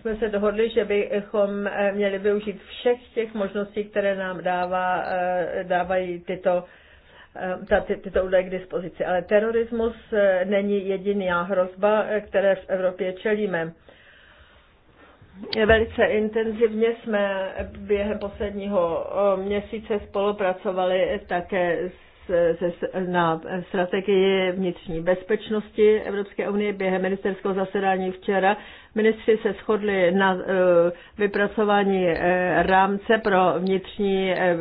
jsme se dohodli, že bychom eh, měli využít všech těch možností, které nám dává, eh, dávají tyto, eh, ta, ty, tyto údaje k dispozici. Ale terorismus není jediná hrozba, které v Evropě čelíme. Velice intenzivně jsme během posledního měsíce spolupracovali také s na strategii vnitřní bezpečnosti Evropské unie během ministerského zasedání včera. Ministři se shodli na eh, vypracování eh, rámce pro vnitřní eh,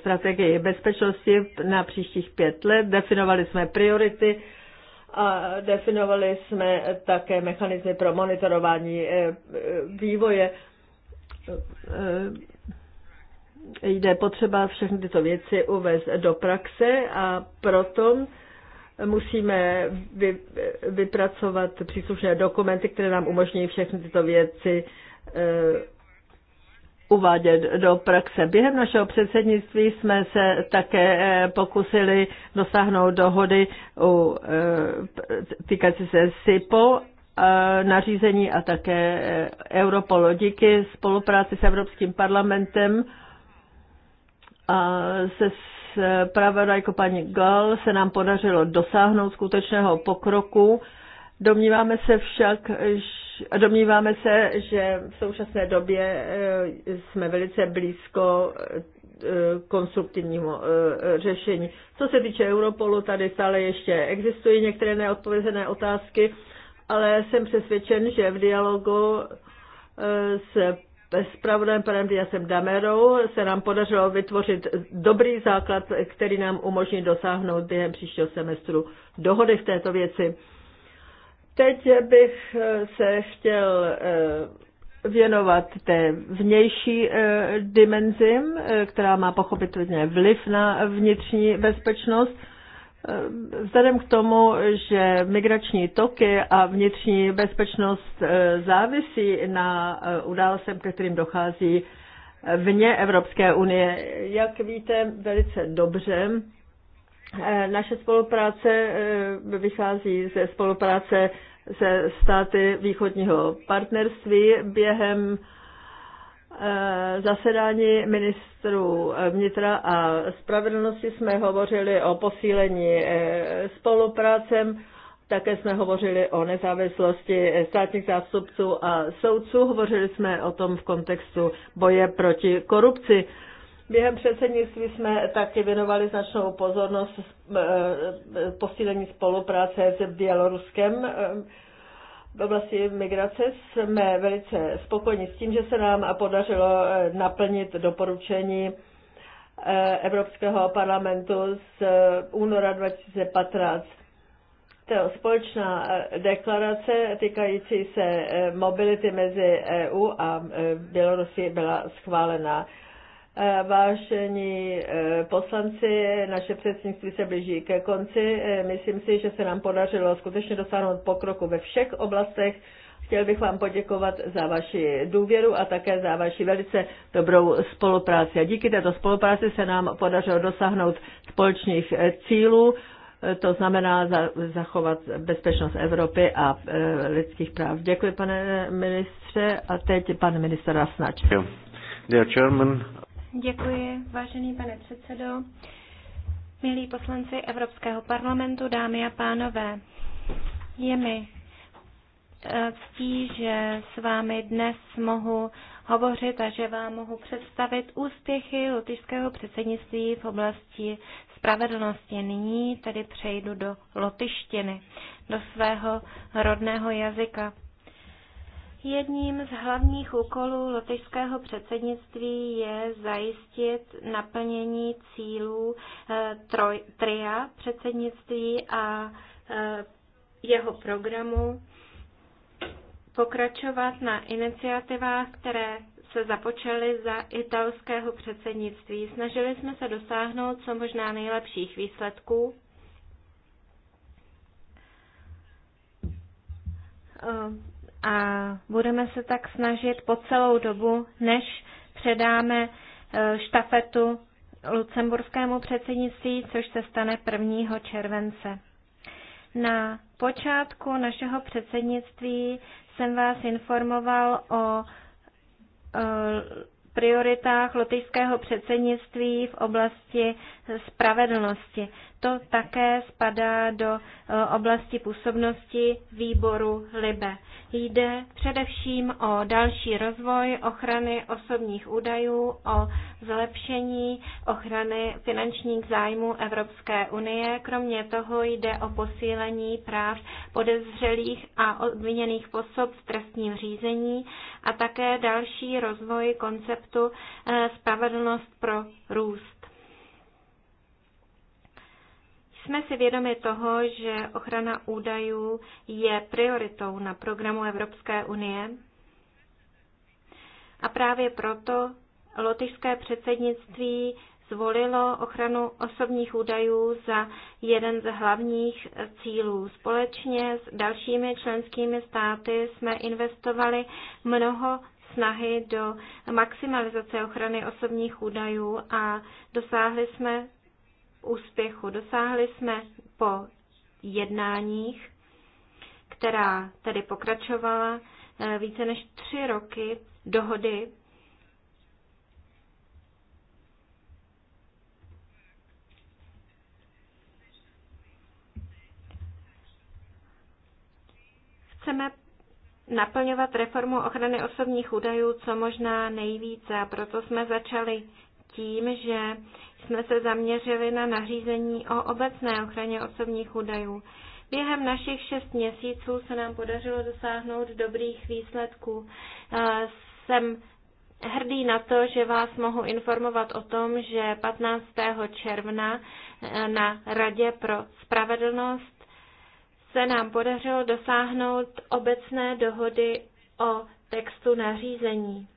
strategii bezpečnosti na příštích pět let. Definovali jsme priority a definovali jsme také mechanizmy pro monitorování vývoje jde potřeba všechny tyto věci uvést do praxe a proto musíme vy, vypracovat příslušné dokumenty, které nám umožní všechny tyto věci e, uvádět do praxe. Během našeho předsednictví jsme se také e, pokusili dosáhnout dohody u, e, týkající se SIPO nařízení a také Europolodiky spolupráci s Evropským parlamentem a se jako paní Gal se nám podařilo dosáhnout skutečného pokroku. Domníváme se však, domníváme se, že v současné době e, jsme velice blízko e, konstruktivnímu e, řešení. Co se týče Europolu, tady stále ještě existují některé neodpovězené otázky, ale jsem přesvědčen, že v dialogu s s pravodajem panem Diasem Damerou se nám podařilo vytvořit dobrý základ, který nám umožní dosáhnout během příštího semestru dohody v této věci. Teď bych eh, se chtěl eh, věnovat té vnější eh, dimenzi, která má pochopitelně vliv na vnitřní bezpečnost. Eh, vzhledem k tomu, že migrační toky a vnitřní bezpečnost eh, závisí na eh, událostem, ke kterým dochází vně Evropské unie, jak víte velice dobře, naše spolupráce vychází ze spolupráce se státy východního partnerství během Eh, zasedání ministrů eh, vnitra a spravedlnosti jsme hovořili o posílení eh, spoluprácem, také jsme hovořili o nezávislosti státních zástupců a soudců, hovořili jsme o tom v kontextu boje proti korupci. Během předsednictví jsme taky věnovali značnou pozornost posílení spolupráce s Běloruskem v oblasti migrace jsme velice spokojeni s tím, že se nám podařilo eh, naplnit doporučení eh, Evropského parlamentu z eh, února 2015. To je společná deklarace týkající se mobility mezi EU a Bělorusí byla schválena. Eh, vážení eh, poslanci, naše předsednictví se blíží ke konci. Eh, myslím si, že se nám podařilo skutečně dosáhnout pokroku ve všech oblastech. Chtěl bych vám poděkovat za vaši důvěru a také za vaši velice dobrou spolupráci. A díky této spolupráci se nám podařilo dosáhnout společných cílů, to znamená zachovat bezpečnost Evropy a lidských práv. Děkuji, pane ministře. A teď pan minister Rasnač. Děkuji. Děkuji, vážený pane předsedo, milí poslanci Evropského parlamentu, dámy a pánové. Je mi eh, ctí, že s vámi dnes mohu hovořit a že vám mohu představit úspěchy lotyšského předsednictví v oblasti spravedlnosti. Nyní tedy přejdu do lotyštiny, do svého rodného jazyka. Jedním z hlavních úkolů lotyšského předsednictví je zajistit naplnění cílů eh, troj, tria předsednictví a eh, jeho programu, pokračovat na iniciativách, které se započaly za italského předsednictví. Snažili jsme se dosáhnout co možná nejlepších výsledků. Eh, a budeme se tak snažit po celou dobu, než předáme e, štafetu lucemburskému předsednictví, což se stane 1. července. Na počátku našeho předsednictví jsem vás informoval o e, prioritách lotyšského předsednictví v oblasti spravedlnosti to také spadá do eh, oblasti působnosti výboru LIBE. Jde především o další rozvoj ochrany osobních údajů, o zlepšení ochrany finančních zájmů Evropské unie. Kromě toho jde o posílení práv podezřelých a obviněných osob v trestním řízení a také další rozvoj konceptu eh, spravedlnost pro růst. Jsme si vědomi toho, že ochrana údajů je prioritou na programu Evropské unie a právě proto lotyšské předsednictví zvolilo ochranu osobních údajů za jeden z hlavních cílů. Společně s dalšími členskými státy jsme investovali mnoho snahy do maximalizace ochrany osobních údajů a dosáhli jsme úspěchu. Dosáhli jsme po jednáních, která tedy pokračovala eh, více než tři roky dohody chceme naplňovat reformu ochrany osobních údajů co možná nejvíce a proto jsme začali tím, že jsme se zaměřili na nařízení o obecné ochraně osobních údajů. Během našich šest měsíců se nám podařilo dosáhnout dobrých výsledků. Jsem hrdý na to, že vás mohu informovat o tom, že 15. června e, na Radě pro spravedlnost se nám podařilo dosáhnout obecné dohody o textu nařízení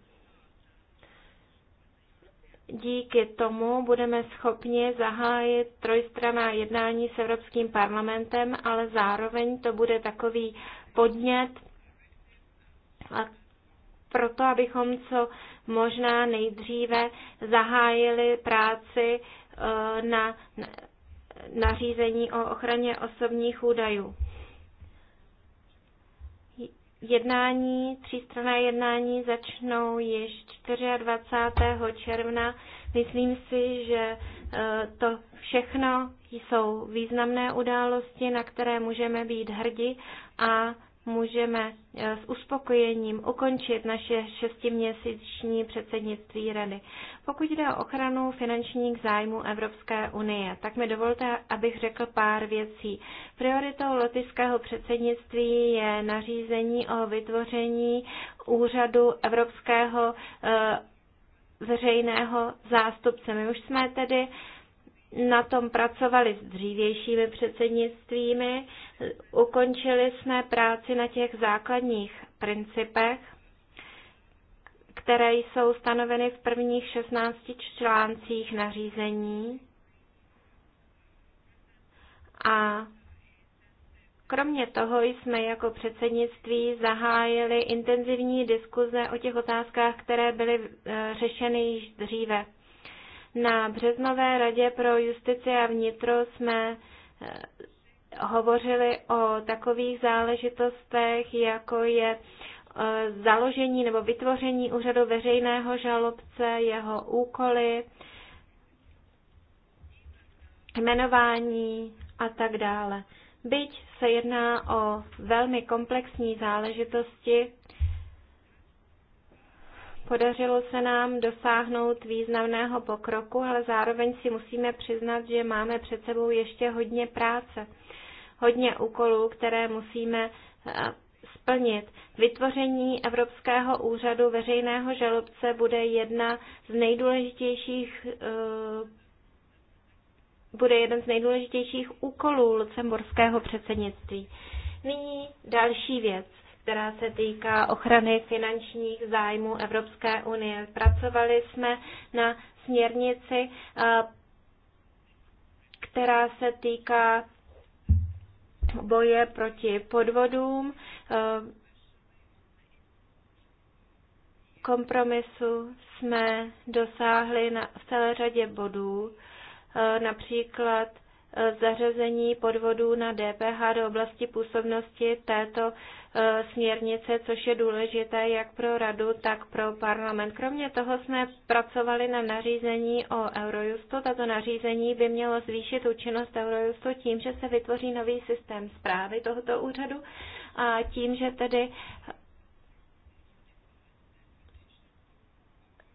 díky tomu budeme schopni zahájit trojstraná jednání s Evropským parlamentem, ale zároveň to bude takový podnět proto, abychom co možná nejdříve zahájili práci e, na nařízení o ochraně osobních údajů jednání, třístraná jednání začnou již 24. června. Myslím si, že e, to všechno jsou významné události, na které můžeme být hrdi a můžeme eh, s uspokojením ukončit naše šestiměsíční předsednictví Rady. Pokud jde o ochranu finančních zájmů Evropské unie, tak mi dovolte, abych řekl pár věcí. Prioritou lotyšského předsednictví je nařízení o vytvoření úřadu Evropského eh, veřejného zástupce. My už jsme tedy na tom pracovali s dřívějšími předsednictvími, ukončili jsme práci na těch základních principech, které jsou stanoveny v prvních 16 článcích nařízení. A kromě toho jsme jako předsednictví zahájili intenzivní diskuze o těch otázkách, které byly eh, řešeny již dříve. Na březnové radě pro justici a vnitro jsme eh, hovořili o takových záležitostech, jako je eh, založení nebo vytvoření úřadu veřejného žalobce, jeho úkoly, jmenování a tak dále. Byť se jedná o velmi komplexní záležitosti, Podařilo se nám dosáhnout významného pokroku, ale zároveň si musíme přiznat, že máme před sebou ještě hodně práce, hodně úkolů, které musíme eh, splnit. Vytvoření Evropského úřadu veřejného žalobce bude jedna z nejdůležitějších eh, bude jeden z nejdůležitějších úkolů lucemburského předsednictví. Nyní další věc která se týká ochrany finančních zájmů Evropské unie. Pracovali jsme na směrnici, eh, která se týká boje proti podvodům, eh, kompromisu jsme dosáhli na, v celé řadě bodů, eh, například zařazení podvodů na DPH do oblasti působnosti této E, směrnice, což je důležité jak pro radu, tak pro parlament. Kromě toho jsme pracovali na nařízení o Eurojustu. Tato nařízení by mělo zvýšit účinnost Eurojustu tím, že se vytvoří nový systém zprávy tohoto úřadu a tím, že tedy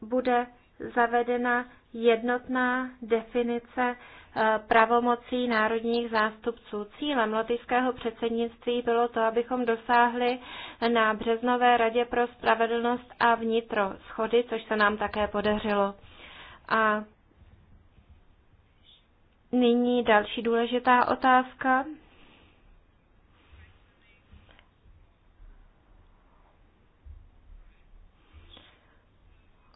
bude zavedena jednotná definice pravomocí národních zástupců. Cílem lotyšského předsednictví bylo to, abychom dosáhli na březnové radě pro spravedlnost a vnitro schody, což se nám také podařilo. A nyní další důležitá otázka.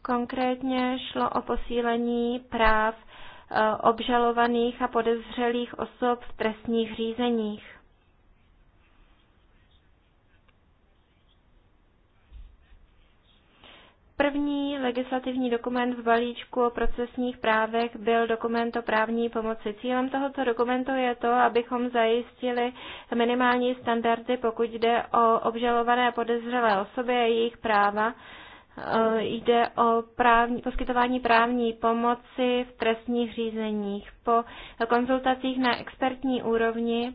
Konkrétně šlo o posílení práv obžalovaných a podezřelých osob v trestních řízeních. První legislativní dokument v balíčku o procesních právech byl dokument o právní pomoci. Cílem tohoto dokumentu je to, abychom zajistili minimální standardy, pokud jde o obžalované podezřelé osoby a jejich práva Eh, jde o právní, poskytování právní pomoci v trestních řízeních. Po konzultacích na expertní úrovni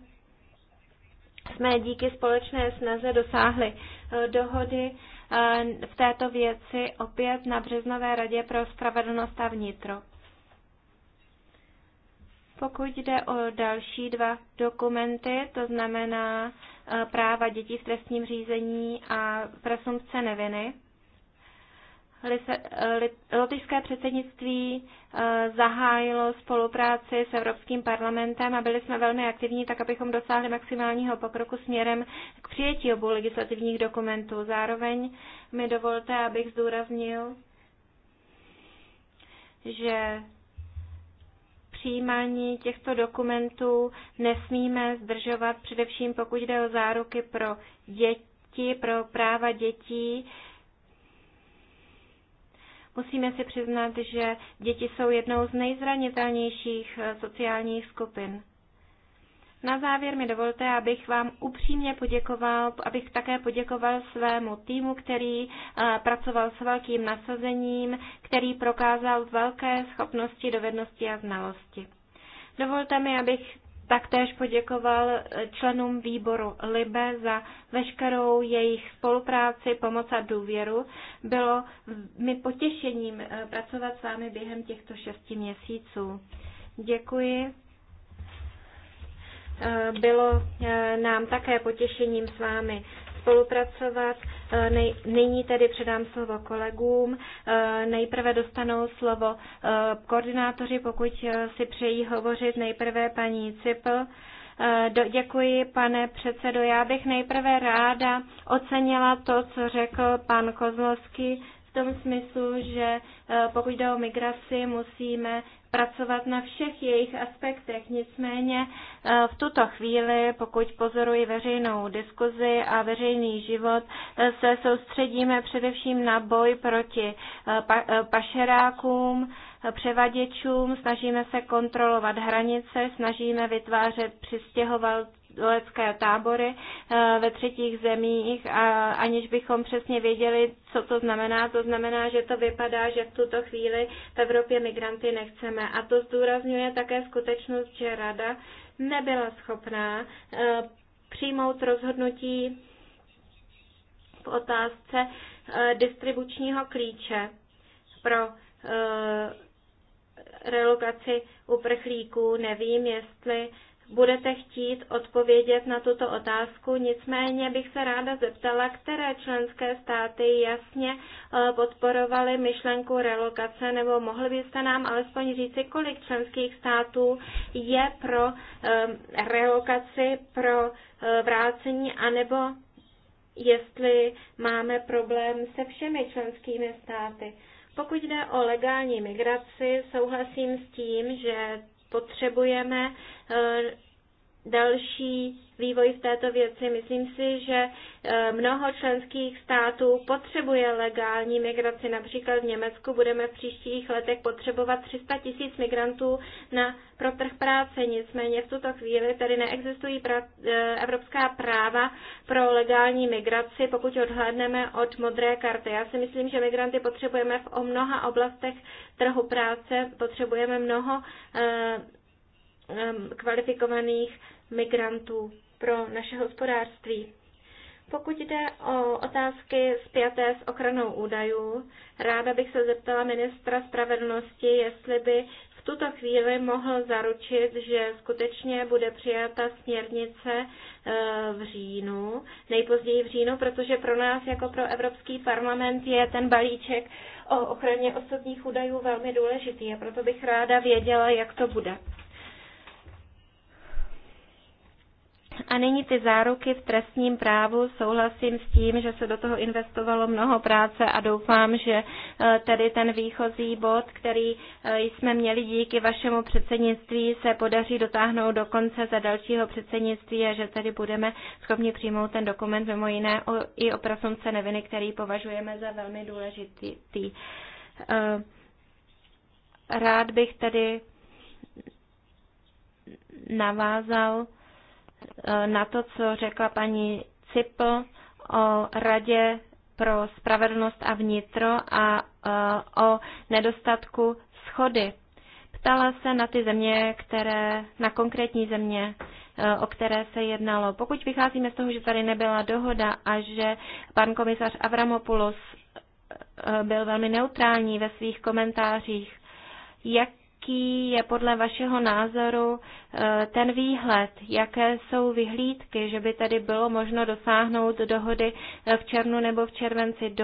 jsme díky společné snaze dosáhli eh, dohody eh, v této věci opět na Březnové radě pro spravedlnost a vnitro. Pokud jde o další dva dokumenty, to znamená práva dětí v trestním řízení a presumpce neviny, Lotyšské předsednictví eh, zahájilo spolupráci s Evropským parlamentem a byli jsme velmi aktivní, tak abychom dosáhli maximálního pokroku směrem k přijetí obou legislativních dokumentů. Zároveň mi dovolte, abych zdůraznil, že přijímání těchto dokumentů nesmíme zdržovat, především pokud jde o záruky pro děti, pro práva dětí Musíme si přiznat, že děti jsou jednou z nejzranitelnějších eh, sociálních skupin. Na závěr mi dovolte, abych vám upřímně poděkoval, abych také poděkoval svému týmu, který eh, pracoval s velkým nasazením, který prokázal velké schopnosti, dovednosti a znalosti. Dovolte mi, abych Taktéž poděkoval eh, členům výboru LIBE za veškerou jejich spolupráci, pomoc a důvěru. Bylo mi potěšením eh, pracovat s vámi během těchto šesti měsíců. Děkuji. Eh, Bylo nám také potěšením s vámi spolupracovat. Eh, nyní tedy předám slovo kolegům. Eh, nejprve dostanou slovo eh, koordinátoři, pokud si přejí hovořit. Nejprve paní Cipl. Do, děkuji, pane předsedo. Já bych nejprve ráda ocenila to, co řekl pan Kozlovský v tom smyslu, že pokud jde o migraci, musíme pracovat na všech jejich aspektech. Nicméně eh, v tuto chvíli, pokud pozoruji veřejnou diskuzi a veřejný život, eh, se soustředíme především na boj proti eh, pašerákům, převaděčům, snažíme se kontrolovat hranice, snažíme vytvářet přistěhovalce lecké tábory eh, ve třetích zemích, a aniž bychom přesně věděli, co to znamená. To znamená, že to vypadá, že v tuto chvíli v Evropě migranty nechceme. A to zdůrazňuje také skutečnost, že Rada nebyla schopná eh, přijmout rozhodnutí v otázce eh, distribučního klíče pro relokaci uprchlíků. Nevím, jestli budete chtít odpovědět na tuto otázku, nicméně bych se ráda zeptala, které členské státy jasně eh, podporovaly myšlenku relokace, nebo mohli byste nám alespoň říci, kolik členských států je pro eh, relokaci, pro eh, vrácení, anebo jestli máme problém se všemi členskými státy. Pokud jde o legální migraci, souhlasím s tím, že potřebujeme eh, další Vývoj v této věci. Myslím si, že eh, mnoho členských států potřebuje legální migraci. Například v Německu budeme v příštích letech potřebovat 300 tisíc migrantů na, pro trh práce. Nicméně v tuto chvíli tady neexistují pra, eh, evropská práva pro legální migraci, pokud odhlédneme od modré karty. Já si myslím, že migranty potřebujeme v o mnoha oblastech trhu práce, potřebujeme mnoho eh, kvalifikovaných migrantů pro naše hospodářství. Pokud jde o otázky zpěté s ochranou údajů, ráda bych se zeptala ministra spravedlnosti, jestli by v tuto chvíli mohl zaručit, že skutečně bude přijata směrnice eh, v říjnu, nejpozději v říjnu, protože pro nás jako pro Evropský parlament je ten balíček o ochraně osobních údajů velmi důležitý a proto bych ráda věděla, jak to bude. A nyní ty záruky v trestním právu. Souhlasím s tím, že se do toho investovalo mnoho práce a doufám, že eh, tedy ten výchozí bod, který eh, jsme měli díky vašemu předsednictví, se podaří dotáhnout do konce za dalšího předsednictví a že tedy budeme schopni přijmout ten dokument mimo jiné i o prosunce neviny, který považujeme za velmi důležitý. Eh, rád bych tedy navázal Eh, na to, co řekla paní Cipl o Radě pro spravedlnost a vnitro a eh, o nedostatku schody. Ptala se na ty země, které, na konkrétní země, eh, o které se jednalo. Pokud vycházíme z toho, že tady nebyla dohoda a že pan komisař Avramopoulos byl velmi neutrální ve svých komentářích, jak jaký je podle vašeho názoru eh, ten výhled, jaké jsou vyhlídky, že by tady bylo možno dosáhnout dohody eh, v červnu nebo v červenci.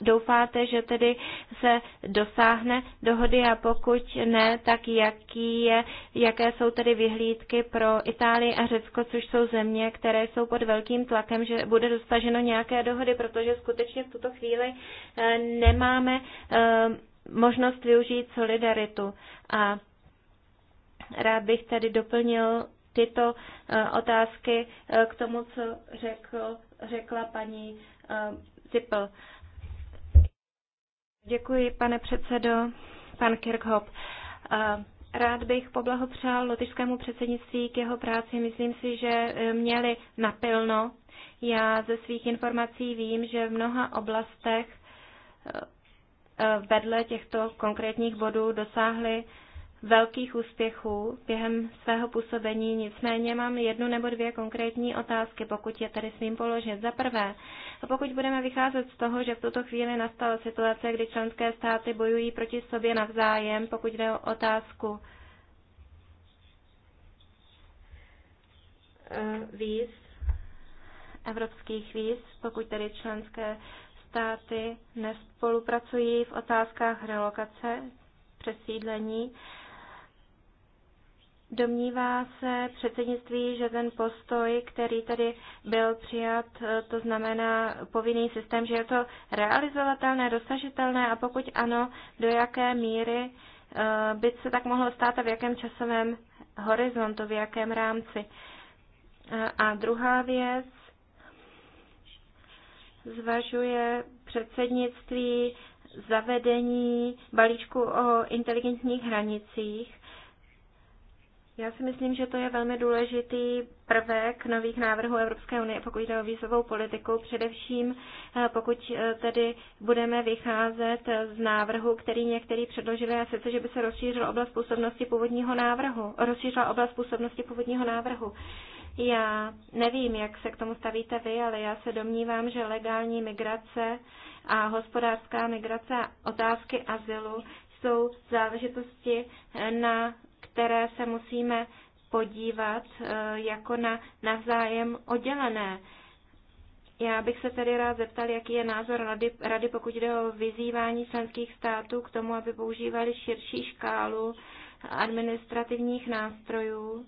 Doufáte, že tedy se dosáhne dohody a pokud ne, tak jaký je, jaké jsou tedy vyhlídky pro Itálii a Řecko, což jsou země, které jsou pod velkým tlakem, že bude dosaženo nějaké dohody, protože skutečně v tuto chvíli eh, nemáme možnost využít solidaritu. A rád bych tady doplnil tyto eh, otázky eh, k tomu, co řekl, řekla paní eh, Zipl. Děkuji, pane předsedo, pan Kirchhoff. Rád bych poblahopřál lotyšskému předsednictví k jeho práci. Myslím si, že měli napilno. Já ze svých informací vím, že v mnoha oblastech Eh, vedle těchto konkrétních bodů dosáhli velkých úspěchů během svého působení, nicméně mám jednu nebo dvě konkrétní otázky, pokud je tady smím položit. Za prvé, a pokud budeme vycházet z toho, že v tuto chvíli nastala situace, kdy členské státy bojují proti sobě navzájem, pokud jde o otázku eh, víz, evropských víz, pokud tedy členské státy nespolupracují v otázkách relokace, přesídlení. Domnívá se předsednictví, že ten postoj, který tady byl přijat, to znamená povinný systém, že je to realizovatelné, dosažitelné a pokud ano, do jaké míry eh, by se tak mohlo stát a v jakém časovém horizontu, v jakém rámci. Eh, a druhá věc, zvažuje předsednictví zavedení balíčku o inteligentních hranicích. Já si myslím, že to je velmi důležitý prvek nových návrhů Evropské unie, pokud jde o vízovou politiku, především eh, pokud eh, tedy budeme vycházet z návrhu, který některý předložili, a sice, že by se rozšířila oblast působnosti původního návrhu. Rozšířila oblast působnosti původního návrhu. Já nevím, jak se k tomu stavíte vy, ale já se domnívám, že legální migrace a hospodářská migrace a otázky azylu jsou záležitosti, eh, na které se musíme podívat eh, jako na navzájem oddělené. Já bych se tedy rád zeptal, jaký je názor rady, rady, pokud jde o vyzývání členských států k tomu, aby používali širší škálu administrativních nástrojů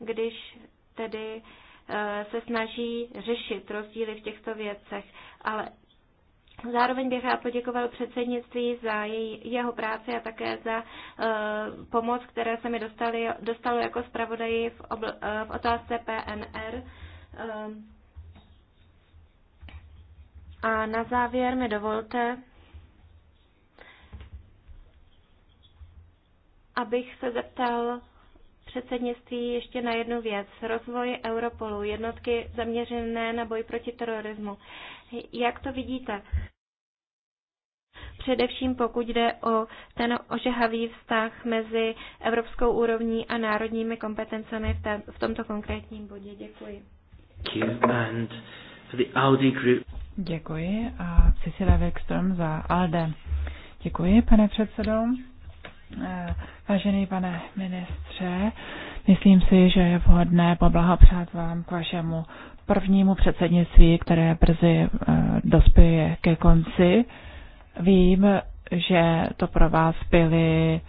když tedy eh, se snaží řešit rozdíly v těchto věcech, ale Zároveň bych rád poděkoval předsednictví za její, jeho práci a také za eh, pomoc, které se mi dostali, dostalo jako zpravodaji v, obl, eh, v otázce PNR. a na závěr mi dovolte, abych se zeptal předsednictví ještě na jednu věc. Rozvoj Europolu, jednotky zaměřené na boj proti terorismu. Jak to vidíte? Především pokud jde o ten ožehavý vztah mezi evropskou úrovní a národními kompetencemi v, ten, v tomto konkrétním bodě. Děkuji. Děkuji a Cecilia Wikström za ALDE. Děkuji, pane předsedo. Eh, vážený pane ministře, myslím si, že je vhodné poblahopřát vám k vašemu prvnímu předsednictví, které brzy eh, dospěje ke konci. Vím, že to pro vás byly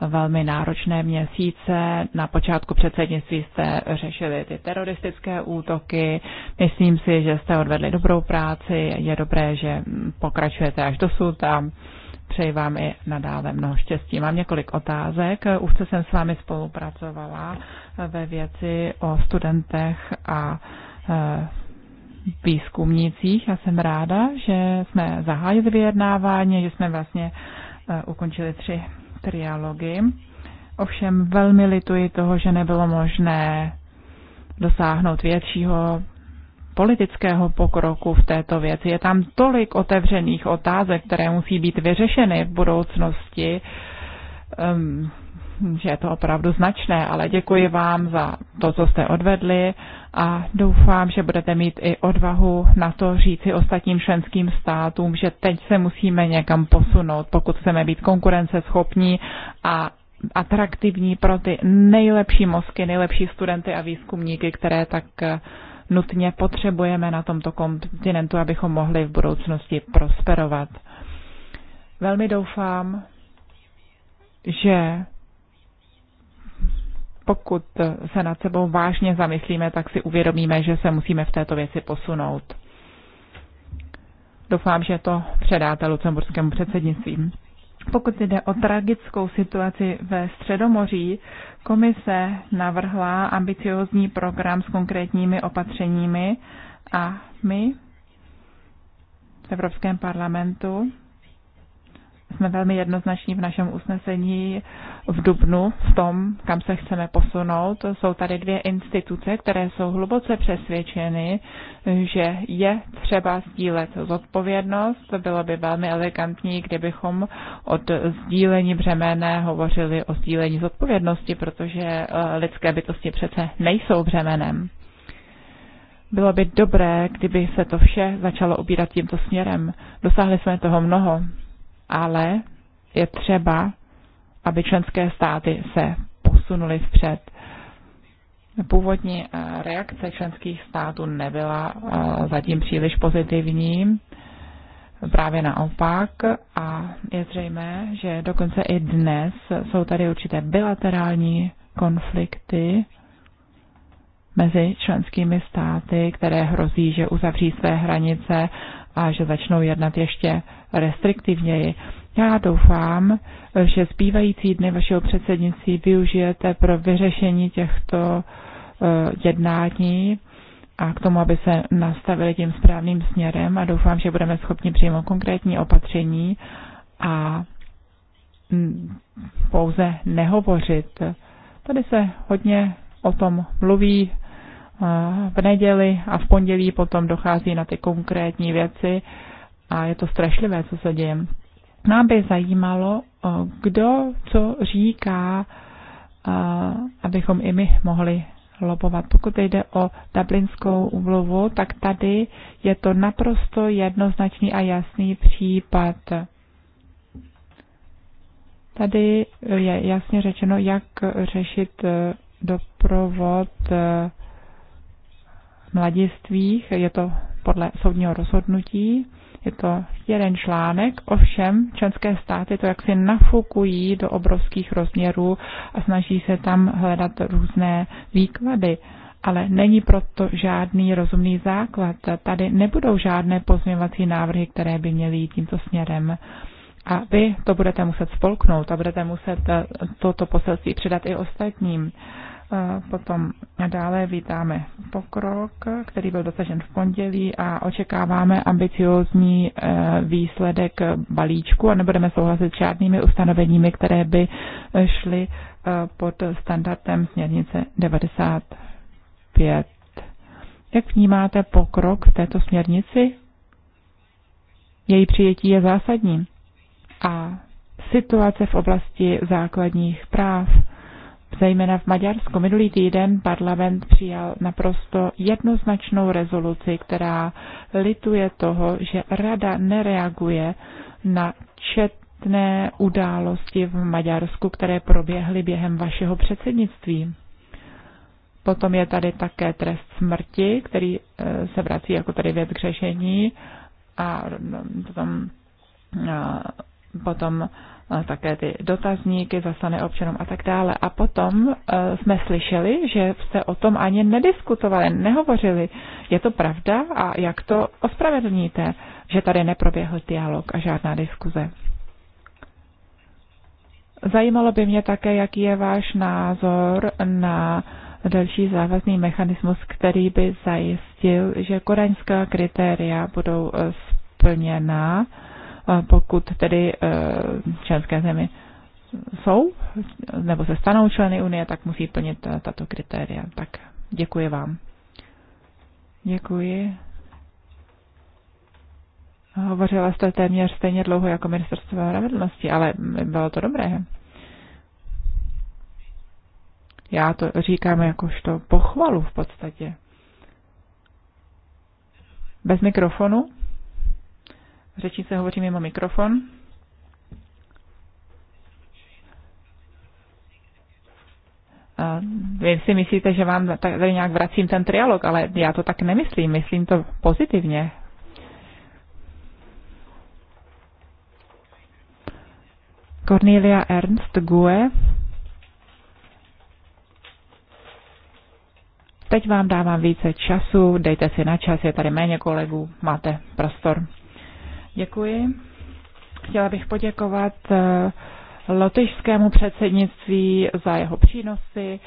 velmi náročné měsíce. Na počátku předsednictví jste řešili ty teroristické útoky. Myslím si, že jste odvedli dobrou práci. Je dobré, že pokračujete až dosud a Přeji vám i nadále mnoho štěstí. Mám několik otázek. Už jsem s vámi spolupracovala ve věci o studentech a e, výzkumnících. Já jsem ráda, že jsme zahájili vyjednávání, že jsme vlastně e, ukončili tři trialogy. Ovšem velmi lituji toho, že nebylo možné dosáhnout většího politického pokroku v této věci. Je tam tolik otevřených otázek, které musí být vyřešeny v budoucnosti, um, že je to opravdu značné, ale děkuji vám za to, co jste odvedli a doufám, že budete mít i odvahu na to říci ostatním členským státům, že teď se musíme někam posunout, pokud chceme být konkurenceschopní a atraktivní pro ty nejlepší mozky, nejlepší studenty a výzkumníky, které tak nutně potřebujeme na tomto kontinentu, abychom mohli v budoucnosti prosperovat. Velmi doufám, že pokud se nad sebou vážně zamyslíme, tak si uvědomíme, že se musíme v této věci posunout. Doufám, že to předáte lucemburskému předsednictví. Pokud jde o tragickou situaci ve Středomoří, Komise navrhla ambiciozní program s konkrétními opatřeními a my v Evropském parlamentu jsme velmi jednoznační v našem usnesení v Dubnu v tom, kam se chceme posunout. Jsou tady dvě instituce, které jsou hluboce přesvědčeny, že je třeba sdílet zodpovědnost. Bylo by velmi elegantní, kdybychom od sdílení břemene hovořili o sdílení zodpovědnosti, protože eh, lidské bytosti přece nejsou břemenem. Bylo by dobré, kdyby se to vše začalo ubírat tímto směrem. Dosáhli jsme toho mnoho ale je třeba, aby členské státy se posunuly vpřed. Původní eh, reakce členských států nebyla eh, zatím příliš pozitivní, právě naopak a je zřejmé, že dokonce i dnes jsou tady určité bilaterální konflikty mezi členskými státy, které hrozí, že uzavří své hranice a že začnou jednat ještě restriktivněji. Já doufám, že zbývající dny vašeho předsednictví využijete pro vyřešení těchto eh, jednání a k tomu, aby se nastavili tím správným směrem a doufám, že budeme schopni přijmout konkrétní opatření a mm, pouze nehovořit. Tady se hodně o tom mluví, Eh, v neděli a v pondělí potom dochází na ty konkrétní věci a je to strašlivé, co se děje. Nám by zajímalo, eh, kdo co říká, eh, abychom i my mohli lobovat. Pokud jde o Dublinskou úmluvu, tak tady je to naprosto jednoznačný a jasný případ. Tady je jasně řečeno, jak řešit doprovod mladistvích. Je to podle soudního rozhodnutí. Je to jeden článek, ovšem členské státy to jaksi nafukují do obrovských rozměrů a snaží se tam hledat různé výklady. Ale není proto žádný rozumný základ. Tady nebudou žádné pozměvací návrhy, které by měly jít tímto směrem. A vy to budete muset spolknout a budete muset eh, toto poselství předat i ostatním. Uh, Potom dále vítáme pokrok, který byl dosažen v pondělí a očekáváme ambiciózní e, výsledek balíčku a nebudeme souhlasit s žádnými ustanoveními, které by e, šly e, pod standardem směrnice 95. Jak vnímáte pokrok v této směrnici? Její přijetí je zásadní. A situace v oblasti základních práv zejména v Maďarsku. Minulý týden parlament přijal naprosto jednoznačnou rezoluci, která lituje toho, že rada nereaguje na četné události v Maďarsku, které proběhly během vašeho předsednictví. Potom je tady také trest smrti, který eh, se vrací jako tady věc k řešení a mm, potom, a eh, potom také ty dotazníky, zaslané občanům a tak dále. A potom e, jsme slyšeli, že jste o tom ani nediskutovali, nehovořili. Je to pravda a jak to ospravedlníte, že tady neproběhl dialog a žádná diskuze? Zajímalo by mě také, jaký je váš názor na další závazný mechanismus, který by zajistil, že koreňská kritéria budou e, splněná pokud tedy eh, členské země jsou nebo se stanou členy Unie, tak musí plnit eh, tato kritéria. Tak děkuji vám. Děkuji. Hovořila jste téměř stejně dlouho jako ministerstvo spravedlnosti, ale bylo to dobré. Já to říkám jakožto pochvalu v podstatě. Bez mikrofonu? se, hovoří mimo mikrofon. A vy si myslíte, že vám tady nějak vracím ten trialog, ale já to tak nemyslím, myslím to pozitivně. Cornelia Ernst Gue. Teď vám dávám více času, dejte si na čas, je tady méně kolegů, máte prostor. Děkuji. Chtěla bych poděkovat eh, lotyšskému předsednictví za jeho přínosy.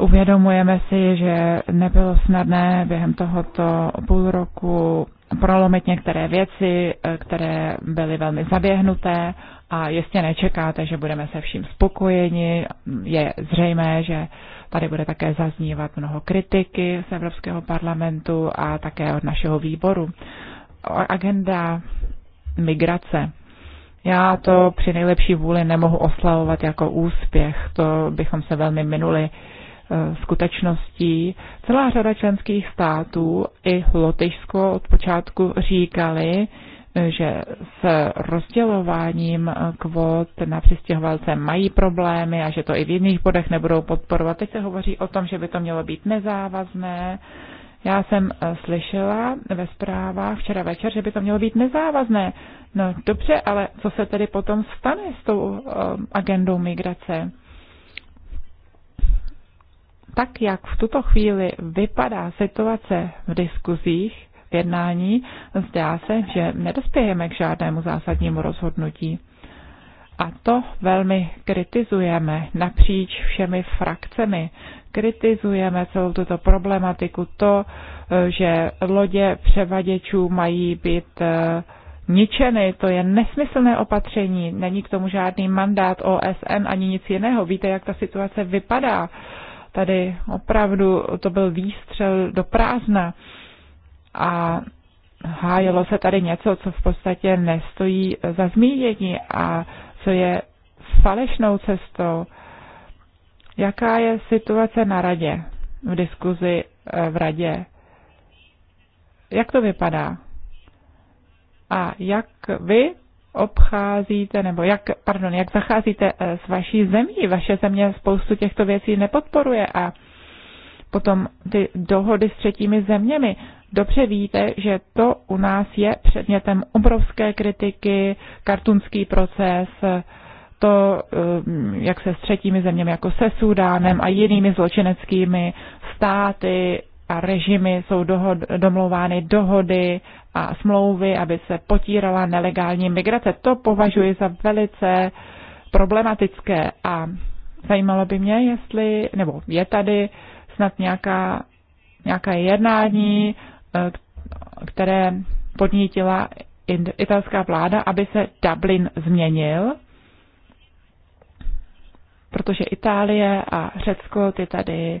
Uvědomujeme si, že nebylo snadné během tohoto půl roku prolomit některé věci, eh, které byly velmi zaběhnuté a jistě nečekáte, že budeme se vším spokojeni. Je zřejmé, že tady bude také zaznívat mnoho kritiky z Evropského parlamentu a také od našeho výboru agenda migrace. Já to při nejlepší vůli nemohu oslavovat jako úspěch, to bychom se velmi minuli eh, skutečností. Celá řada členských států i Lotyšsko od počátku říkali, eh, že s rozdělováním eh, kvót na přistěhovalce mají problémy a že to i v jiných bodech nebudou podporovat. Teď se hovoří o tom, že by to mělo být nezávazné já jsem eh, slyšela ve zprávách včera večer, že by to mělo být nezávazné. No dobře, ale co se tedy potom stane s tou eh, agendou migrace? Tak, jak v tuto chvíli vypadá situace v diskuzích, v jednání, zdá se, že nedospějeme k žádnému zásadnímu rozhodnutí. A to velmi kritizujeme napříč všemi frakcemi kritizujeme celou tuto problematiku, to, e, že lodě převaděčů mají být e, ničeny, to je nesmyslné opatření, není k tomu žádný mandát OSN ani nic jiného. Víte, jak ta situace vypadá. Tady opravdu to byl výstřel do prázdna a hájelo se tady něco, co v podstatě nestojí za zmínění a co je falešnou cestou. Jaká je situace na radě, v diskuzi eh, v radě? Jak to vypadá? A jak vy obcházíte, nebo jak, pardon, jak zacházíte eh, s vaší zemí? Vaše země spoustu těchto věcí nepodporuje a potom ty dohody s třetími zeměmi. Dobře víte, že to u nás je předmětem obrovské kritiky, kartunský proces, to, eh, jak se s třetími zeměmi, jako se Sudánem a jinými zločineckými státy a režimy jsou dohod, domlouvány dohody a smlouvy, aby se potírala nelegální migrace. To považuji za velice problematické a zajímalo by mě, jestli, nebo je tady snad nějaká, nějaká jednání, eh, které podnítila italská vláda, aby se Dublin změnil protože Itálie a Řecko ty tady eh,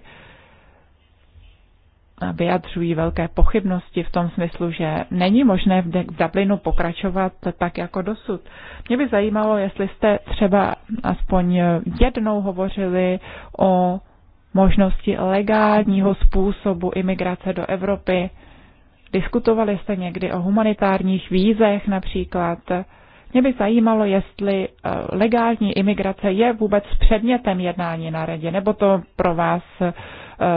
vyjadřují velké pochybnosti v tom smyslu, že není možné v Dublinu pokračovat tak jako dosud. Mě by zajímalo, jestli jste třeba aspoň jednou hovořili o možnosti legálního způsobu imigrace do Evropy. Diskutovali jste někdy o humanitárních vízech například? Mě by zajímalo, jestli eh, legální imigrace je vůbec předmětem jednání na radě, nebo to pro vás eh,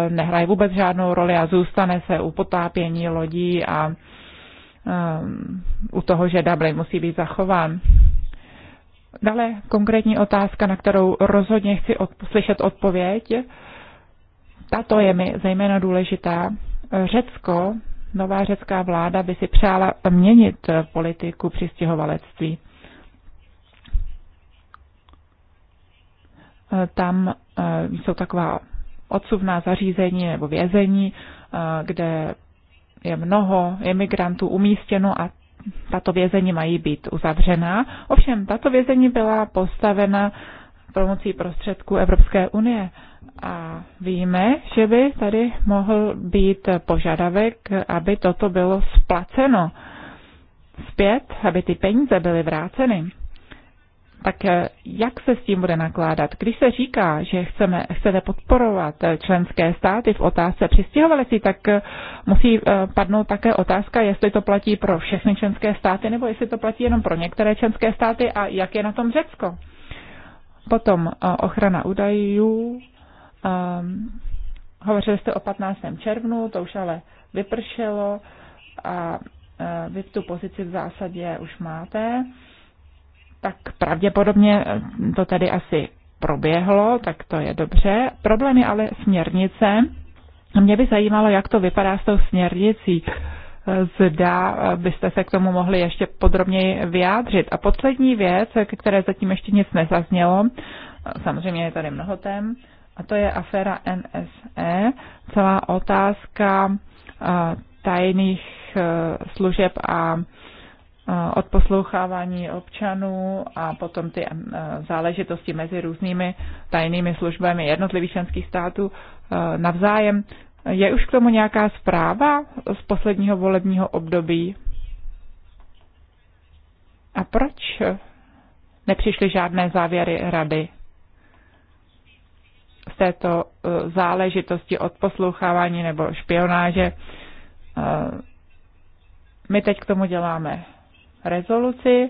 nehraje vůbec žádnou roli a zůstane se u potápění lodí a eh, u toho, že Dublin musí být zachován. Dále konkrétní otázka, na kterou rozhodně chci slyšet odpověď. Tato je mi zejména důležitá. Řecko nová řecká vláda by si přála měnit eh, politiku přistěhovalectví. Eh, tam eh, jsou taková odsuvná zařízení nebo vězení, kde je mnoho imigrantů umístěno a tato vězení mají být uzavřená. Ovšem, tato vězení byla postavena pomocí prostředků Evropské unie. A víme, že by tady mohl být požadavek, aby toto bylo splaceno zpět, aby ty peníze byly vráceny. Tak eh, jak se s tím bude nakládat? Když se říká, že chceme, chcete podporovat eh, členské státy v otázce přistěhovalecí, tak eh, musí padnout také otázka, jestli to platí pro všechny členské státy, nebo jestli to platí jenom pro některé členské státy a jak je na tom Řecko. Potom ochrana údajů, Um, hovořili jste o 15. červnu, to už ale vypršelo a e, vy tu pozici v zásadě už máte, tak pravděpodobně e, to tady asi proběhlo, tak to je dobře. Problém je ale směrnice. Mě by zajímalo, jak to vypadá s tou směrnicí. E, zda byste se k tomu mohli ještě podrobněji vyjádřit. A poslední věc, které zatím ještě nic nezaznělo, samozřejmě je tady mnoho tém, a to je aféra NSE, celá otázka tajných e, služeb a e, odposlouchávání občanů a potom ty e, záležitosti mezi různými tajnými službami jednotlivých členských států navzájem. Je už k tomu nějaká zpráva z posledního volebního období? A proč nepřišly žádné závěry rady? z této eh, záležitosti od poslouchávání nebo špionáže. Eh, my teď k tomu děláme rezoluci,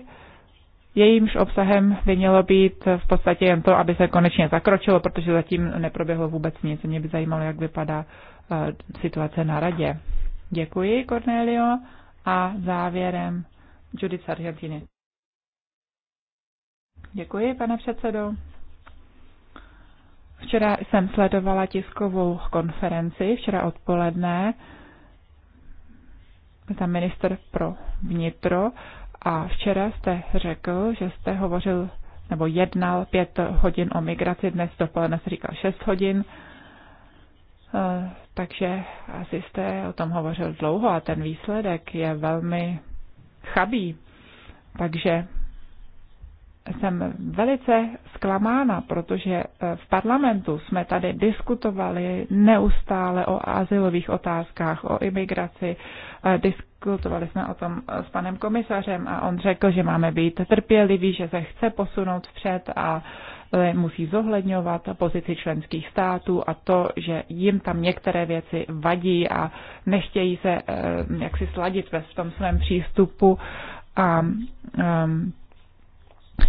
jejímž obsahem by mělo být v podstatě jen to, aby se konečně zakročilo, protože zatím neproběhlo vůbec nic. Mě by zajímalo, jak vypadá eh, situace na radě. Děkuji, Cornelio, a závěrem Judith Sargentini. Děkuji, pane předsedo. Včera jsem sledovala tiskovou konferenci, včera odpoledne, tam minister pro vnitro a včera jste řekl, že jste hovořil nebo jednal pět hodin o migraci, dnes dopoledne se říkal šest hodin, eh, takže asi jste o tom hovořil dlouho a ten výsledek je velmi chabý. Takže jsem velice zklamána, protože eh, v parlamentu jsme tady diskutovali neustále o asilových otázkách, o imigraci, diskutovali jsme o tom s panem komisařem a on řekl, že máme být trpěliví, že se chce posunout vpřed a eh, musí zohledňovat pozici členských států a to, že jim tam některé věci vadí a nechtějí se eh, jaksi sladit ve v tom svém přístupu a ehm,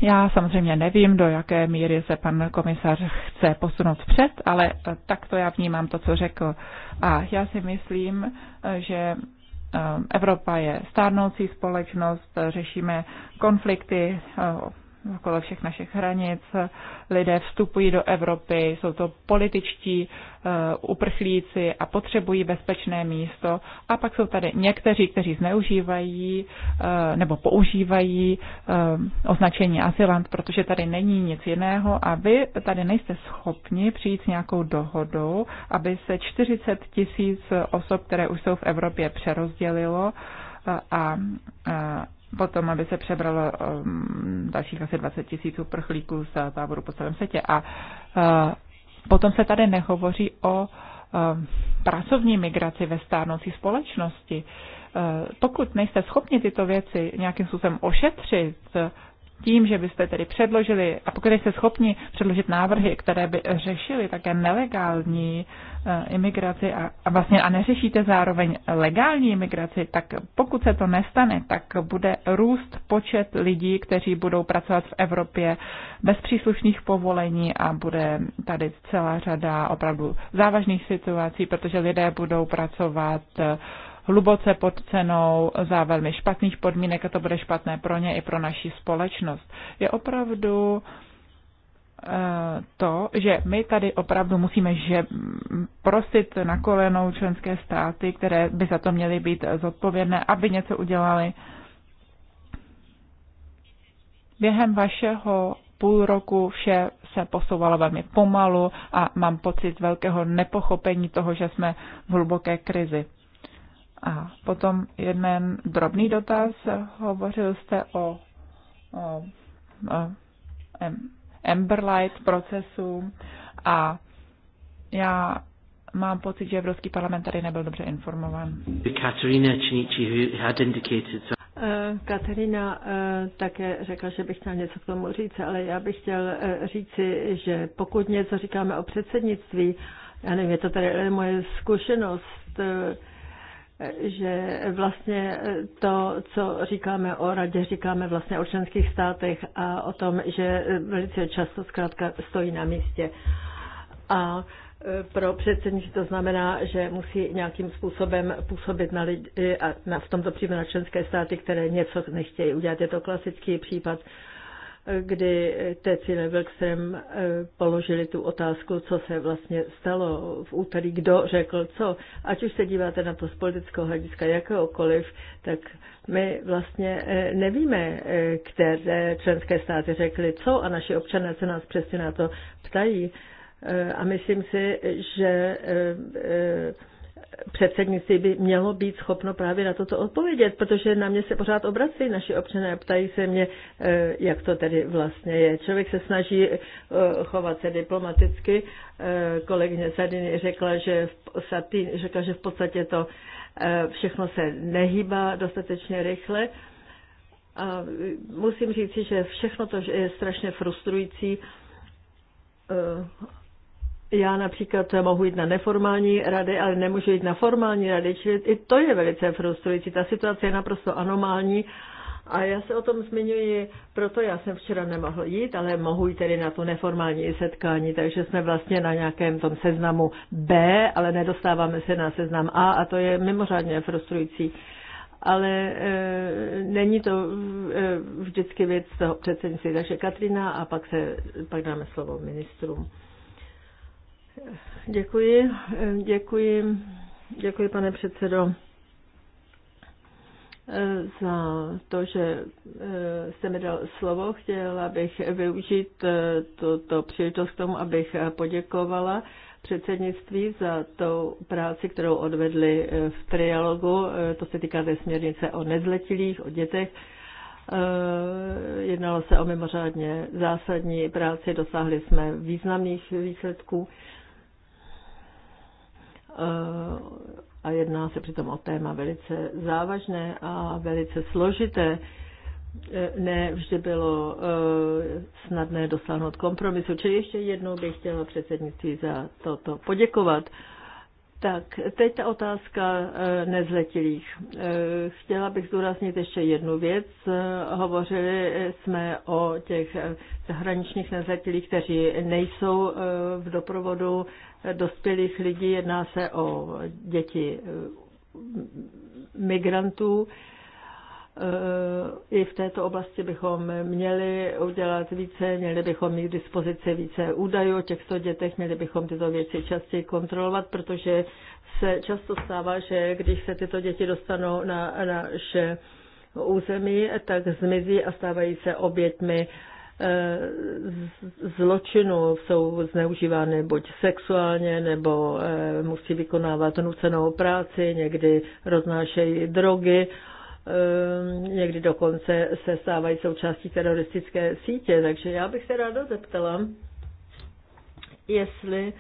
já samozřejmě nevím, do jaké míry se pan komisař chce posunout před, ale eh, takto já vnímám to, co řekl. A já si myslím, eh, že eh, Evropa je stárnoucí společnost, řešíme konflikty, okolo všech našich hranic. Lidé vstupují do Evropy, jsou to političtí eh, uprchlíci a potřebují bezpečné místo. A pak jsou tady někteří, kteří zneužívají eh, nebo používají eh, označení asylant, protože tady není nic jiného a vy tady nejste schopni přijít s nějakou dohodou, aby se 40 tisíc osob, které už jsou v Evropě, přerozdělilo a, a potom, aby se přebralo um, dalších asi 20 tisíc uprchlíků z eh, táboru po celém světě. A uh, potom se tady nehovoří o uh, pracovní migraci ve stárnoucí společnosti. Uh, pokud nejste schopni tyto věci nějakým způsobem ošetřit, tím, že byste tedy předložili, a pokud jste schopni předložit návrhy, které by řešily také nelegální eh, imigraci a, a vlastně a neřešíte zároveň legální imigraci, tak pokud se to nestane, tak bude růst počet lidí, kteří budou pracovat v Evropě bez příslušných povolení a bude tady celá řada opravdu závažných situací, protože lidé budou pracovat eh, hluboce pod cenou za velmi špatných podmínek a to bude špatné pro ně i pro naši společnost. Je opravdu eh, to, že my tady opravdu musíme že prosit na kolenou členské státy, které by za to měly být zodpovědné, aby něco udělali. Během vašeho půl roku vše se posouvalo velmi pomalu a mám pocit velkého nepochopení toho, že jsme v hluboké krizi. A potom jeden drobný dotaz. Hovořil jste o, o, o Emberlight procesu a já mám pocit, že Evropský parlament tady nebyl dobře informován. Katerina eh, Katerina eh, také řekla, že bych chtěl něco k tomu říct, ale já bych chtěl eh, říci, že pokud něco říkáme o předsednictví, já nevím, je to tady moje zkušenost, že vlastně to, co říkáme o radě, říkáme vlastně o členských státech a o tom, že velice často zkrátka stojí na místě. A e, pro předsednictví to znamená, že musí nějakým způsobem působit na lidi a na, v tomto případě na členské státy, které něco nechtějí udělat. Je to klasický případ uh, kdy Tecile Wilkström eh, položili tu otázku, co se vlastně stalo v úterý, kdo řekl co. Ať už se díváte na to z politického hlediska jakéhokoliv, tak my vlastně eh, nevíme, eh, které členské státy řekly co a naši občané se nás přesně na to ptají. A myslím si, že předsednictví by mělo být schopno právě na toto odpovědět, protože na mě se pořád obrací naši občané a ptají se mě, eh, jak to tedy vlastně je. Člověk se snaží eh, chovat se diplomaticky. Eh, kolegyně Sadiny řekla, že v, Satín, řekla, že v podstatě to všechno se nehýbá dostatečně rychle. A musím říci, že všechno to je strašně frustrující já například mohu jít na neformální rady, ale nemůžu jít na formální rady, čili i to je velice frustrující. Ta situace je naprosto anomální a já se o tom zmiňuji, proto já jsem včera nemohl jít, ale mohu jít tedy na tu neformální setkání, takže jsme vlastně na nějakém tom seznamu B, ale nedostáváme se na seznam A a to je mimořádně frustrující. Ale e, není to e, vždycky věc toho předsednictví. Takže Katrina a pak, se, pak dáme slovo ministrům. Děkuji, děkuji, děkuji pane předsedo za to, že eh, jste mi dal slovo. Chtěla bych využít eh, tuto příležitost k tomu, abych eh, poděkovala předsednictví za to práci, kterou odvedli v trialogu. To se týká té směrnice o nezletilých, o dětech. Jednalo se o mimořádně zásadní práci, dosáhli jsme významných výsledků. Eh, a jedná se přitom o téma velice závažné a velice složité. Eh, ne vždy bylo eh, snadné dosáhnout kompromisu. Čili ještě jednou bych chtěla předsednictví za toto poděkovat. Tak, teď ta otázka eh, nezletilých. Eh, chtěla bych zdůraznit ještě jednu věc. Eh, hovořili jsme o těch zahraničních nezletilých, kteří nejsou v doprovodu dospělých lidí. Jedná se o děti migrantů. I v této oblasti bychom měli udělat více, měli bychom mít k dispozici více údajů o těchto dětech, měli bychom tyto věci častěji kontrolovat, protože se často stává, že když se tyto děti dostanou na naše území, tak zmizí a stávají se oběťmi eh, zločinu jsou zneužívány buď sexuálně, nebo eh, musí vykonávat nucenou práci, někdy roznášejí drogy Ehm, někdy dokonce se stávají součástí teroristické sítě. Takže já bych se ráda zeptala, jestli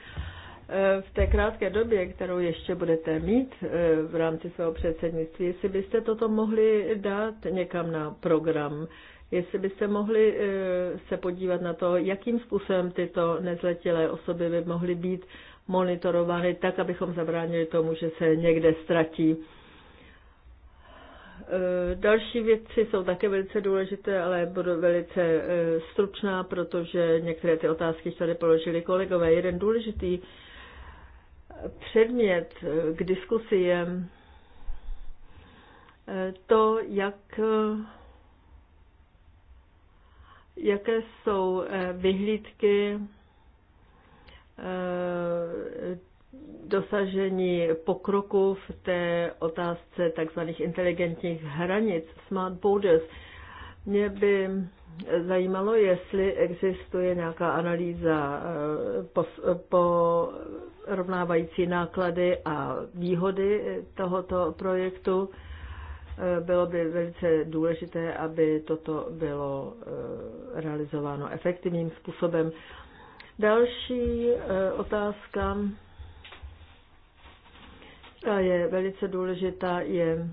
eh, v té krátké době, kterou ještě budete mít eh, v rámci svého předsednictví, jestli byste toto mohli dát někam na program, jestli byste mohli eh, se podívat na to, jakým způsobem tyto nezletilé osoby by mohly být monitorovány tak, abychom zabránili tomu, že se někde ztratí Eh, další věci jsou také velice důležité, ale budu velice eh, stručná, protože některé ty otázky tady položili kolegové. Jeden důležitý předmět eh, k diskusi je to, jak, jaké jsou vyhlídky dosažení pokroku v té otázce tzv. inteligentních hranic, smart borders. Mě by zajímalo, jestli existuje nějaká analýza eh, porovnávající po náklady a výhody tohoto projektu. Eh, bylo by velice důležité, aby toto bylo eh, realizováno efektivním způsobem. Další otázka ta je velice důležitá, je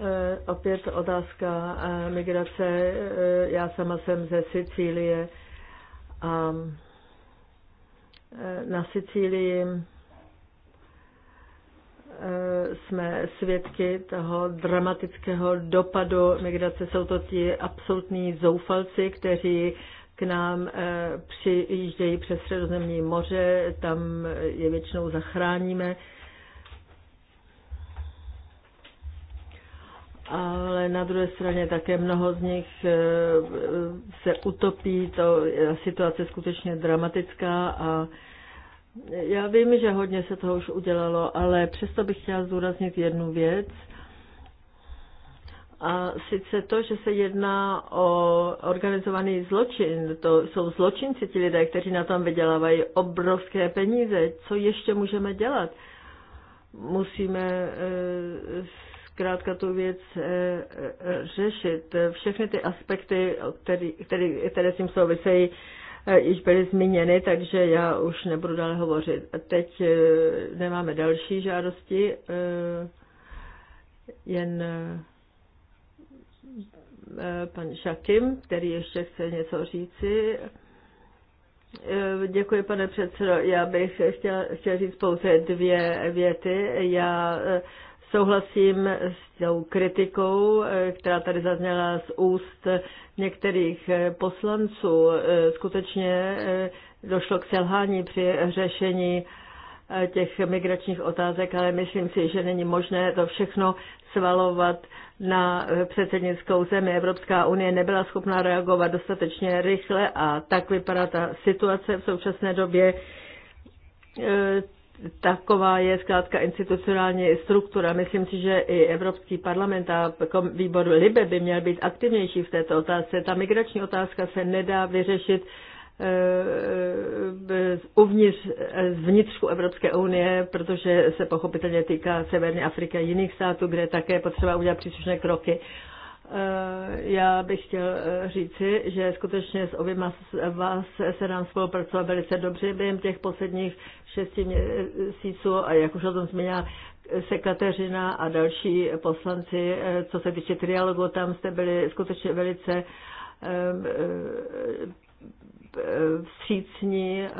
eh, opět otázka eh, migrace. Eh, já sama jsem ze Sicílie a na Sicílii jsme svědky toho dramatického dopadu migrace. Jsou to ti absolutní zoufalci, kteří k nám eh, přijíždějí přes Středozemní moře, tam eh, je většinou zachráníme. ale na druhé straně také mnoho z nich eh, se utopí, to situace skutečně dramatická a já vím, že hodně se toho už udělalo, ale přesto bych chtěla zdůraznit jednu věc – a sice to, že se jedná o organizovaný zločin, to jsou zločinci ti lidé, kteří na tom vydělávají obrovské peníze. Co ještě můžeme dělat? Musíme eh, zkrátka tu věc eh, eh, řešit. Všechny ty aspekty, který, který, které s tím souvisejí, již byly zmíněny, takže já už nebudu dále hovořit. Teď nemáme další žádosti, jen pan Šakim, který ještě chce něco říci. Eh, děkuji, pane předsedo. Já bych chtěla, chtěla říct pouze dvě věty. Já eh, souhlasím s tou kritikou, eh, která tady zazněla z úst některých poslanců. Skutečně došlo k selhání při řešení těch migračních otázek, ale myslím si, že není možné to všechno svalovat na eh, předsednickou zemi. Evropská unie nebyla schopná reagovat dostatečně rychle a tak vypadá ta situace v současné době. Eh, taková je zkrátka institucionální struktura. Myslím si, že i Evropský parlament a výbor Libe by měl být aktivnější v této otázce. Ta migrační otázka se nedá vyřešit Eh, uvnitř, eh, vnitřku Evropské unie, protože se pochopitelně týká Severní Afriky a jiných států, kde je také potřeba udělat příslušné kroky. Eh, já bych chtěl říci, že skutečně s oběma vás se nám spolupracovalo velice dobře během těch posledních šesti měsíců a jak už o tom zmínila se Kateřina a další poslanci, co se týče trialogu, tam jste byli skutečně velice Eh, vstřícní. Eh,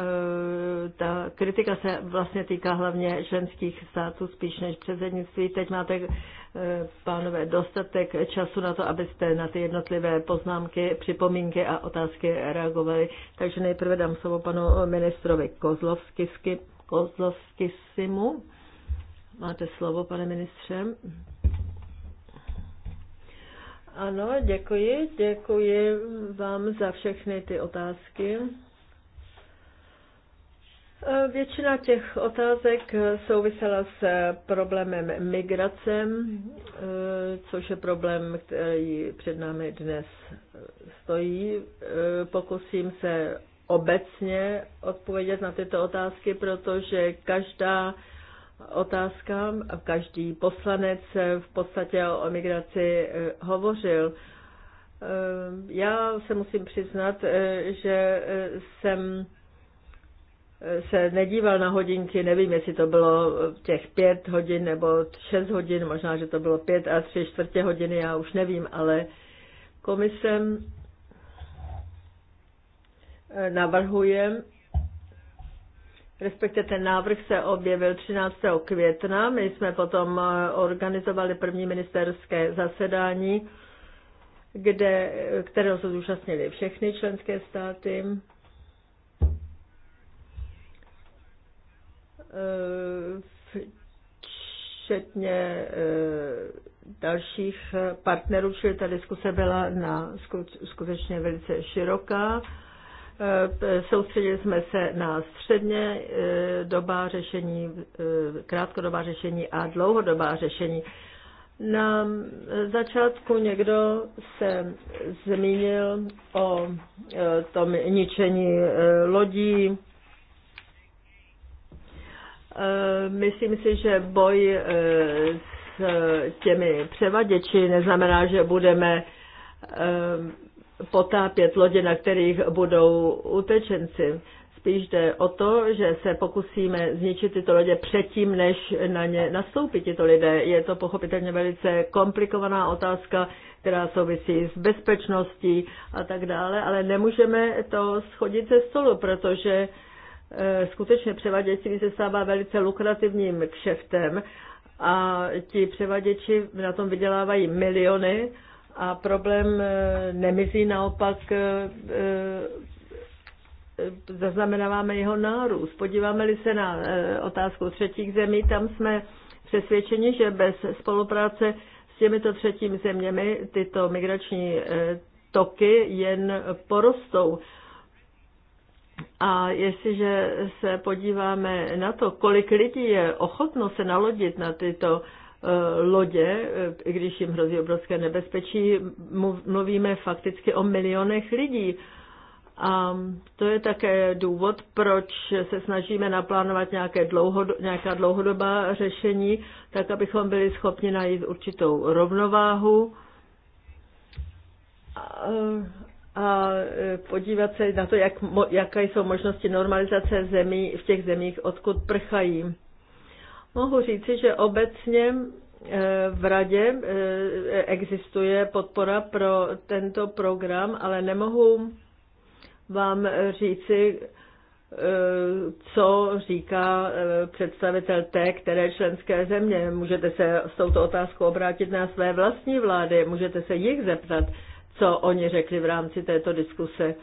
ta kritika se vlastně týká hlavně členských států spíš než předsednictví. Teď máte, eh, pánové, dostatek času na to, abyste na ty jednotlivé poznámky, připomínky a otázky reagovali. Takže nejprve dám slovo panu ministrovi Kozlovskisimu. Máte slovo, pane ministře. Ano, děkuji. Děkuji vám za všechny ty otázky. E, většina těch otázek souvisela s problémem migrace, e, což je problém, který před námi dnes stojí. E, pokusím se obecně odpovědět na tyto otázky, protože každá otázkám. Každý poslanec v podstatě o emigraci eh, hovořil. Eh, já se musím přiznat, eh, že jsem se nedíval na hodinky, nevím, jestli to bylo těch pět hodin nebo šest hodin, možná, že to bylo pět a tři čtvrtě hodiny, já už nevím, ale komisem navrhujem, respektive ten návrh se objevil 13. května. My jsme potom eh, organizovali první ministerské zasedání, kde, eh, kterého se zúčastnili všechny členské státy. Eh, včetně dalších partnerů, čili ta diskuse byla na skutečně velice široká Eh, soustředili jsme se na středně eh, doba řešení, eh, krátkodobá řešení a dlouhodobá řešení. Na začátku někdo se zmínil o tom ničení lodí. Myslím si, že boj s těmi převaděči neznamená, že budeme potápět lodě, na kterých budou utečenci. Spíš jde o to, že se pokusíme zničit tyto lodě předtím, než na ně nastoupí tyto lidé. Je to pochopitelně velice komplikovaná otázka, která souvisí s bezpečností a tak dále, ale nemůžeme to schodit ze stolu, protože eh, skutečně převaděčství se stává velice lukrativním kšeftem a ti převaděči na tom vydělávají miliony a problém eh, nemizí, naopak eh, eh, zaznamenáváme jeho nárůst. Podíváme-li se na otázku třetích zemí, tam jsme přesvědčeni, že bez spolupráce s těmito třetími zeměmi tyto migrační toky jen porostou. A jestliže se podíváme na to, kolik lidí je ochotno se nalodit na tyto uh, Eh, lodě, eh, i když jim hrozí obrovské nebezpečí, mluvíme fakticky o milionech lidí. A to je také důvod, proč se snažíme naplánovat nějaké dlouhod, nějaká dlouhodobá řešení, tak abychom byli schopni najít určitou rovnováhu a, a eh, podívat se na to, jak, jaké jsou možnosti normalizace zemí v těch zemích, odkud prchají mohu říci, že obecně e, v radě e, existuje podpora pro tento program, ale nemohu vám říci, e, co říká představitel té, které členské země. Můžete se s touto otázkou obrátit na své vlastní vlády, můžete se jich zeptat, co oni řekli v rámci této diskuse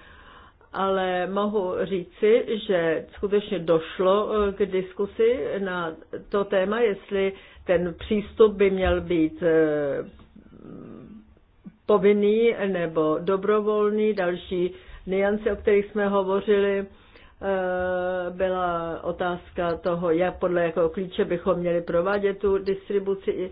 ale mohu říci, že skutečně došlo e, k diskusi na to téma, jestli ten přístup by měl být e, povinný nebo dobrovolný. Další niance, o kterých jsme hovořili, e, byla otázka toho, jak podle jakého klíče bychom měli provádět tu distribuci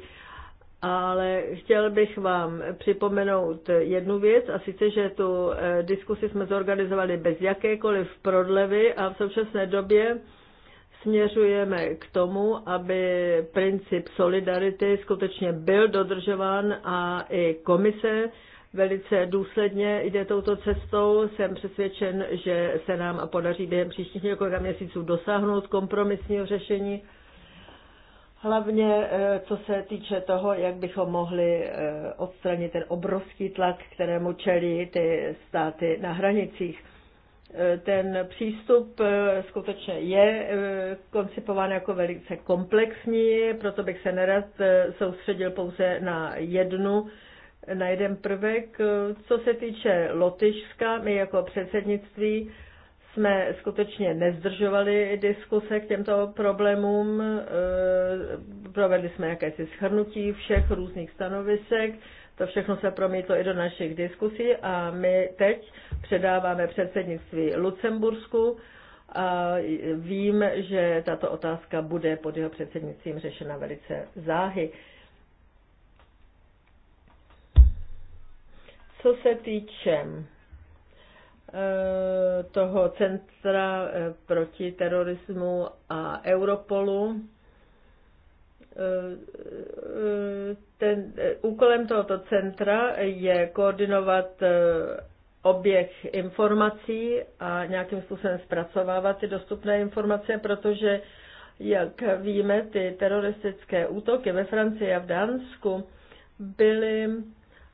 ale chtěl bych vám připomenout jednu věc, a sice, že tu eh, diskusi jsme zorganizovali bez jakékoliv prodlevy a v současné době směřujeme k tomu, aby princip solidarity skutečně byl dodržován a i komise velice důsledně jde touto cestou. Jsem přesvědčen, že se nám podaří během příštích několika měsíců dosáhnout kompromisního řešení Hlavně eh, co se týče toho, jak bychom mohli eh, odstranit ten obrovský tlak, kterému čelí ty státy na hranicích. Eh, ten přístup skutečně je koncipován jako velice komplexní, proto bych se nerad soustředil pouze na jednu na jeden prvek. Co se týče Lotyšska, my jako předsednictví jsme skutečně nezdržovali diskuse k těmto problémům. E, provedli jsme jakési schrnutí všech různých stanovisek. To všechno se promítlo i do našich diskusí a my teď předáváme předsednictví Lucembursku a vím, že tato otázka bude pod jeho předsednictvím řešena velice záhy. Co se týče Eh, toho Centra eh, proti terorismu a Europolu. Eh, ten, úkolem tohoto centra je koordinovat oběh informací a nějakým způsobem zpracovávat ty dostupné informace, protože, jak víme, ty teroristické útoky ve Francii a v Dánsku byly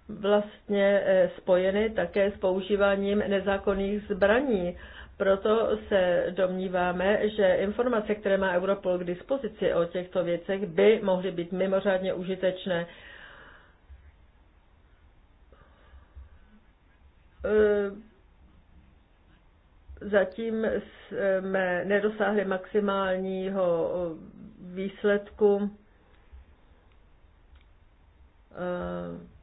vlastně e, spojeny také s používáním nezákonných zbraní. Proto se domníváme, že informace, které má Europol k dispozici o těchto věcech, by mohly být mimořádně užitečné. E, zatím jsme nedosáhli maximálního výsledku. E,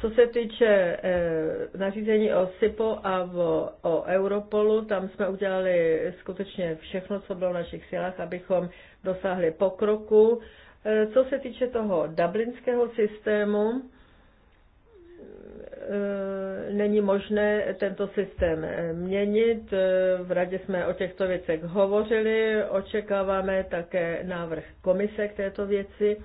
Co se týče eh, nařízení o SIPO a o Europolu, tam jsme udělali skutečně všechno, co bylo v našich silách, abychom dosáhli pokroku. Eh, co se týče toho dublinského systému, eh, není možné tento systém měnit. V radě jsme o těchto věcech hovořili, očekáváme také návrh komise k této věci.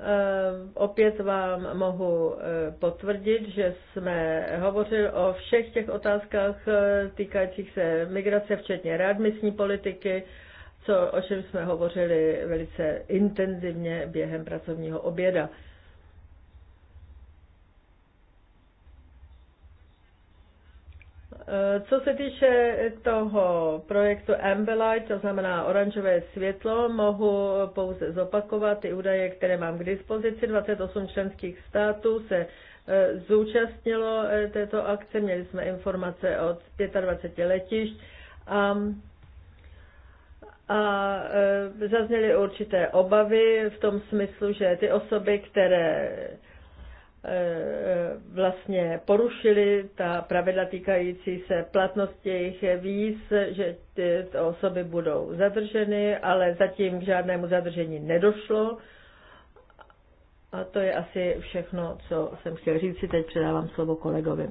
Eh, opět vám mohu eh, potvrdit, že jsme hovořili o všech těch otázkách eh, týkajících se migrace, včetně readmisní politiky, co, o čem jsme hovořili velice intenzivně během pracovního oběda. Co se týče toho projektu Ambilight, to znamená oranžové světlo, mohu pouze zopakovat ty údaje, které mám k dispozici. 28 členských států se e, zúčastnilo e, této akce, měli jsme informace od 25 letišť a, a e, zazněly určité obavy v tom smyslu, že ty osoby, které E, vlastně porušili ta pravidla týkající se platnosti jejich víz, že ty osoby budou zadrženy, ale zatím k žádnému zadržení nedošlo. A to je asi všechno, co jsem chtěl říct. Si teď předávám slovo kolegovi.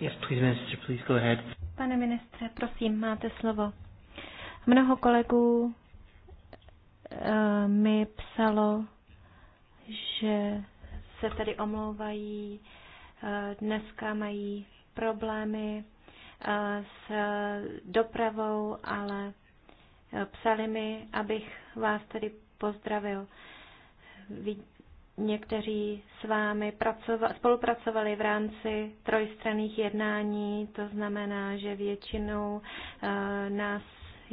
Yes, please, minister, please go ahead. Pane ministře, prosím, máte slovo. Mnoho kolegů eh, mi psalo, že se tady omlouvají, eh, dneska mají problémy eh, s dopravou, ale psali mi, abych vás tady pozdravil. Vy, někteří s vámi pracova, spolupracovali v rámci trojstranných jednání, to znamená, že většinou nás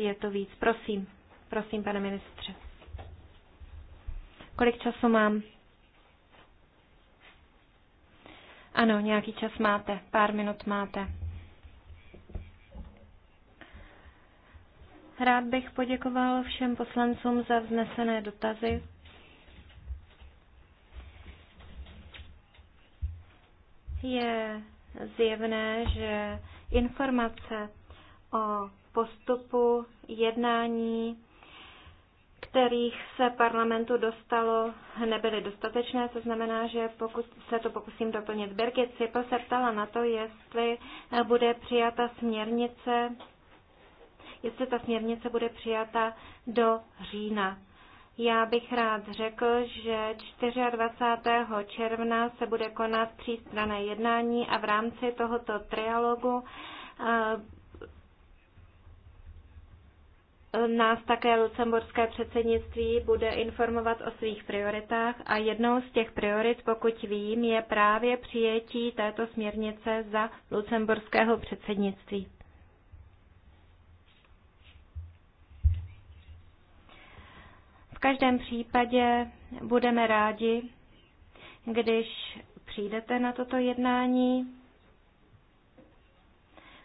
je to víc. Prosím, prosím, pane ministře. Kolik času mám? Ano, nějaký čas máte, pár minut máte. Rád bych poděkoval všem poslancům za vznesené dotazy. Je zjevné, že informace o postupu jednání, kterých se parlamentu dostalo, nebyly dostatečné, to znamená, že pokud se to pokusím doplnit, Birgit Cipl se ptala na to, jestli bude přijata směrnice, jestli ta směrnice bude přijata do října. Já bych rád řekl, že 24. června se bude konat třístrané jednání a v rámci tohoto trialogu eh, nás také lucemburské předsednictví bude informovat o svých prioritách a jednou z těch priorit, pokud vím, je právě přijetí této směrnice za lucemburského předsednictví. V každém případě budeme rádi, když přijdete na toto jednání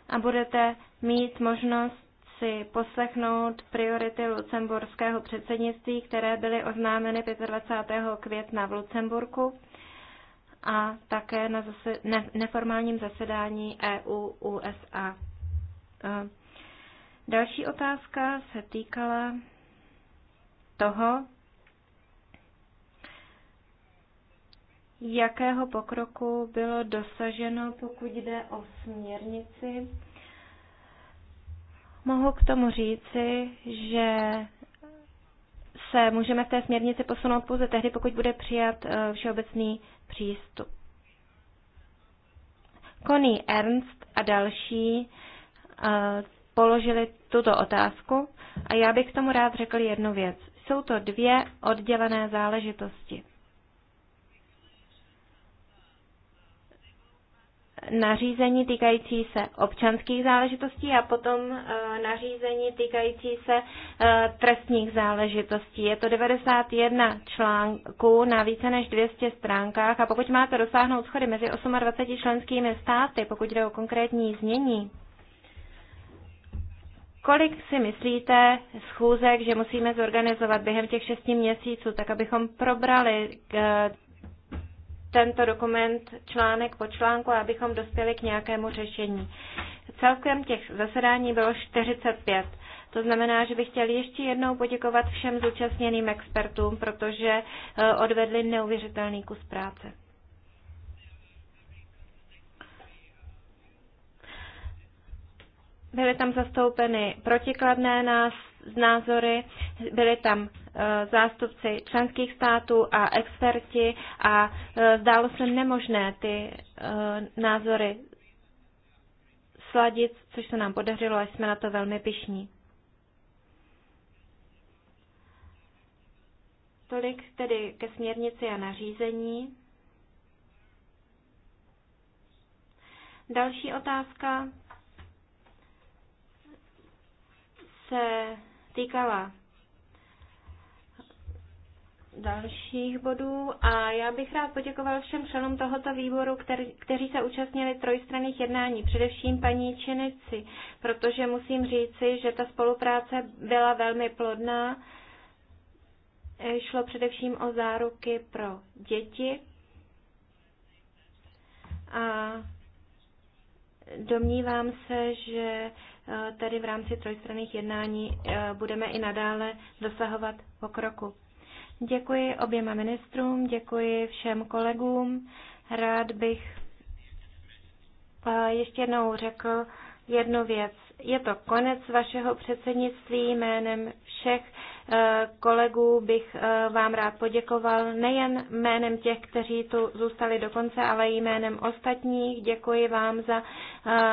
a budete mít možnost si poslechnout priority lucemburského předsednictví, které byly oznámeny 25. května v Lucemburku a také na zase, ne, neformálním zasedání EU-USA. Další otázka se týkala toho, jakého pokroku bylo dosaženo, pokud jde o směrnici Mohu k tomu říci, že se můžeme v té směrnici posunout pouze tehdy, pokud bude přijat eh, všeobecný přístup. Connie Ernst a další eh, položili tuto otázku a já bych k tomu rád řekl jednu věc. Jsou to dvě oddělené záležitosti. nařízení týkající se občanských záležitostí a potom eh, nařízení týkající se eh, trestních záležitostí. Je to 91 článků na více než 200 stránkách a pokud máte dosáhnout schody mezi 28 členskými státy, pokud jde o konkrétní změní, Kolik si myslíte schůzek, že musíme zorganizovat během těch šesti měsíců, tak abychom probrali eh, tento dokument článek po článku, abychom dospěli k nějakému řešení. Celkem těch zasedání bylo 45. To znamená, že bych chtěl ještě jednou poděkovat všem zúčastněným expertům, protože eh, odvedli neuvěřitelný kus práce. Byly tam zastoupeny protikladné názory, byly tam Eh, zástupci členských států a experti a eh, zdálo se nemožné ty eh, názory sladit, což se nám podařilo a jsme na to velmi pišní. Tolik tedy ke směrnici a nařízení. Další otázka se týkala dalších bodů a já bych rád poděkoval všem členům tohoto výboru, který, kteří se účastnili trojstranných jednání, především paní Činici, protože musím říci, že ta spolupráce byla velmi plodná. Šlo především o záruky pro děti a domnívám se, že eh, tady v rámci trojstranných jednání eh, budeme i nadále dosahovat pokroku. Děkuji oběma ministrům, děkuji všem kolegům. Rád bych eh, ještě jednou řekl jednu věc. Je to konec vašeho předsednictví jménem všech eh, kolegů bych eh, vám rád poděkoval nejen jménem těch, kteří tu zůstali do konce, ale i jménem ostatních. Děkuji vám za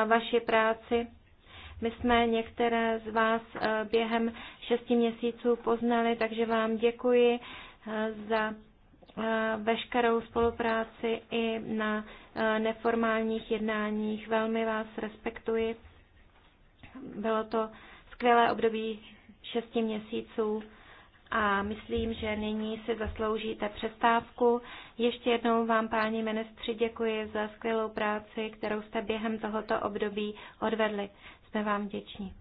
vaši práci. My jsme některé z vás eh, během šesti měsíců poznali, takže vám děkuji eh, za eh, veškerou spolupráci i na neformálních jednáních. Velmi vás respektuji. Bylo to skvělé období šesti měsíců a myslím, že nyní si zasloužíte přestávku. Ještě jednou vám, páni ministři, děkuji za skvělou práci, kterou jste během tohoto období odvedli. Jsme vám vděční.